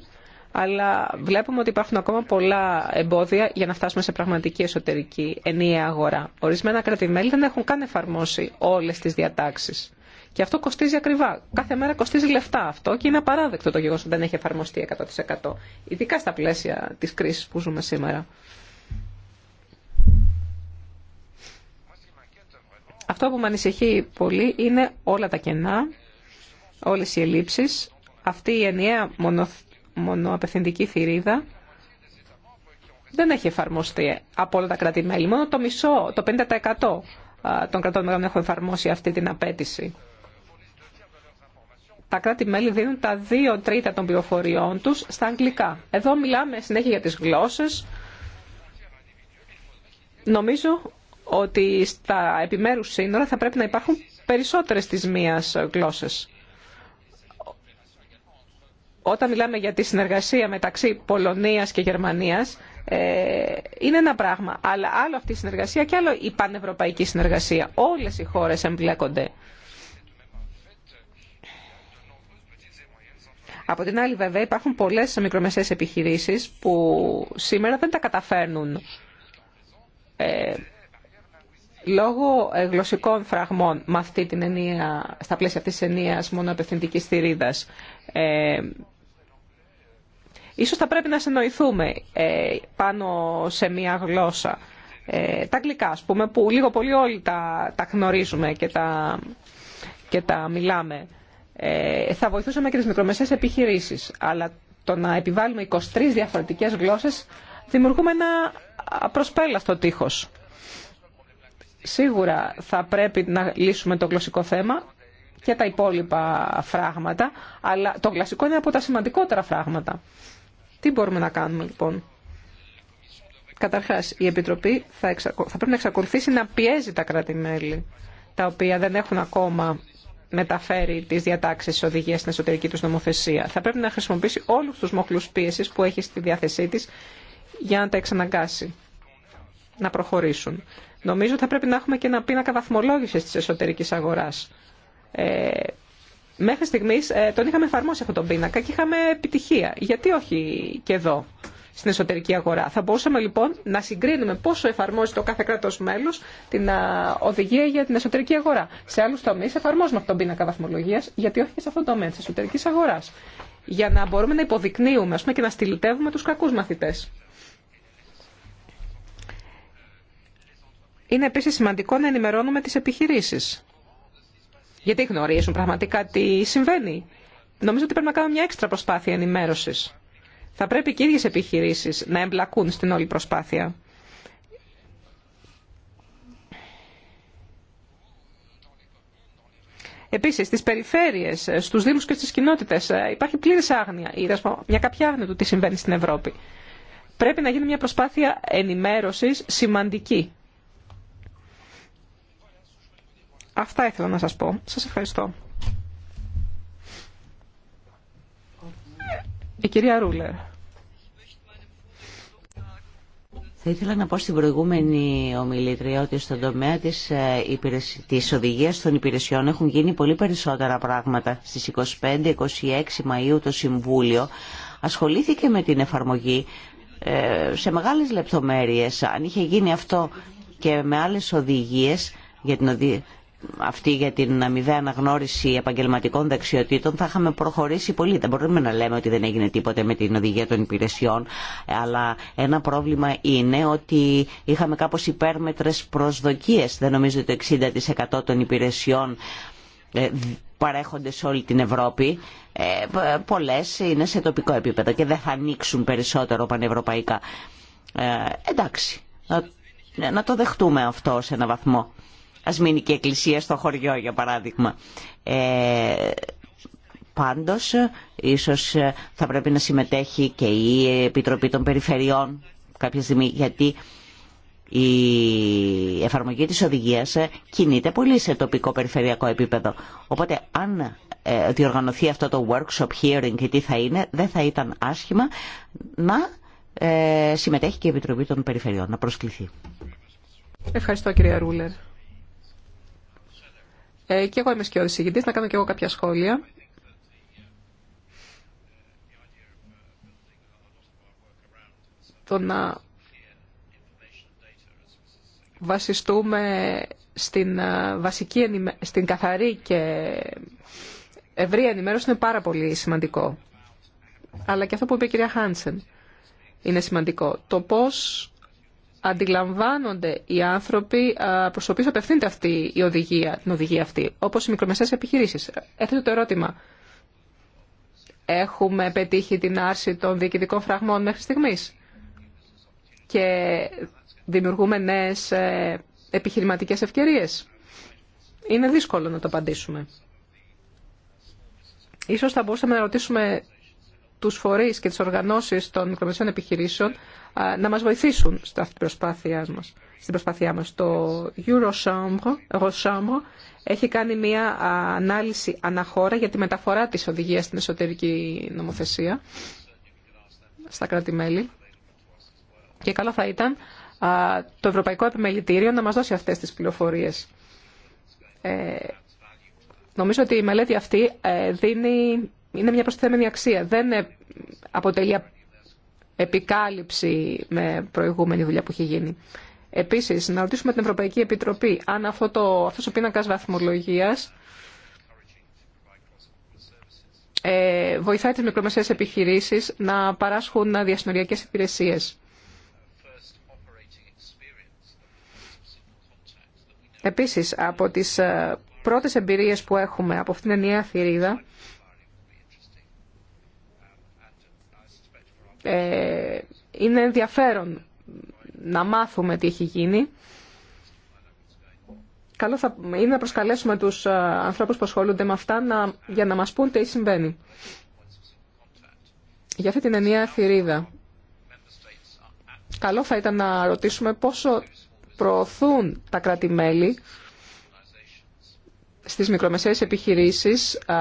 αλλά βλέπουμε ότι υπάρχουν ακόμα πολλά εμπόδια για να φτάσουμε σε πραγματική εσωτερική ενιαία αγορά. Ορισμένα κρατημέλη δεν έχουν καν εφαρμόσει όλε τι διατάξει. Και αυτό κοστίζει ακριβά. Κάθε μέρα κοστίζει λεφτά αυτό και είναι απαράδεκτο το γεγονό ότι δεν έχει εφαρμοστεί 100%. Ειδικά στα πλαίσια τη κρίση που ζούμε σήμερα. Αυτό που με ανησυχεί πολύ είναι όλα τα κενά, όλες οι ελλείψεις, αυτή η ενιαία μονοαπευθυντική θηρίδα δεν έχει εφαρμοστεί από όλα τα κρατημέλη Μόνο το μισό, το 50% των κρατών μελών έχουν εφαρμόσει αυτή την απέτηση. Τα κράτη-μέλη δίνουν τα δύο τρίτα των πληροφοριών τους στα αγγλικά. Εδώ μιλάμε συνέχεια για τις γλώσσες. Νομίζω ότι στα επιμέρους σύνορα θα πρέπει να υπάρχουν περισσότερες της μίας γλώσσες. Όταν μιλάμε για τη συνεργασία μεταξύ Πολωνίας και Γερμανίας, ε, είναι ένα πράγμα. Αλλά άλλο αυτή η συνεργασία και άλλο η πανευρωπαϊκή συνεργασία. Όλες οι χώρες εμπλέκονται. Από την άλλη βέβαια υπάρχουν πολλές μικρομεσαίες επιχειρήσεις που σήμερα δεν τα καταφέρνουν ε, λόγω ε, γλωσσικών φραγμών με αυτή την ενία, στα πλαίσια αυτής της ενίας μόνο απευθυντικής θηρίδας. Ε, Ίσως θα πρέπει να συνοηθούμε ε, πάνω σε μία γλώσσα. Ε, τα αγγλικά, ας πούμε, που λίγο πολύ όλοι τα, τα γνωρίζουμε και τα, και τα μιλάμε. Ε, θα βοηθούσαμε και τις μικρομεσαίες επιχειρήσεις. Αλλά το να επιβάλλουμε 23 διαφορετικές γλώσσες δημιουργούμε ένα απροσπέλαστο τείχος. Σίγουρα θα πρέπει να λύσουμε το γλωσσικό θέμα και τα υπόλοιπα φράγματα, αλλά το γλασικό είναι από τα σημαντικότερα φράγματα. Τι μπορούμε να κάνουμε λοιπόν. Καταρχάς, η Επιτροπή θα, θα πρέπει να εξακολουθήσει να πιέζει τα κράτη-μέλη, τα οποία δεν έχουν ακόμα μεταφέρει τις διατάξεις της οδηγίας στην εσωτερική τους νομοθεσία. Θα πρέπει να χρησιμοποιήσει όλους τους μοχλούς πίεσης που έχει στη διάθεσή της για να τα εξαναγκάσει να προχωρήσουν. Νομίζω ότι θα πρέπει να έχουμε και ένα πίνακα βαθμολόγησης της εσωτερικής αγοράς. Ε, Μέχρι στιγμή ε, τον είχαμε εφαρμόσει αυτόν τον πίνακα και είχαμε επιτυχία. Γιατί όχι και εδώ, στην εσωτερική αγορά. Θα μπορούσαμε λοιπόν να συγκρίνουμε πόσο εφαρμόζει το κάθε κράτο μέλο την οδηγία για την εσωτερική αγορά. Σε άλλου τομεί εφαρμόζουμε αυτόν τον πίνακα βαθμολογία, γιατί όχι και σε αυτόν τον τομέα τη εσωτερική αγορά. Για να μπορούμε να υποδεικνύουμε πούμε, και να στυλιτεύουμε του κακού μαθητέ. Είναι επίση σημαντικό να ενημερώνουμε τι επιχειρήσει γιατί γνωρίζουν πραγματικά τι συμβαίνει. Νομίζω ότι πρέπει να κάνουμε μια έξτρα προσπάθεια ενημέρωσης. Θα πρέπει και οι ίδιε επιχειρήσεις να εμπλακούν στην όλη προσπάθεια. Επίση, στι περιφέρειε, στου Δήμου και στι κοινότητε ε, υπάρχει πλήρη άγνοια ή μια κάποια άγνοια του τι συμβαίνει στην Ευρώπη. Πρέπει να γίνει μια προσπάθεια ενημέρωση σημαντική. Αυτά ήθελα να σας πω. Σας ευχαριστώ. Η κυρία Ρούλερ. Θα ήθελα να πω στην προηγούμενη ομιλήτρια ότι στον τομέα της, ε, της οδηγίας των υπηρεσιών έχουν γίνει πολύ περισσότερα πράγματα. Στις 25-26 Μαΐου το Συμβούλιο ασχολήθηκε με την εφαρμογή ε, σε μεγάλες λεπτομέρειες. Αν είχε γίνει αυτό και με άλλες οδηγίες για την οδηγία αυτή για την αμοιβαία αναγνώριση επαγγελματικών δεξιοτήτων θα είχαμε προχωρήσει πολύ. Δεν μπορούμε να λέμε ότι δεν έγινε τίποτε με την οδηγία των υπηρεσιών, αλλά ένα πρόβλημα είναι ότι είχαμε κάπως υπέρμετρες προσδοκίες. Δεν νομίζω ότι το 60% των υπηρεσιών ε, παρέχονται σε όλη την Ευρώπη. Ε, πολλές είναι σε τοπικό επίπεδο και δεν θα ανοίξουν περισσότερο πανευρωπαϊκά. Ε, εντάξει, να το δεχτούμε αυτό σε ένα βαθμό. Ας μείνει και η εκκλησία στο χωριό, για παράδειγμα. Ε, πάντως, ίσως ε, θα πρέπει να συμμετέχει και η Επιτροπή των Περιφερειών κάποια στιγμή, γιατί η εφαρμογή της οδηγίας ε, κινείται πολύ σε τοπικό περιφερειακό επίπεδο. Οπότε αν ε, διοργανωθεί αυτό το workshop hearing και τι θα είναι, δεν θα ήταν άσχημα να συμμετέχει και η Επιτροπή των Περιφερειών, να προσκληθεί. Ευχαριστώ κυρία Ρούλερ. Ε, και εγώ είμαι σκιώδης ηγητής, να κάνω και εγώ κάποια σχόλια. Το να βασιστούμε στην, ε, βασική, στην καθαρή και ευρύ ενημέρωση είναι πάρα πολύ σημαντικό. Αλλά και αυτό που είπε η κυρία Χάνσεν είναι σημαντικό. Το πώς αντιλαμβάνονται οι άνθρωποι προ τους απευθύνεται αυτή η οδηγία, την οδηγία αυτή, όπως οι μικρομεσαίες επιχειρήσεις. Έθετε το ερώτημα, έχουμε πετύχει την άρση των διοικητικών φραγμών μέχρι στιγμή και δημιουργούμε νέες ε, επιχειρηματικές ευκαιρίες. Είναι δύσκολο να το απαντήσουμε. Ίσως θα μπορούσαμε να ρωτήσουμε του φορεί και τι οργανώσει των μικρομεσαίων επιχειρήσεων να μα βοηθήσουν Στην προσπάθειά μα. Το Eurochambre έχει κάνει μια ανάλυση αναχώρα για τη μεταφορά τη οδηγία στην εσωτερική νομοθεσία στα κράτη-μέλη. Και καλό θα ήταν το Ευρωπαϊκό Επιμελητήριο να μας δώσει αυτές τις πληροφορίες. Ε, νομίζω ότι η μελέτη αυτή ε, δίνει είναι μια προσθέμενη αξία. Δεν ε, αποτελεί επικάλυψη με προηγούμενη δουλειά που έχει γίνει. Επίσης, να ρωτήσουμε την Ευρωπαϊκή Επιτροπή αν αυτό αυτός ο πίνακα βαθμολογία ε, βοηθάει τι μικρομεσαίες επιχειρήσεις να παράσχουν διασυνοριακέ υπηρεσίε. Επίσης, από τις ε, πρώτες εμπειρίες που έχουμε από αυτήν την ενιαία θηρίδα, Ε, είναι ενδιαφέρον να μάθουμε τι έχει γίνει. Καλό θα είναι να προσκαλέσουμε τους ε, ανθρώπους που ασχολούνται με αυτά για να μας πούν τι συμβαίνει. Για αυτή την ενιαία θηρίδα. Καλό θα ήταν να ρωτήσουμε πόσο προωθούν τα κράτη-μέλη στις μικρομεσαίες επιχειρήσεις ε,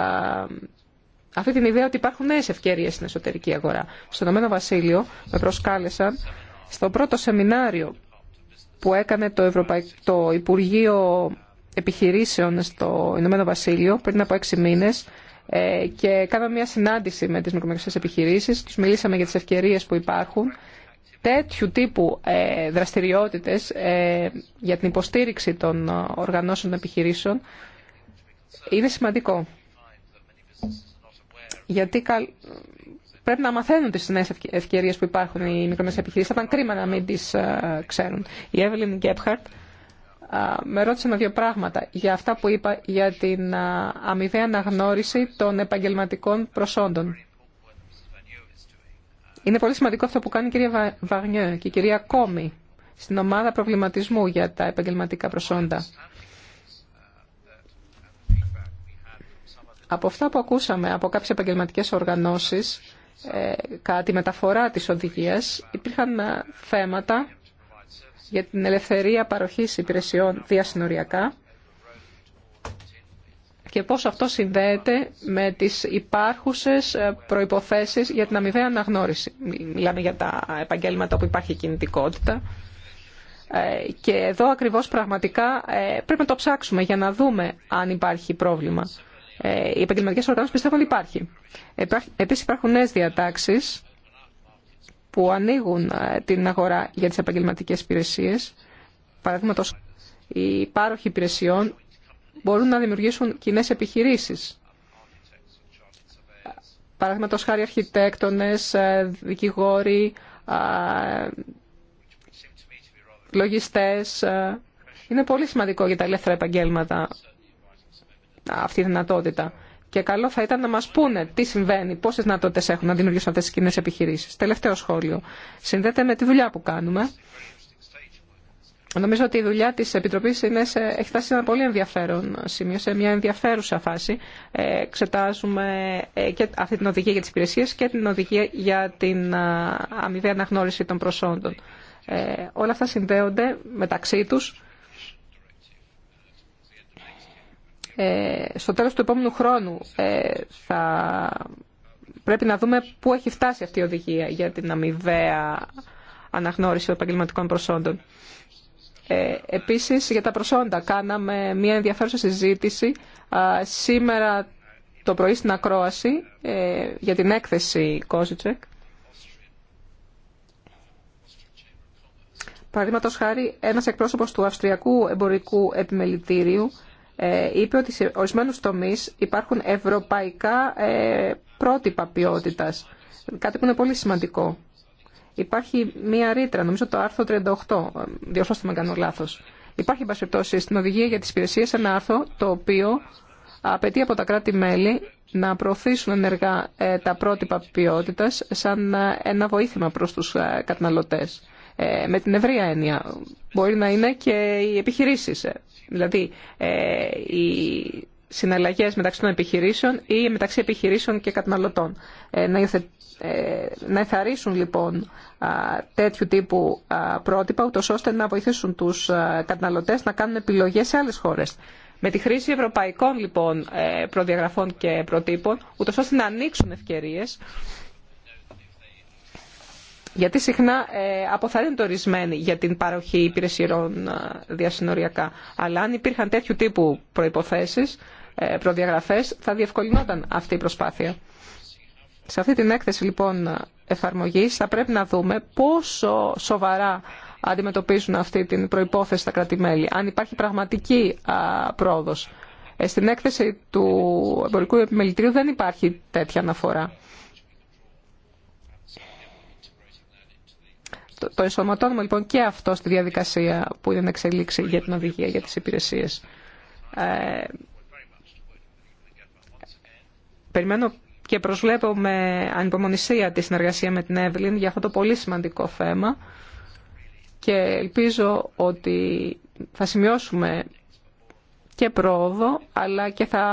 αυτή την ιδέα ότι υπάρχουν νέε ευκαιρίε στην εσωτερική αγορά. Στο Ηνωμένο Βασίλειο με προσκάλεσαν στο πρώτο σεμινάριο που έκανε το, το Υπουργείο Επιχειρήσεων στο Ηνωμένο Βασίλειο πριν από έξι μήνε ε, και κάναμε μια συνάντηση με τι μικρομεσαίε επιχειρήσει. Του μιλήσαμε για τι ευκαιρίε που υπάρχουν. Τέτοιου τύπου ε, δραστηριότητε ε, για την υποστήριξη των οργανώσεων επιχειρήσεων είναι σημαντικό. Γιατί πρέπει να μαθαίνουν τι νέε ευκαιρίε που υπάρχουν οι μικρομεσαίε επιχειρήσει. Θα ήταν κρίμα να μην τι ε, ξέρουν. Η Εύελιν Γκέπχαρτ με ρώτησε με δύο πράγματα για αυτά που είπα για την αμοιβαία αναγνώριση των επαγγελματικών προσόντων. Είναι πολύ σημαντικό αυτό που κάνει η κυρία Βαγνιέ και η κυρία Κόμη στην ομάδα προβληματισμού για τα επαγγελματικά προσόντα. Από αυτά που ακούσαμε από κάποιες επαγγελματικές οργανώσεις ε, κατά τη μεταφορά της οδηγίας υπήρχαν ε, θέματα για την ελευθερία παροχής υπηρεσιών διασυνοριακά και πώς αυτό συνδέεται με τις υπάρχουσες ε, προϋποθέσεις για την αμοιβαία αναγνώριση. Μιλάμε για τα επαγγέλματα όπου υπάρχει κινητικότητα. Και εδώ ακριβώς πραγματικά πρέπει να το ψάξουμε για να δούμε αν υπάρχει πρόβλημα. Ε, οι επαγγελματικέ οργάνωση πιστεύουν ότι υπάρχει. Επίση υπάρχουν νέε διατάξει που ανοίγουν ε, την αγορά για τι επαγγελματικέ υπηρεσίε. Παραδείγματο, οι πάροχοι υπηρεσιών μπορούν να δημιουργήσουν κοινέ επιχειρήσει. Παραδείγματο χάρη αρχιτέκτονε, ε, δικηγόροι, λογιστές. Είναι πολύ σημαντικό για τα ελεύθερα επαγγέλματα αυτή η δυνατότητα. Και καλό θα ήταν να μα πούνε τι συμβαίνει, πόσε δυνατότητε έχουν να δημιουργήσουν αυτέ τι κοινέ επιχειρήσει. Τελευταίο σχόλιο. Συνδέεται με τη δουλειά που κάνουμε. Νομίζω ότι η δουλειά τη Επιτροπή έχει φτάσει σε ένα πολύ ενδιαφέρον σημείο, σε μια ενδιαφέρουσα φάση. Ε, εξετάζουμε ε, και αυτή την οδηγία για τι υπηρεσίε και την οδηγία για την αμοιβή αναγνώριση των προσόντων. Ε, όλα αυτά συνδέονται μεταξύ τους Ε, στο τέλος του επόμενου χρόνου ε, θα πρέπει να δούμε πού έχει φτάσει αυτή η οδηγία για την αμοιβαία αναγνώριση των επαγγελματικών προσόντων. Ε, επίσης, για τα προσόντα κάναμε μια ενδιαφέρουσα συζήτηση σήμερα το πρωί στην Ακρόαση ε, για την έκθεση Κόζιτσεκ. Παραδείγματο χάρη, ένα εκπρόσωπος του Αυστριακού Εμπορικού Επιμελητήριου ε, είπε ότι σε ορισμένου τομεί υπάρχουν ευρωπαϊκά ε, πρότυπα ποιότητα. Κάτι που είναι πολύ σημαντικό. Υπάρχει μία ρήτρα, νομίζω το άρθρο 38, διορθώστε με κάνω λάθο. Υπάρχει, εν στην οδηγία για τι υπηρεσίε ένα άρθρο το οποίο απαιτεί από τα κράτη-μέλη να προωθήσουν ενεργά ε, τα πρότυπα ποιότητα σαν ένα βοήθημα προ του καταναλωτέ. Ε, με την ευρεία έννοια. Μπορεί να είναι και οι επιχειρήσεις, ε, δηλαδή ε, οι συναλλαγές μεταξύ των επιχειρήσεων ή μεταξύ επιχειρήσεων και καταναλωτών. Να εθαρίσουν λοιπόν τέτοιου τύπου πρότυπα, ούτως ώστε να βοηθήσουν τους καταναλωτές να κάνουν επιλογές σε άλλες χώρες. Με τη χρήση ευρωπαϊκών λοιπόν προδιαγραφών και προτύπων, ούτω ώστε να ανοίξουν ευκαιρίε γιατί συχνά ε, αποθαρρύνονται ορισμένοι για την παροχή υπηρεσιών ε, διασυνοριακά. Αλλά αν υπήρχαν τέτοιου τύπου προϋποθέσεις, ε, προδιαγραφές, θα διευκολυνόταν αυτή η προσπάθεια. Σε αυτή την έκθεση λοιπόν εφαρμογής θα πρέπει να δούμε πόσο σοβαρά αντιμετωπίζουν αυτή την προϋπόθεση τα κράτη-μέλη. αν υπάρχει πραγματική πρόοδος. Στην έκθεση του εμπορικού επιμελητηρίου δεν υπάρχει τέτοια αναφορά. το ενσωματώνουμε λοιπόν και αυτό στη διαδικασία που είναι να εξελίξει για την οδηγία για τις υπηρεσίες. Ε, περιμένω και προσβλέπω με ανυπομονησία τη συνεργασία με την Εύλην για αυτό το πολύ σημαντικό θέμα και ελπίζω ότι θα σημειώσουμε και πρόοδο αλλά και θα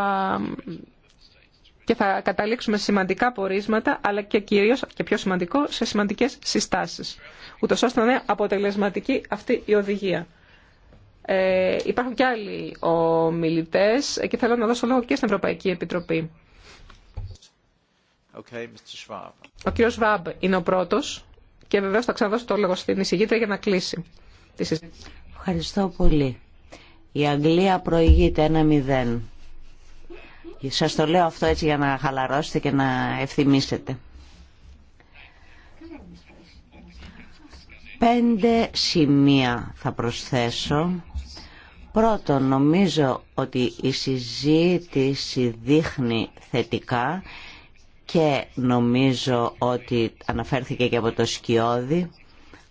και θα καταλήξουμε σε σημαντικά πορίσματα, αλλά και κυρίως και πιο σημαντικό σε σημαντικές συστάσεις, ούτως ώστε να είναι αποτελεσματική αυτή η οδηγία. Ε, υπάρχουν και άλλοι ομιλητέ και θέλω να δώσω λόγο και στην Ευρωπαϊκή Επιτροπή. Okay, Mr. Schwab. Ο κύριο Βάμπ είναι ο πρώτο και βεβαίω θα ξαναδώσω το λόγο στην εισηγήτρια για να κλείσει τη συζήτηση. Ευχαριστώ πολύ. Η Αγγλία προηγείται ένα μηδέν. Σας το λέω αυτό έτσι για να χαλαρώσετε και να ευθυμίσετε. Πέντε σημεία θα προσθέσω. Πρώτον, νομίζω ότι η συζήτηση δείχνει θετικά και νομίζω ότι αναφέρθηκε και από το Σκιώδη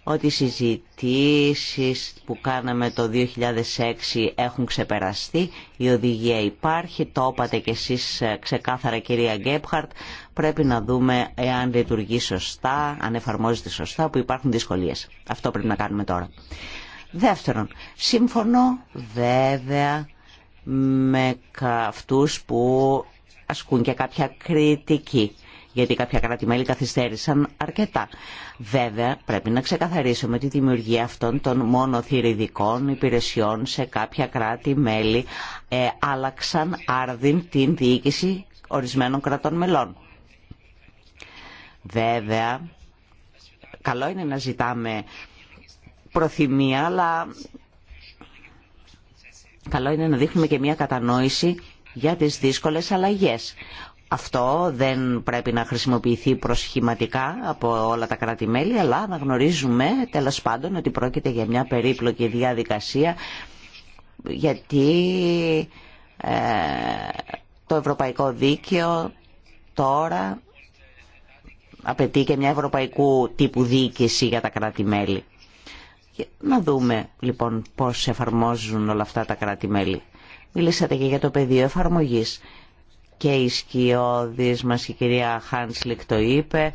ότι οι συζητήσεις που κάναμε το 2006 έχουν ξεπεραστεί, η οδηγία υπάρχει, το είπατε κι εσείς ε, ξεκάθαρα κυρία Γκέπχαρτ, πρέπει να δούμε εάν λειτουργεί σωστά, αν εφαρμόζεται σωστά, που υπάρχουν δυσκολίες. Αυτό πρέπει να κάνουμε τώρα. Δεύτερον, συμφωνώ βέβαια με αυτούς που ασκούν και κάποια κριτική γιατί κάποια κράτη-μέλη καθυστέρησαν αρκετά. Βέβαια, πρέπει να ξεκαθαρίσουμε τη δημιουργία αυτών των μονοθυριδικών υπηρεσιών σε κάποια κράτη-μέλη ε, άλλαξαν άρδιν την διοίκηση ορισμένων κρατών μελών. Βέβαια, καλό είναι να ζητάμε προθυμία, αλλά καλό είναι να δείχνουμε και μια κατανόηση για τις δύσκολες αλλαγές. Αυτό δεν πρέπει να χρησιμοποιηθεί προσχηματικά από όλα τα κράτη-μέλη, αλλά γνωρίζουμε τέλος πάντων ότι πρόκειται για μια περίπλοκη διαδικασία, γιατί ε, το ευρωπαϊκό δίκαιο τώρα απαιτεί και μια ευρωπαϊκού τύπου διοίκηση για τα κράτη-μέλη. Να δούμε λοιπόν πώς εφαρμόζουν όλα αυτά τα κράτη-μέλη. Μιλήσατε και για το πεδίο εφαρμογής και η σκιώδης μας η κυρία Χάνσλικ το είπε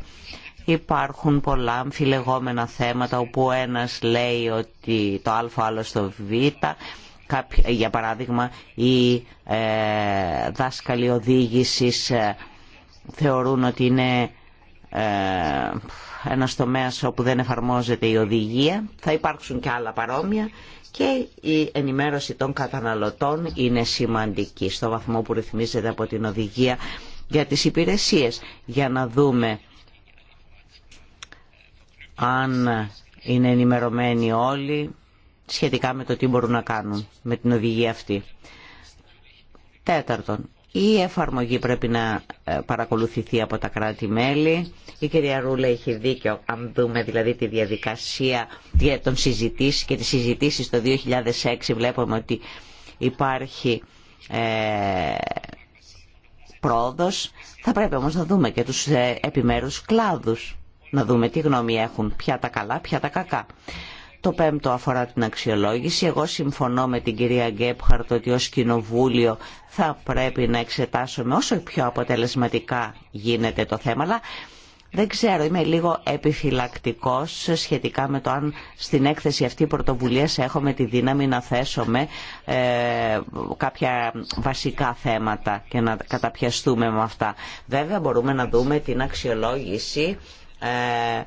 υπάρχουν πολλά αμφιλεγόμενα θέματα όπου ένας λέει ότι το α άλλο στο β για παράδειγμα οι ε, δάσκαλοι οδήγησης ε, θεωρούν ότι είναι ε, ένας τομέας όπου δεν εφαρμόζεται η οδηγία θα υπάρξουν και άλλα παρόμοια και η ενημέρωση των καταναλωτών είναι σημαντική στο βαθμό που ρυθμίζεται από την οδηγία για τις υπηρεσίες για να δούμε αν είναι ενημερωμένοι όλοι σχετικά με το τι μπορούν να κάνουν με την οδηγία αυτή. Τέταρτον, η εφαρμογή πρέπει να ε, παρακολουθηθεί από τα κράτη-μέλη. Η κυρία Ρούλα έχει δίκιο, αν δούμε δηλαδή τη διαδικασία των συζητήσεων και τη συζητήσει το 2006 βλέπουμε ότι υπάρχει ε, πρόοδος. Θα πρέπει όμως να δούμε και τους ε, επιμέρους κλάδους, να δούμε τι γνώμη έχουν, ποια τα καλά, ποια τα κακά. Το πέμπτο αφορά την αξιολόγηση. Εγώ συμφωνώ με την κυρία Γκέπχαρτ ότι ως κοινοβούλιο θα πρέπει να εξετάσουμε όσο πιο αποτελεσματικά γίνεται το θέμα, αλλά δεν ξέρω, είμαι λίγο επιφυλακτικός σχετικά με το αν στην έκθεση αυτή πρωτοβουλία έχουμε τη δύναμη να θέσουμε ε, κάποια βασικά θέματα και να καταπιαστούμε με αυτά. Βέβαια μπορούμε να δούμε την αξιολόγηση ε,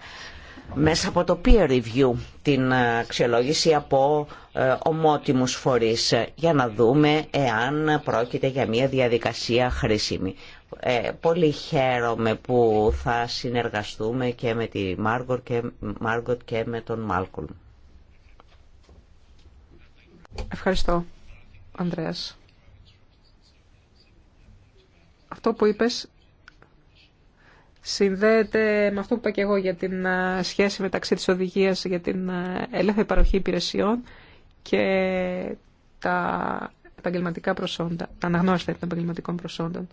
μέσα από το peer review την αξιολόγηση από ε, ομότιμους φορείς ε, για να δούμε εάν πρόκειται για μια διαδικασία χρήσιμη. Ε, πολύ χαίρομαι που θα συνεργαστούμε και με τη Μάργκοτ και, και με τον Μάλκουλ. Ευχαριστώ, Ανδρέας. Αυτό που είπες συνδέεται με αυτό που είπα και εγώ για την σχέση μεταξύ της οδηγίας για την ελεύθερη παροχή υπηρεσιών και τα επαγγελματικά προσόντα, τα αναγνώριστα των επαγγελματικών προσόντων.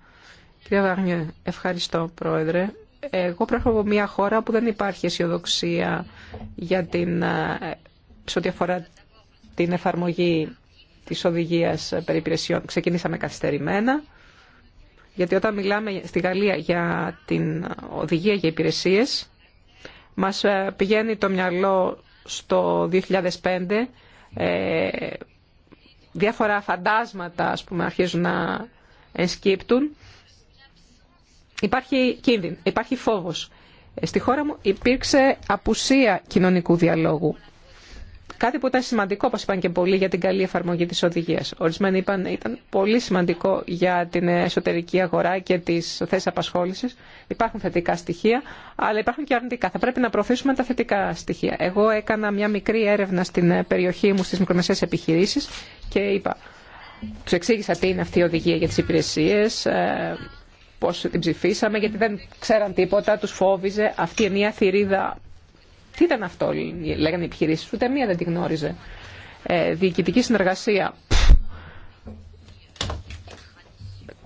Κυρία Βαγνιέ, ευχαριστώ Πρόεδρε. Εγώ προέρχομαι από μια χώρα που δεν υπάρχει αισιοδοξία για την, σε ό,τι αφορά την εφαρμογή της οδηγίας περί υπηρεσιών. Ξεκινήσαμε καθυστερημένα γιατί όταν μιλάμε στη Γαλλία για την οδηγία για υπηρεσίες, μας ε, πηγαίνει το μυαλό στο 2005, ε, διάφορα φαντάσματα ας αρχίζουν να ενσκύπτουν. Υπάρχει κίνδυνο, υπάρχει φόβος. Ε, στη χώρα μου υπήρξε απουσία κοινωνικού διαλόγου. Κάτι που ήταν σημαντικό, όπω είπαν και πολλοί, για την καλή εφαρμογή τη οδηγία. Ορισμένοι είπαν ήταν πολύ σημαντικό για την εσωτερική αγορά και τι θέσει απασχόληση. Υπάρχουν θετικά στοιχεία, αλλά υπάρχουν και αρνητικά. Θα πρέπει να προωθήσουμε τα θετικά στοιχεία. Εγώ έκανα μια μικρή έρευνα στην περιοχή μου στι μικρομεσαίε επιχειρήσει και είπα. Του εξήγησα τι είναι αυτή η οδηγία για τι υπηρεσίε, ε, πώ την ψηφίσαμε, γιατί δεν ξέραν τίποτα, του φόβιζε αυτή η μια θηρίδα τι ήταν αυτό, λέγανε οι επιχειρήσει, ούτε μία δεν τη γνώριζε. Ε, διοικητική συνεργασία.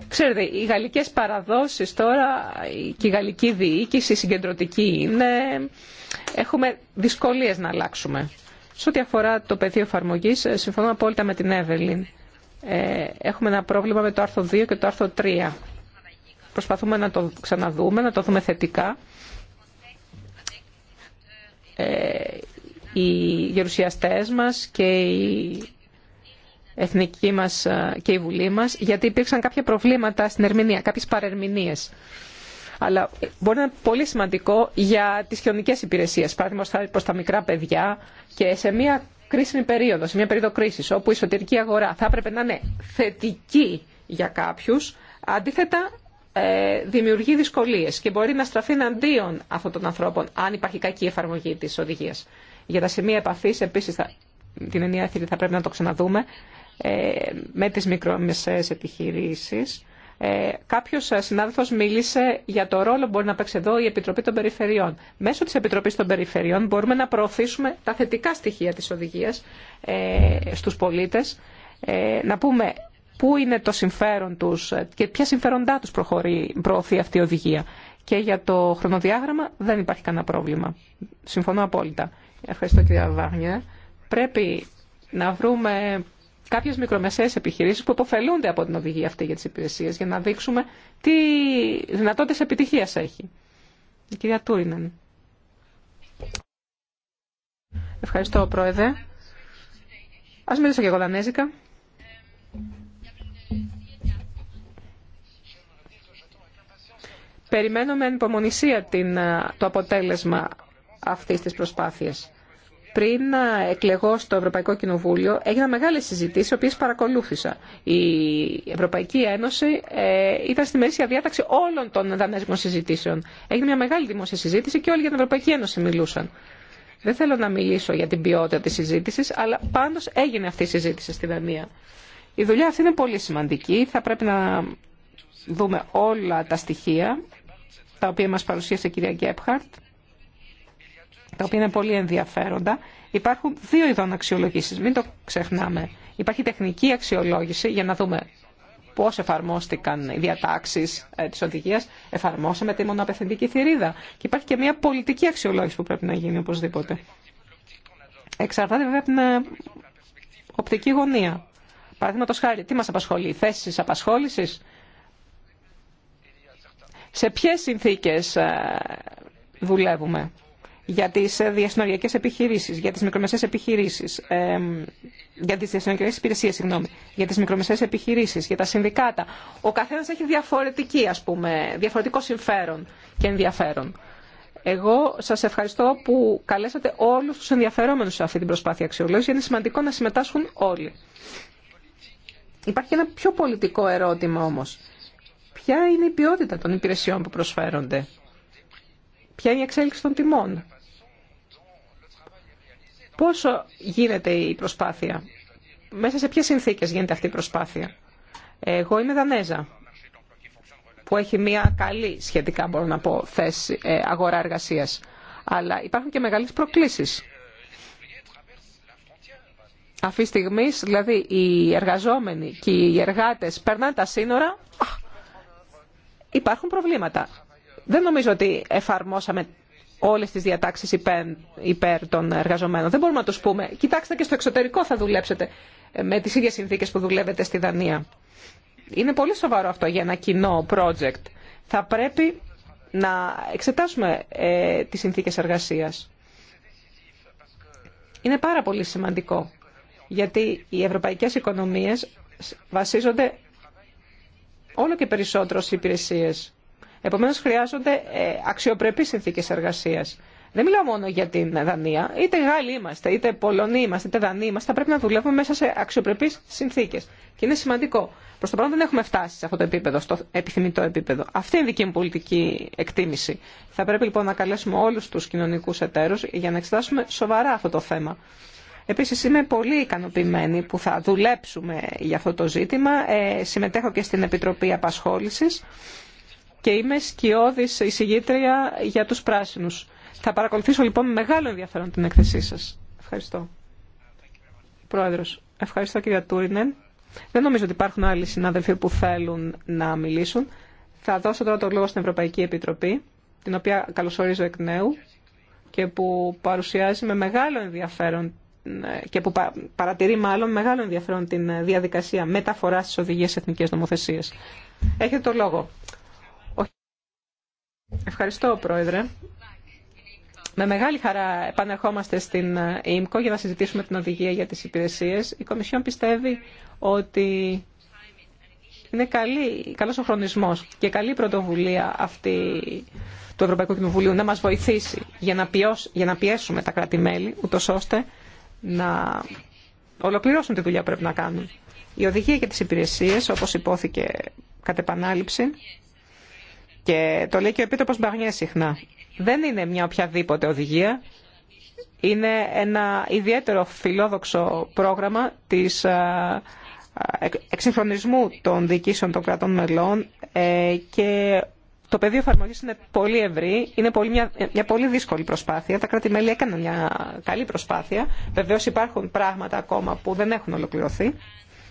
Ξέρετε, οι γαλλικές παραδόσεις τώρα και η γαλλική διοίκηση, η συγκεντρωτική είναι... Έχουμε δυσκολίες να αλλάξουμε. Σε ό,τι αφορά το πεδίο εφαρμογή, ε, συμφωνώ απόλυτα με την Εύελιν. Ε, έχουμε ένα πρόβλημα με το άρθρο 2 και το άρθρο 3. Προσπαθούμε να το ξαναδούμε, να το δούμε θετικά ε, οι γερουσιαστές μας και η εθνική μας ε, και η Βουλή μας, γιατί υπήρξαν κάποια προβλήματα στην ερμηνεία, κάποιες παρερμηνίες. Αλλά μπορεί να είναι πολύ σημαντικό για τις χιονικές υπηρεσίες, παράδειγμα προς τα μικρά παιδιά και σε μια κρίσιμη περίοδο, σε μια περίοδο κρίσης, όπου η εσωτερική αγορά θα έπρεπε να είναι θετική για κάποιους, αντίθετα ε, δημιουργεί δυσκολίε και μπορεί να στραφεί εναντίον αυτών των ανθρώπων αν υπάρχει κακή εφαρμογή τη οδηγία. Για τα σημεία επαφή, επίση την ενία θηρή θα πρέπει να το ξαναδούμε, ε, με τι μικρομεσαίε επιχειρήσει. Ε, Κάποιο συνάδελφο μίλησε για το ρόλο που μπορεί να παίξει εδώ η Επιτροπή των Περιφερειών. Μέσω τη Επιτροπή των Περιφερειών μπορούμε να προωθήσουμε τα θετικά στοιχεία τη οδηγία ε, στου πολίτε. Ε, να πούμε πού είναι το συμφέρον τους και ποια συμφέροντά τους προωθεί αυτή η οδηγία. Και για το χρονοδιάγραμμα δεν υπάρχει κανένα πρόβλημα. Συμφωνώ απόλυτα. Ευχαριστώ κυρία Βάγνια. Πρέπει να βρούμε κάποιες μικρομεσαίες επιχειρήσεις που υποφελούνται από την οδηγία αυτή για τις υπηρεσίες για να δείξουμε τι δυνατότητες επιτυχίας έχει. Η κυρία Τούρινεν. Ευχαριστώ, Πρόεδρε. Ας μιλήσω και εγώ δανέζικα. Περιμένω με ανυπομονησία την, το αποτέλεσμα αυτής της προσπάθειας. Πριν εκλεγώ στο Ευρωπαϊκό Κοινοβούλιο, έγιναν μεγάλε συζητήσει, οποίε παρακολούθησα. Η Ευρωπαϊκή Ένωση ε, ήταν στη μέση διάταξη όλων των δανέζικων συζητήσεων. Έγινε μια μεγάλη δημόσια συζήτηση και όλοι για την Ευρωπαϊκή Ένωση μιλούσαν. Δεν θέλω να μιλήσω για την ποιότητα τη συζήτηση, αλλά πάντω έγινε αυτή η συζήτηση στη Δανία. Η δουλειά αυτή είναι πολύ σημαντική. Θα πρέπει να δούμε όλα τα στοιχεία τα οποία μας παρουσίασε η κυρία Γκέπχαρτ, τα οποία είναι πολύ ενδιαφέροντα. Υπάρχουν δύο ειδών αξιολογήσεις, μην το ξεχνάμε. Υπάρχει τεχνική αξιολόγηση για να δούμε πώς εφαρμόστηκαν οι διατάξεις ε, της οδηγίας, εφαρμόσαμε τη μονοαπευθυντική θηρίδα. Και υπάρχει και μια πολιτική αξιολόγηση που πρέπει να γίνει οπωσδήποτε. Εξαρτάται βέβαια από την ε, οπτική γωνία. Παραδείγματο χάρη, τι μα απασχολεί, θέσει απασχόληση, σε ποιες συνθήκες ε, δουλεύουμε για τις ε, διασυνοριακές επιχειρήσεις, για τις μικρομεσαίες επιχειρήσεις, ε, για τις διασυνοριακές υπηρεσίες, συγγνώμη, για τις μικρομεσαίες επιχειρήσεις, για τα συνδικάτα. Ο καθένας έχει διαφορετική, ας πούμε, διαφορετικό συμφέρον και ενδιαφέρον. Εγώ σας ευχαριστώ που καλέσατε όλους τους ενδιαφερόμενους σε αυτή την προσπάθεια αξιολόγηση. Είναι σημαντικό να συμμετάσχουν όλοι. Υπάρχει ένα πιο πολιτικό ερώτημα όμως ποια είναι η ποιότητα των υπηρεσιών που προσφέρονται, ποια είναι η εξέλιξη των τιμών, πόσο γίνεται η προσπάθεια, μέσα σε ποιες συνθήκες γίνεται αυτή η προσπάθεια. Εγώ είμαι Δανέζα, που έχει μια καλή σχετικά μπορώ να πω θέση, ε, αγορά εργασίας. Αλλά υπάρχουν και μεγάλες προκλήσεις. Αυτή τη στιγμή, δηλαδή, οι εργαζόμενοι και οι εργάτες περνάνε τα σύνορα υπάρχουν προβλήματα. Δεν νομίζω ότι εφαρμόσαμε όλες τις διατάξεις υπέρ, των εργαζομένων. Δεν μπορούμε να τους πούμε, κοιτάξτε και στο εξωτερικό θα δουλέψετε με τις ίδιες συνθήκες που δουλεύετε στη Δανία. Είναι πολύ σοβαρό αυτό για ένα κοινό project. Θα πρέπει να εξετάσουμε ε, τις συνθήκες εργασίας. Είναι πάρα πολύ σημαντικό, γιατί οι ευρωπαϊκές οικονομίες βασίζονται όλο και περισσότερο στις υπηρεσίε. Επομένως χρειάζονται ε, αξιοπρεπείς συνθήκε εργασία. Δεν μιλάω μόνο για την Δανία. Είτε Γάλλοι είμαστε, είτε Πολωνοί είμαστε, είτε Δανείοι είμαστε. Θα πρέπει να δουλεύουμε μέσα σε αξιοπρεπεί συνθήκε. Και είναι σημαντικό. Προ το παρόν δεν έχουμε φτάσει σε αυτό το επίπεδο, στο επιθυμητό επίπεδο. Αυτή είναι η δική μου πολιτική εκτίμηση. Θα πρέπει λοιπόν να καλέσουμε όλου του κοινωνικού εταίρου για να εξετάσουμε σοβαρά αυτό το θέμα. Επίσης είμαι πολύ ικανοποιημένη που θα δουλέψουμε για αυτό το ζήτημα. Ε, συμμετέχω και στην Επιτροπή Απασχόλησης και είμαι σκιώδης εισηγήτρια για τους πράσινους. Θα παρακολουθήσω λοιπόν με μεγάλο ενδιαφέρον την έκθεσή σας. Ευχαριστώ. Πρόεδρος, ευχαριστώ κυρία Τούρινεν. Δεν νομίζω ότι υπάρχουν άλλοι συνάδελφοι που θέλουν να μιλήσουν. Θα δώσω τώρα το λόγο στην Ευρωπαϊκή Επιτροπή, την οποία καλωσορίζω εκ νέου και που παρουσιάζει με μεγάλο ενδιαφέρον ναι, και που παρατηρεί μάλλον μεγάλο ενδιαφέρον την ε, διαδικασία μεταφοράς τη οδηγίες εθνικές νομοθεσίες. Έχετε το λόγο. Ευχαριστώ, Πρόεδρε. Με μεγάλη χαρά επανερχόμαστε στην ε, ΙΜΚΟ για να συζητήσουμε την οδηγία για τις υπηρεσίες. Η Κομισιόν πιστεύει ότι είναι καλή, καλός ο χρονισμός και καλή πρωτοβουλία αυτή του Ευρωπαϊκού Κοινοβουλίου να μας βοηθήσει για να, για να πιέσουμε τα κράτη-μέλη, ούτως ώστε να ολοκληρώσουν τη δουλειά που πρέπει να κάνουν. Η οδηγία για τις υπηρεσίες, όπως υπόθηκε κατ' επανάληψη, και το λέει και ο Επίτροπος Μπαγνιέ συχνά, δεν είναι μια οποιαδήποτε οδηγία, είναι ένα ιδιαίτερο φιλόδοξο πρόγραμμα της ε, ε, εξυγχρονισμού των διοικήσεων των κρατών μελών ε, και το πεδίο εφαρμογή είναι πολύ ευρύ, είναι πολύ μια, μια πολύ δύσκολη προσπάθεια. Τα κράτη-μέλη έκαναν μια καλή προσπάθεια. Βεβαίω υπάρχουν πράγματα ακόμα που δεν έχουν ολοκληρωθεί,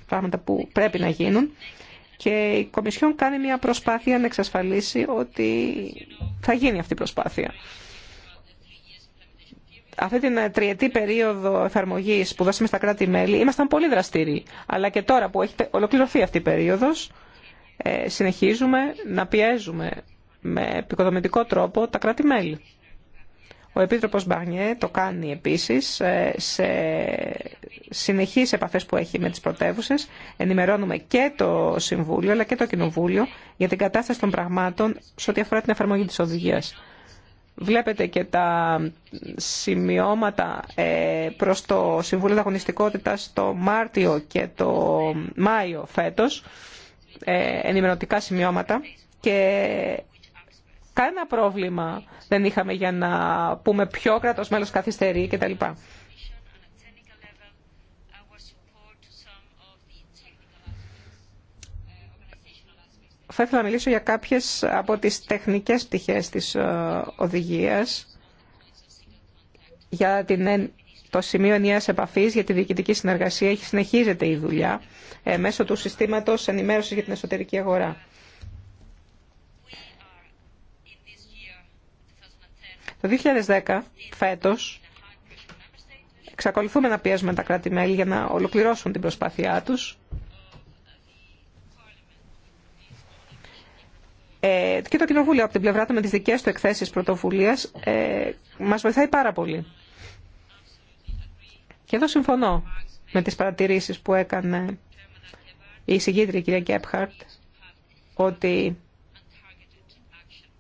πράγματα που πρέπει να γίνουν. Και η Κομισιόν κάνει μια προσπάθεια να εξασφαλίσει ότι θα γίνει αυτή η προσπάθεια. Αυτή την τριετή περίοδο εφαρμογή που δώσαμε στα κράτη-μέλη ήμασταν πολύ δραστήριοι. Αλλά και τώρα που έχει ολοκληρωθεί αυτή η περίοδο, ε, συνεχίζουμε να πιέζουμε με επικοδομητικό τρόπο τα κράτη-μέλη. Ο Επίτροπος Μπαρνιέ το κάνει επίσης ε, σε συνεχείς επαφές που έχει με τις πρωτεύουσε. Ενημερώνουμε και το Συμβούλιο αλλά και το Κοινοβούλιο για την κατάσταση των πραγμάτων σε ό,τι αφορά την εφαρμογή της οδηγίας. Βλέπετε και τα σημειώματα ε, προς το Συμβούλιο Ανταγωνιστικότητας το Μάρτιο και το Μάιο φέτος, ε, ενημερωτικά σημειώματα και Κανένα πρόβλημα δεν είχαμε για να πούμε ποιο κράτος μέλος καθυστερεί κτλ. Θα ήθελα να μιλήσω για κάποιες από τις τεχνικές πτυχές της ε, οδηγίας για την, το σημείο ενιαίας επαφής για τη διοικητική συνεργασία. Έχει συνεχίζεται η δουλειά ε, μέσω του συστήματος ενημέρωσης για την εσωτερική αγορά. Το 2010, φέτος, εξακολουθούμε να πιέζουμε τα κράτη-μέλη για να ολοκληρώσουν την προσπάθειά τους. Ε, και το Κοινοβούλιο από την πλευρά του με τις δικές του εκθέσεις πρωτοβουλίας ε, μας βοηθάει πάρα πολύ. Και εδώ συμφωνώ με τις παρατηρήσεις που έκανε η συγκίτρια κυρία Γκέπχαρτ ότι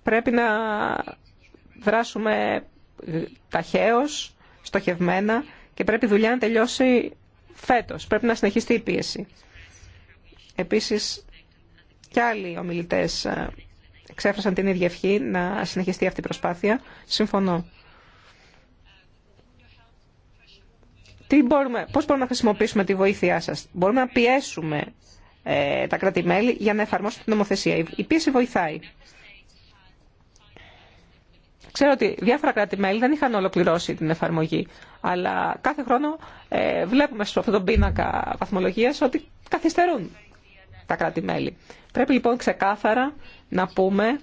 πρέπει να δράσουμε ταχαίως, στοχευμένα και πρέπει η δουλειά να τελειώσει φέτος. Πρέπει να συνεχιστεί η πίεση. Επίσης, και άλλοι ομιλητές ε, εξέφρασαν την ίδια ευχή να συνεχιστεί αυτή η προσπάθεια. Συμφωνώ. Τι μπορούμε, πώς μπορούμε να χρησιμοποιήσουμε τη βοήθειά σας. Μπορούμε να πιέσουμε ε, τα κράτη-μέλη για να εφαρμόσουν την νομοθεσία. Η πίεση βοηθάει. Ξέρω ότι διάφορα κράτη-μέλη δεν είχαν ολοκληρώσει την εφαρμογή, αλλά κάθε χρόνο ε, βλέπουμε σε αυτόν τον πίνακα βαθμολογία ότι καθυστερούν τα κράτη-μέλη. Πρέπει λοιπόν ξεκάθαρα να πούμε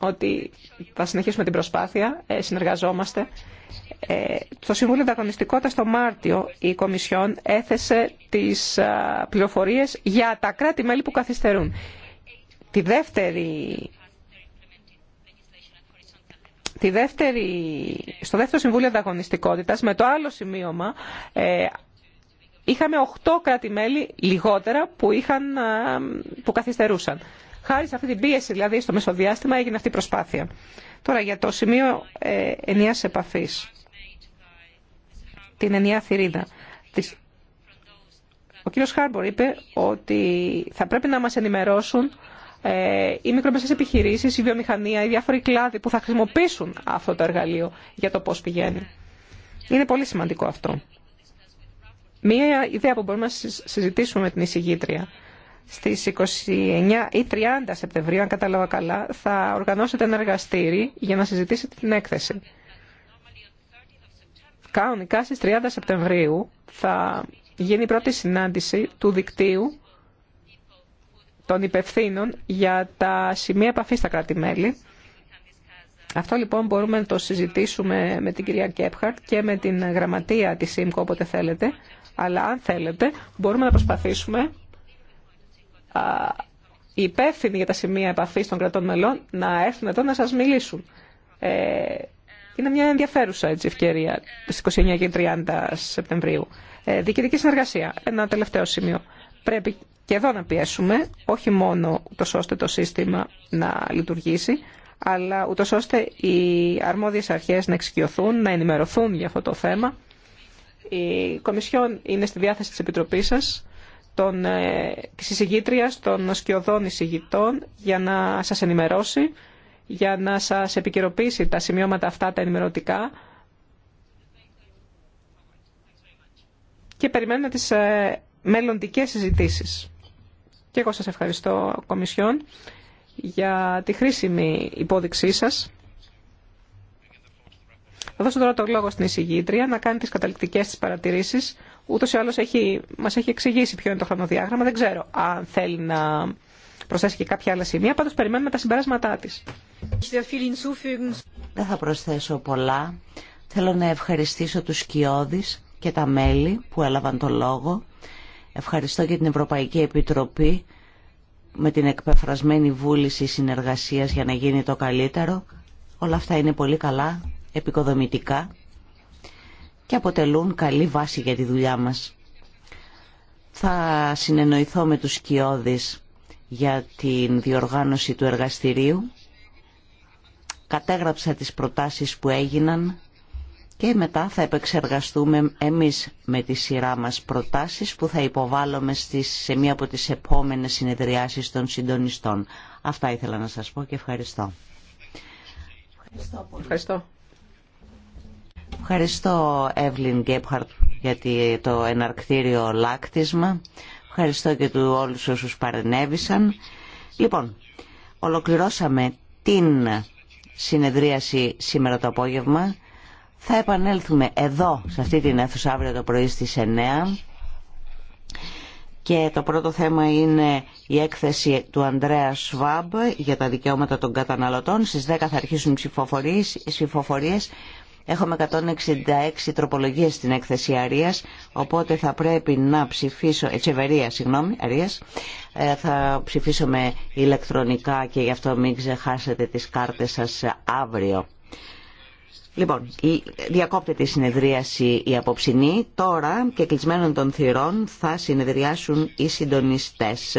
ότι θα συνεχίσουμε την προσπάθεια, ε, συνεργαζόμαστε. Ε, το Συμβούλιο Δαγωνιστικότητα το Μάρτιο η Κομισιόν έθεσε τις πληροφορίες για τα κράτη-μέλη που καθυστερούν. Τη δεύτερη δεύτερη, στο δεύτερο Συμβούλιο Ανταγωνιστικότητας, με το άλλο σημείωμα, ε, είχαμε 8 κράτη-μέλη λιγότερα που, είχαν, ε, που καθυστερούσαν. Χάρη σε αυτή την πίεση, δηλαδή, στο μεσοδιάστημα έγινε αυτή η προσπάθεια. Τώρα για το σημείο ε, ενιαίας επαφής, την ενιαία θηρίδα. Ο κύριος Χάρμπορ είπε ότι θα πρέπει να μας ενημερώσουν ε, οι μικρομεσαίες επιχειρήσεις, η βιομηχανία, οι διάφοροι κλάδοι που θα χρησιμοποιήσουν αυτό το εργαλείο για το πώς πηγαίνει. Είναι πολύ σημαντικό αυτό. Μία ιδέα που μπορούμε να συζητήσουμε με την εισηγήτρια στις 29 ή 30 Σεπτεμβρίου, αν κατάλαβα καλά, θα οργανώσετε ένα εργαστήρι για να συζητήσετε την έκθεση. Κανονικά στις 30 Σεπτεμβρίου θα γίνει η πρώτη συνάντηση του δικτύου των υπευθύνων για τα σημεία επαφή στα κράτη-μέλη. Αυτό λοιπόν μπορούμε να το συζητήσουμε με την κυρία Κέπχαρτ και με την γραμματεία της ΣΥΜΚΟ όποτε θέλετε. Αλλά αν θέλετε μπορούμε να προσπαθήσουμε οι υπεύθυνοι για τα σημεία επαφή των κρατών μελών να έρθουν εδώ να σας μιλήσουν. Ε, είναι μια ενδιαφέρουσα έτσι, ευκαιρία στις 29 και 30 Σεπτεμβρίου. Ε, διοικητική συνεργασία, ένα τελευταίο σημείο. Πρέπει και εδώ να πιέσουμε, όχι μόνο ούτως ώστε το σύστημα να λειτουργήσει, αλλά ούτως ώστε οι αρμόδιες αρχές να εξοικειωθούν, να ενημερωθούν για αυτό το θέμα. Η Κομισιόν είναι στη διάθεση της Επιτροπής σας, των, ε, της των σκιωδών εισηγητών, για να σας ενημερώσει, για να σας επικαιροποιήσει τα σημειώματα αυτά τα ενημερωτικά, και περιμένουμε τις ε, μελλοντικές συζητήσεις. Και εγώ σας ευχαριστώ, Κομισιόν, για τη χρήσιμη υπόδειξή σας. Θα δώσω τώρα το λόγο στην εισηγήτρια να κάνει τις καταληκτικές της παρατηρήσεις. Ούτως ή άλλως έχει, μας έχει εξηγήσει ποιο είναι το χρονοδιάγραμμα. Δεν ξέρω αν θέλει να προσθέσει και κάποια άλλα σημεία. Πάντως περιμένουμε τα συμπεράσματά της. Δεν θα προσθέσω πολλά. Θέλω να ευχαριστήσω τους Κιώδης και τα μέλη που έλαβαν το λόγο. Ευχαριστώ και την Ευρωπαϊκή Επιτροπή με την εκπεφρασμένη βούληση συνεργασίας για να γίνει το καλύτερο. Όλα αυτά είναι πολύ καλά, επικοδομητικά και αποτελούν καλή βάση για τη δουλειά μας. Θα συνεννοηθώ με τους σκιώδεις για την διοργάνωση του εργαστηρίου. Κατέγραψα τις προτάσεις που έγιναν και μετά θα επεξεργαστούμε εμείς με τη σειρά μας προτάσεις που θα υποβάλλουμε στις, σε μία από τις επόμενες συνεδριάσεις των συντονιστών. Αυτά ήθελα να σας πω και ευχαριστώ. Ευχαριστώ Ευχαριστώ. Ευχαριστώ Εύλιν Γκέπχαρτ για το εναρκτήριο λάκτισμα. Ευχαριστώ και του όλους όσους παρενέβησαν. Λοιπόν, ολοκληρώσαμε την συνεδρίαση σήμερα το απόγευμα. Θα επανέλθουμε εδώ, σε αυτή την αίθουσα, αύριο το πρωί στις 9. Και το πρώτο θέμα είναι η έκθεση του Ανδρέα Σβάμπ για τα δικαιώματα των καταναλωτών. Στις 10 θα αρχίσουν οι ψηφοφορίες. Έχουμε 166 τροπολογίες στην έκθεση αρία, οπότε θα πρέπει να ψηφίσω, Ετσεβερία, συγγνώμη, Αρίας, ε, θα ψηφίσουμε ηλεκτρονικά και γι' αυτό μην ξεχάσετε τι κάρτε σα αύριο. Λοιπόν, διακόπτεται η συνεδρίαση η απόψινή. Τώρα και κλεισμένων των θυρών θα συνεδριάσουν οι συντονιστές.